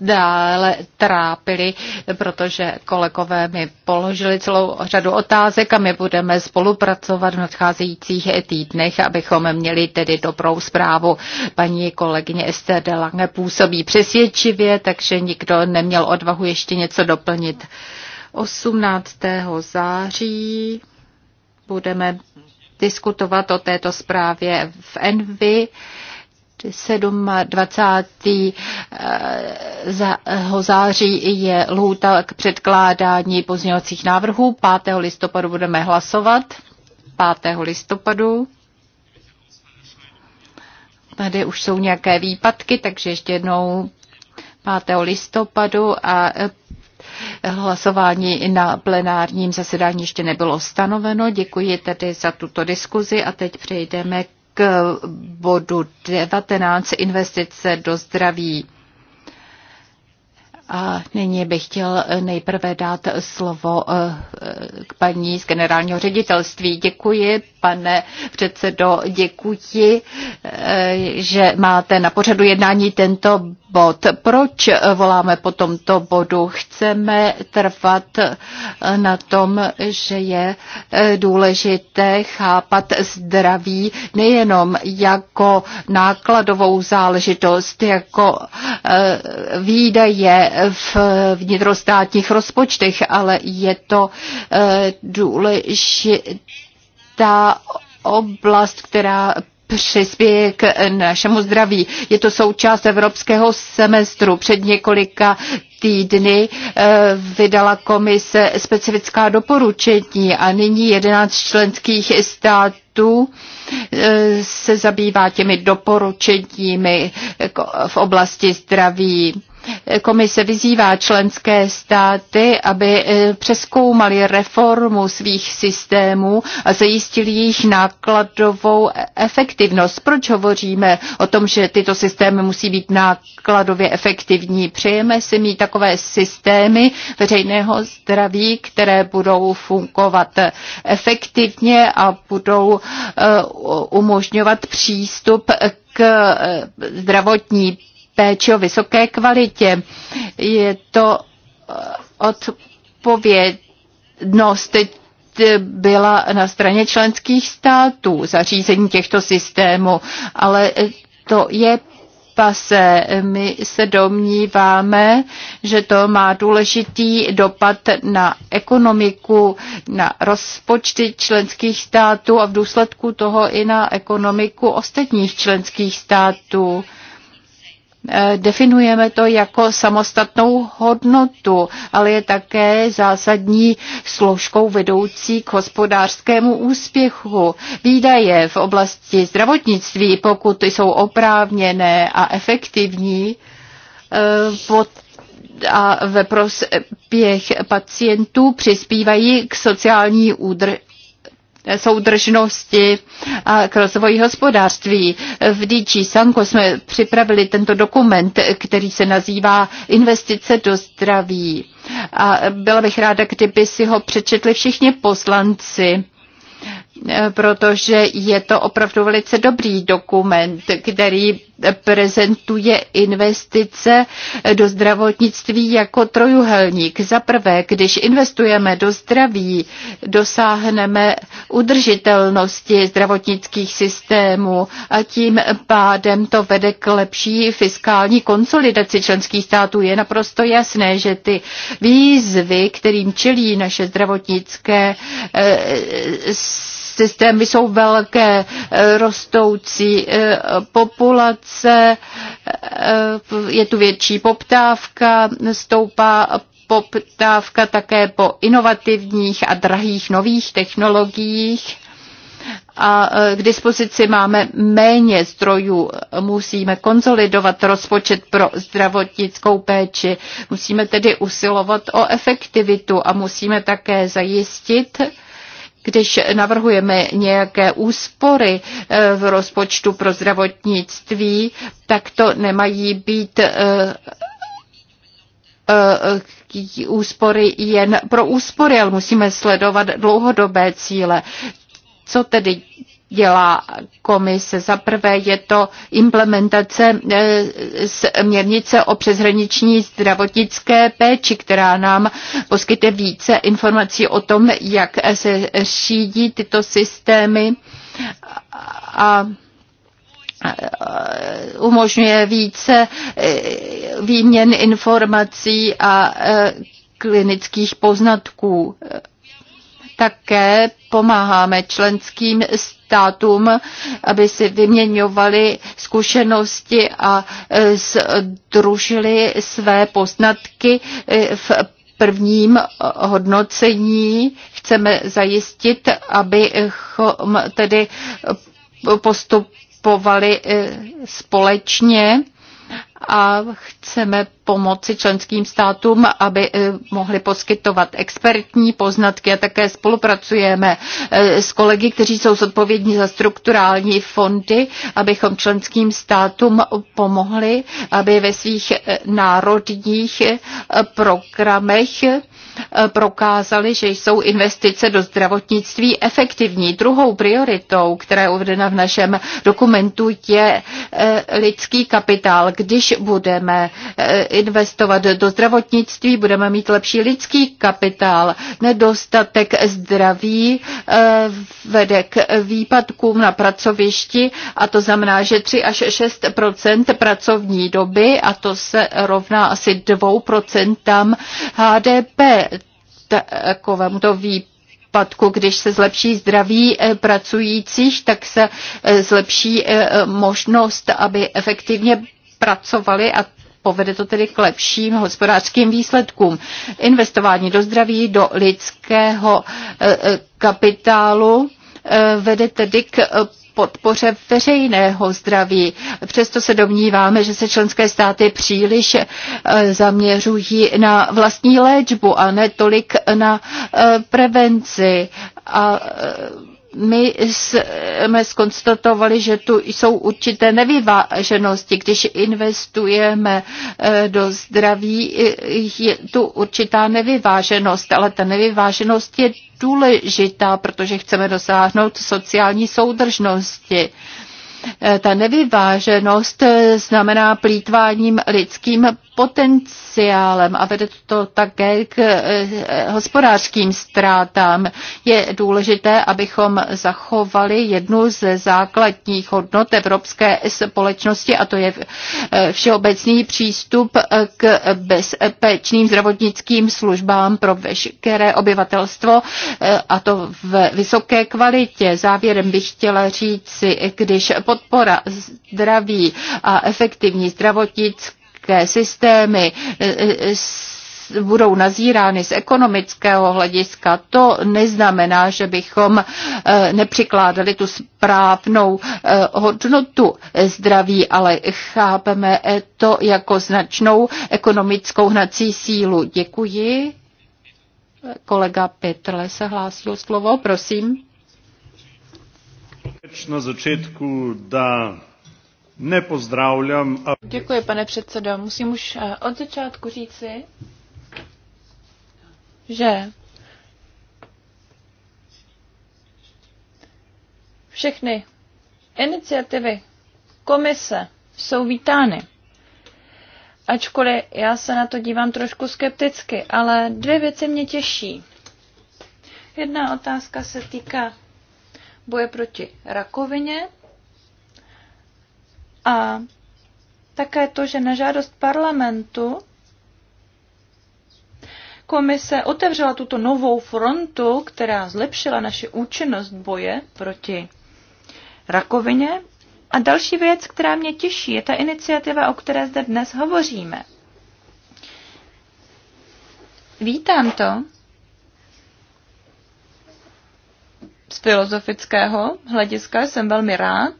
dále trápili, protože kolegové mi položili celou řadu otázek a my budeme spolupracovat v nadcházejících týdnech, abychom měli tedy dobrou zprávu. Paní kolegyně Esther Lange působí přesvědčivě, takže nikdo neměl odvahu ještě něco doplnit. 18. září budeme diskutovat o této zprávě v Envy. 27. Eh, září je lhůta k předkládání pozměňovacích návrhů. 5. listopadu budeme hlasovat. 5. listopadu. Tady už jsou nějaké výpadky, takže ještě jednou 5. listopadu a Hlasování na plenárním zasedání ještě nebylo stanoveno. Děkuji tedy za tuto diskuzi a teď přejdeme k bodu 19 investice do zdraví. A nyní bych chtěl eh, nejprve dát slovo eh, eh, k paní z generálního ředitelství. Děkuji, pane předsedo, děkuji, že máte na pořadu jednání tento bod. Proč voláme po tomto bodu? Chceme trvat na tom, že je důležité chápat zdraví nejenom jako nákladovou záležitost, jako výdaje v vnitrostátních rozpočtech, ale je to eh, důležitá oblast, která přispěje k našemu zdraví. Je to součást evropského semestru. Před několika týdny eh, vydala komise specifická doporučení a nyní 11 členských států eh, se zabývá těmi doporučeními v oblasti zdraví. Komise vyzývá členské státy, aby e, přeskoumali reformu svých systémů a zajistili jejich nákladovou efektivnost. Proč hovoříme o tom, že tyto systémy musí být nákladově efektivní? Přejeme si mít takové systémy veřejného zdraví, které budou fungovat efektivně a budou e, umožňovat přístup k e, zdravotní péči o vysoké kvalitě. Je to eh, odpovědnost eh, byla na straně členských států zařízení těchto systémů, ale eh, to je pase. My se domníváme, že to má důležitý dopad na ekonomiku, na rozpočty členských států a v důsledku toho i na ekonomiku ostatních členských států. Eh, definujeme to jako samostatnou hodnotu, ale je také zásadní složkou vedoucí k hospodářskému úspěchu. Výdaje v oblasti zdravotnictví, pokud jsou oprávněné a efektivní, eh, pod a ve prospěch pacientů přispívají k sociální údr- soudržnosti a k rozvoji hospodářství. V DG Sanko jsme připravili tento dokument, který se nazývá Investice do zdraví. A byla bych ráda, kdyby si ho přečetli všichni poslanci Eh, protože je to opravdu velice dobrý dokument, který prezentuje investice do zdravotnictví jako trojuhelník. Za prvé, když investujeme do zdraví, dosáhneme udržitelnosti zdravotnických systémů a tím pádem to vede k lepší fiskální konsolidaci členských států. Je naprosto jasné, že ty výzvy, kterým čelí naše zdravotnické eh, systémy jsou velké, eh, rostoucí eh, populace, eh, je tu větší poptávka, stoupá poptávka také po inovativních a drahých nových technologiích a k dispozici máme méně zdrojů. Musíme konsolidovat rozpočet pro zdravotnickou péči. Musíme tedy usilovat o efektivitu a musíme také zajistit, když navrhujeme nějaké úspory eh, v rozpočtu pro zdravotnictví, tak to nemají být eh, eh, úspory jen pro úspory, ale musíme sledovat dlouhodobé cíle. Co tedy dělá komise. Za prvé je to implementace eh, směrnice o přeshraniční zdravotnické péči, která nám poskytne více informací o tom, jak se řídí tyto systémy a umožňuje více eh, výměn informací a eh, klinických poznatků také pomáháme členským státům, aby si vyměňovali zkušenosti a združili e, své poznatky e, v prvním hodnocení. Chceme zajistit, abychom tedy postupovali e, společně a chceme pomoci členským státům, aby eh, mohli poskytovat expertní poznatky a také spolupracujeme eh, s kolegy, kteří jsou zodpovědní za strukturální fondy, abychom členským státům pomohli, aby ve svých eh, národních programech Eh, prokázali, že jsou investice do zdravotnictví efektivní. Druhou prioritou, která je uvedena v našem dokumentu, je eh, lidský kapitál. Když budeme eh, investovat do zdravotnictví, budeme mít lepší lidský kapitál. Nedostatek zdraví vede k výpadkům na pracovišti a to znamená, že 3 až 6 pracovní doby a to se rovná asi 2 HDP takovému to výpadku. Když se zlepší zdraví eh, pracujících, tak se eh, zlepší eh, možnost, aby efektivně pracovali a povede to tedy k lepším hospodářským výsledkům. Investování do zdraví, do lidského kapitálu vede tedy k podpoře veřejného zdraví. Přesto se domníváme, že se členské státy příliš eh, zaměřují na vlastní léčbu a ne tolik na eh, prevenci. A eh, my jsme skonstatovali, že tu jsou určité nevyváženosti. Když investujeme eh, do zdraví, eh, je tu určitá nevyváženost, ale ta nevyváženost je důležitá, protože chceme dosáhnout sociální soudržnosti. Eh, ta nevyváženost znamená plítváním lidským potenciálem a vede to také k eh, hospodářským ztrátám. Je důležité, abychom zachovali jednu ze základních hodnot evropské společnosti a to je eh, všeobecný přístup eh, k bezpečným zdravotnickým službám pro veškeré obyvatelstvo a to v vysoké kvalitě. Závěrem bych chtěla říct, si, když podpora zdraví a efektivní zdravotnictví ekonomické systémy eh, eh, budou nazírány z ekonomického hlediska, to neznamená, že bychom eh, nepřikládali tu správnou hodnotu zdraví, ale chápeme to jako značnou ekonomickou hnací sílu. Děkuji. Kolega Petrle se hlásil slovo, prosím. Na začátku, da nepozdravljam. Děkuji, pane předsedo. Musím už eh, od začátku říci, že všechny iniciativy komise jsou vítány. Ačkoliv já se na to dívám trošku skepticky, ale dvě věci mě těší. Jedna otázka se týká boje proti rakovině a také to, že na žádost parlamentu komise otevřela tuto novou frontu, která zlepšila naši účinnost boje proti rakovině. A další věc, která mě těší, je ta iniciativa, o které zde dnes hovoříme. Vítám to z filozofického hlediska, jsem velmi rád,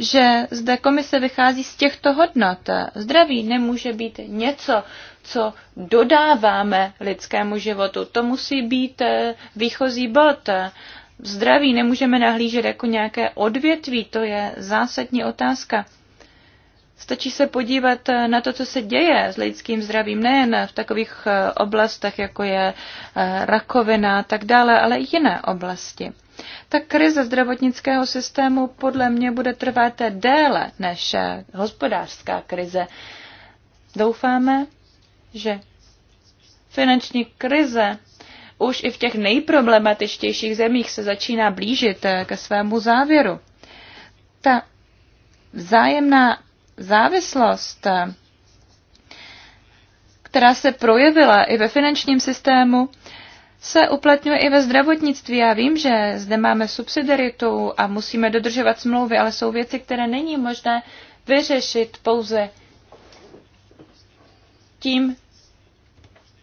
že zde komise vychází z těchto hodnot. Zdraví nemůže být něco, co dodáváme lidskému životu. To musí být eh, výchozí bod. Zdraví nemůžeme nahlížet jako nějaké odvětví, to je zásadní otázka. Stačí se podívat eh, na to, co se děje s lidským zdravím, nejen v takových eh, oblastech, jako je rakovina a tak dále, ale i jiné oblasti ta krize zdravotnického systému podle mě bude trvat déle než hospodářská krize. Doufáme, že finanční krize už i v těch nejproblematičtějších zemích se začíná blížit eh, ke svému závěru. Ta vzájemná závislost, eh, která se projevila i ve finančním systému, se uplatňuje i ve zdravotnictví. Já vím, že zde máme subsidiaritu a musíme dodržovat smlouvy, ale jsou věci, které není možné vyřešit pouze tím,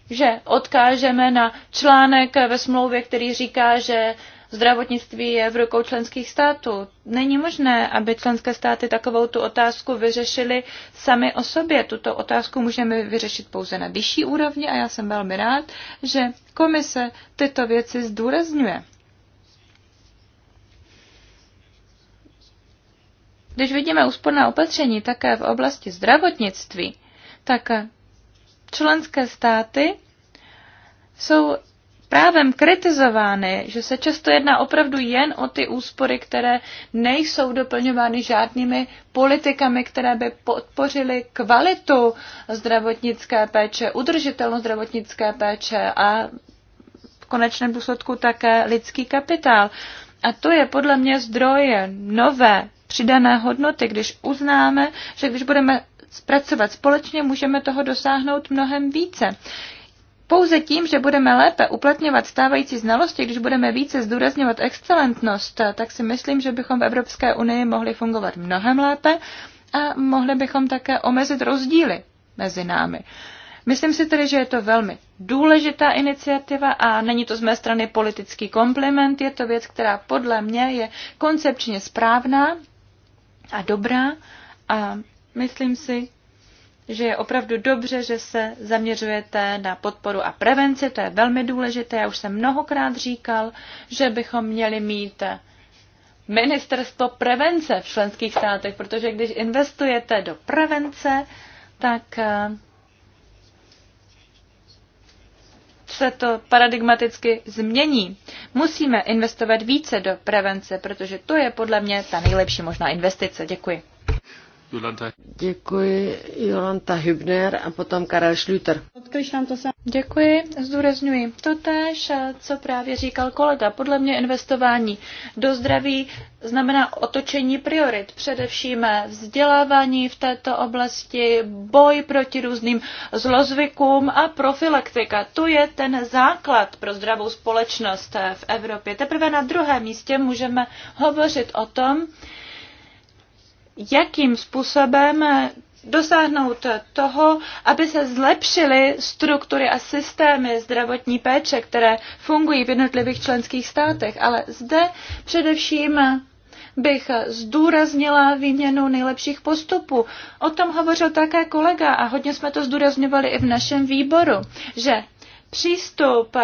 že odkážeme na článek ve smlouvě, který říká, že zdravotnictví je v rukou členských států. Není možné, aby členské státy takovou tu otázku vyřešili sami o sobě. Tuto otázku můžeme vyřešit pouze na vyšší úrovni a já jsem velmi rád, že komise tyto věci zdůrazňuje. Když vidíme úsporná opatření také v oblasti zdravotnictví, tak členské státy jsou právem kritizovány, že se často jedná opravdu jen o ty úspory, které nejsou doplňovány žádnými politikami, které by podpořily kvalitu zdravotnické péče, udržitelnost zdravotnické péče a v konečném důsledku také lidský kapitál. A to je podle mě zdroj nové přidané hodnoty, když uznáme, že když budeme zpracovat společně, můžeme toho dosáhnout mnohem více. Pouze tím, že budeme lépe uplatňovat stávající znalosti, když budeme více zdůrazňovat excelentnost, tak si myslím, že bychom v Evropské unii mohli fungovat mnohem lépe a mohli bychom také omezit rozdíly mezi námi. Myslím si tedy, že je to velmi důležitá iniciativa a není to z mé strany politický kompliment, je to věc, která podle mě je koncepčně správná a dobrá a myslím si, že je opravdu dobře, že se zaměřujete na podporu a prevenci, to je velmi důležité. Já už jsem mnohokrát říkal, že bychom měli mít ministerstvo prevence v členských státech, protože když investujete do prevence, tak eh, se to paradigmaticky změní. Musíme investovat více do prevence, protože to je podle mě ta nejlepší možná investice. Děkuji. Jolanta. Děkuji Jolanta Hübner a potom Karel Schlüter. Děkuji, zdůrazňuji to též, co právě říkal kolega. Podle mě investování do zdraví znamená otočení priorit, především vzdělávání v této oblasti, boj proti různým zlozvykům a profilaktika. To je ten základ pro zdravou společnost v Evropě. Teprve na druhém místě můžeme hovořit o tom, jakým způsobem dosáhnout toho, aby se zlepšily struktury a systémy zdravotní péče, které fungují v jednotlivých členských státech. Ale zde především bych zdůraznila výměnu nejlepších postupů. O tom hovořil také kolega a hodně jsme to zdůrazňovali i v našem výboru, že přístup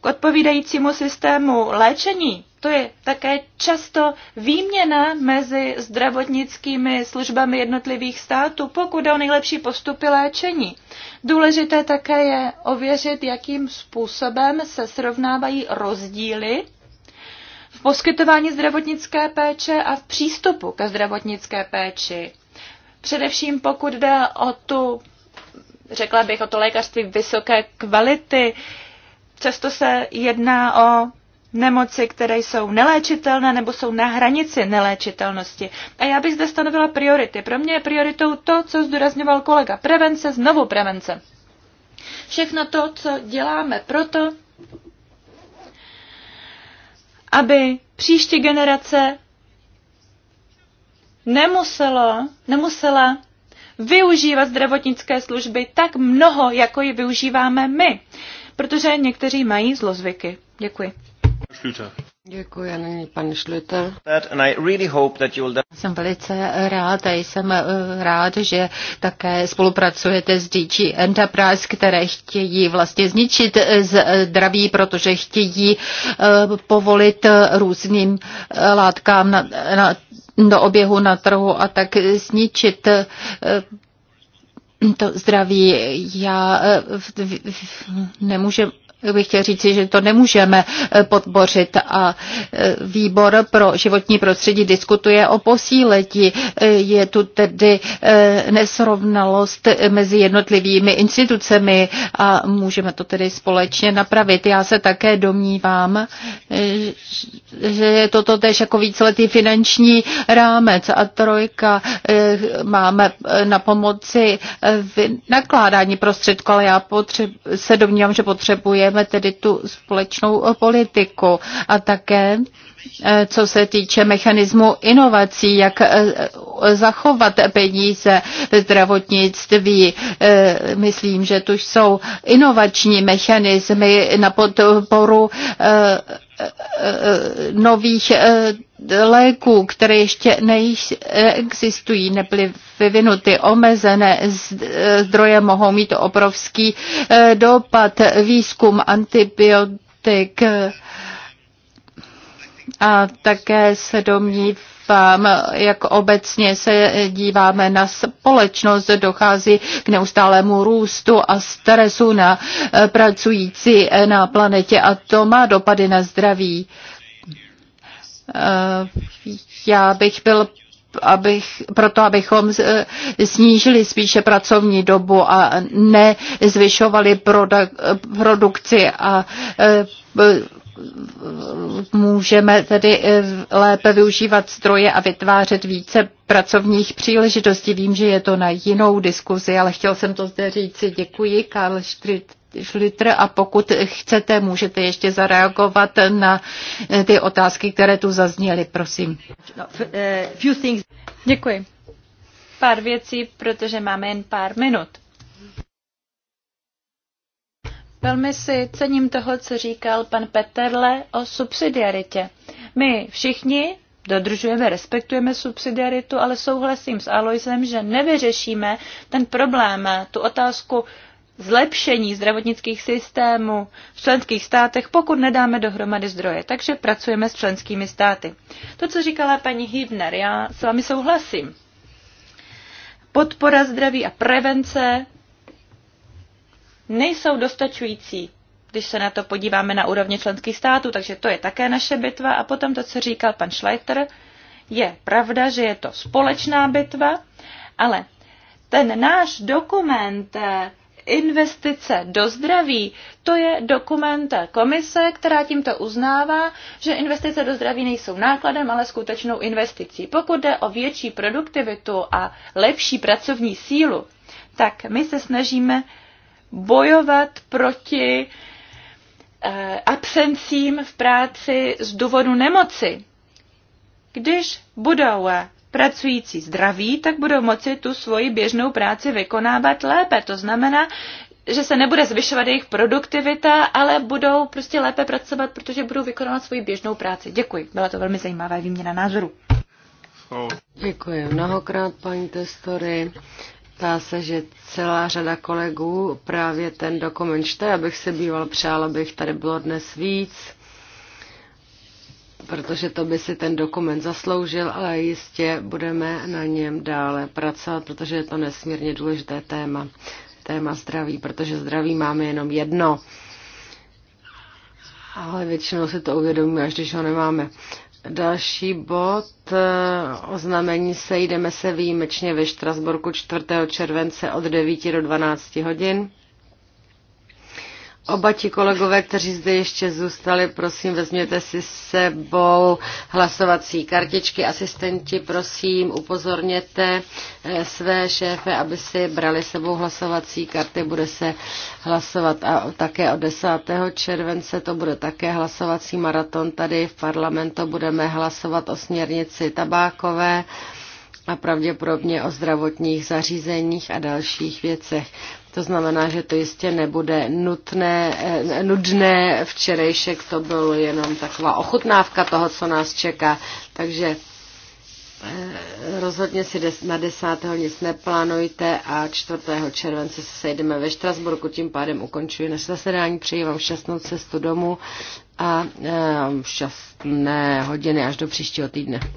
k odpovídajícímu systému léčení to je také často výměna mezi zdravotnickými službami jednotlivých států, pokud jde o nejlepší postupy léčení. Důležité také je ověřit, jakým způsobem se srovnávají rozdíly v poskytování zdravotnické péče a v přístupu ke zdravotnické péči. Především pokud jde o tu, řekla bych, o to lékařství vysoké kvality, často se jedná o nemoci, které jsou neléčitelné nebo jsou na hranici neléčitelnosti. A já bych zde stanovila priority. Pro mě je prioritou to, co zdůrazňoval kolega. Prevence, znovu prevence. Všechno to, co děláme proto, aby příští generace nemuselo, nemusela využívat zdravotnické služby tak mnoho, jako ji využíváme my, protože někteří mají zlozvyky. Děkuji. Děkuji, nyní pan Šlüter. Jsem velice rád a jsem eh, rád, že také spolupracujete s DG Enterprise, které chtějí vlastně zničit eh, eh, zdraví, protože chtějí povolit různým látkám na, na, do oběhu na trhu a tak zničit to zdraví. Já nemůžu bych chtěl říci, že to nemůžeme eh, podpořit a eh, výbor pro životní prostředí diskutuje o posíletí. Eh, je tu tedy nesrovnalost mezi jednotlivými institucemi a můžeme to tedy společně napravit. Já se také domnívám, že je toto tež jako víceletý finanční rámec a trojka máme na pomoci nakládání prostředků, ale já se domnívám, že potřebuje potřebujeme tedy tu společnou politiku a také eh, co se týče mechanismu inovací, jak eh, zachovat peníze ve zdravotnictví. Eh, myslím, že tu jsou inovační mechanismy na podporu Eh, nových eh, léků, které ještě neexistují, nebyly vyvinuty, omezené eh, zdroje mohou mít obrovský dopad, výzkum antibiotik a také se domnívám, vám, jak obecně se díváme na společnost, dochází k neustálému růstu a stresu na eh, pracující eh, na planetě a to má dopady na zdraví. Eh, já bych byl abych, proto abychom snížili spíše pracovní dobu a nezvyšovali produkci a můžeme tedy eh, lépe využívat zdroje a vytvářet více pracovních příležitostí. Vím, že je to na jinou diskuzi, ale chtěl jsem to zde říci. Děkuji, Karl Štrit. Šlitr a pokud chcete, můžete ještě zareagovat na eh, ty otázky, které tu zazněly, prosím. No, eh, Děkuji. Pár věcí, protože máme jen pár minut. Velmi si cením toho, co říkal pan Peterle o subsidiaritě. My všichni dodržujeme, respektujeme subsidiaritu, ale souhlasím s Aloisem, že nevyřešíme ten problém, tu otázku zlepšení zdravotnických systémů v členských státech, pokud nedáme dohromady zdroje. Takže pracujeme s členskými státy. To, co říkala paní Hibner, já s vámi souhlasím. Podpora zdraví a prevence nejsou dostačující, když se na to podíváme na úrovni členských států, takže to je také naše bitva. A potom to, co říkal pan Schleiter, je pravda, že je to společná bitva, ale ten náš dokument eh, investice do zdraví, to je dokument komise, která tímto uznává, že investice do zdraví nejsou nákladem, ale skutečnou investicí. Pokud jde o větší produktivitu a lepší pracovní sílu, tak my se snažíme bojovat proti eh, absencím v práci z důvodu nemoci. Když budou eh, pracující zdraví, tak budou moci tu svoji běžnou práci vykonávat lépe. To znamená, že se nebude zvyšovat jejich produktivita, ale budou prostě lépe pracovat, protože budou vykonávat svoji běžnou práci. Děkuji. Byla to velmi zajímavá výměna názoru. Děkuji mnohokrát, paní Testory. Zdá se, že celá řada kolegů právě ten dokument čte, abych se býval přál, abych tady bylo dnes víc, protože to by si ten dokument zasloužil, ale jistě budeme na něm dále pracovat, protože je to nesmírně důležité téma. Téma zdraví, protože zdraví máme jenom jedno. Ale většinou si to uvědomíme, až když ho nemáme. Další bod, se eh, sejdeme se výjimečně ve Štrasburku 4. července od 9 do 12 hodin. Oba ti kolegové, kteří zde ještě zůstali, prosím, vezměte si sebou hlasovací kartičky. Asistenti, prosím, upozorněte eh, své šéfe, aby si brali sebou hlasovací karty. Bude se hlasovat a také od 10. července to bude také hlasovací maraton. Tady v parlamentu budeme hlasovat o směrnici tabákové a pravděpodobně o zdravotních zařízeních a dalších věcech. To znamená, že to jistě nebude nutné, eh, nudné. Včerejšek to byl jenom taková ochutnávka toho, co nás čeká. Takže eh, rozhodně si na 10. nic neplánujte a 4. července se sejdeme ve Štrasburku. Tím pádem ukončuji naše zasedání. Přeji vám šťastnou cestu domů a eh, šťastné hodiny až do příštího týdne.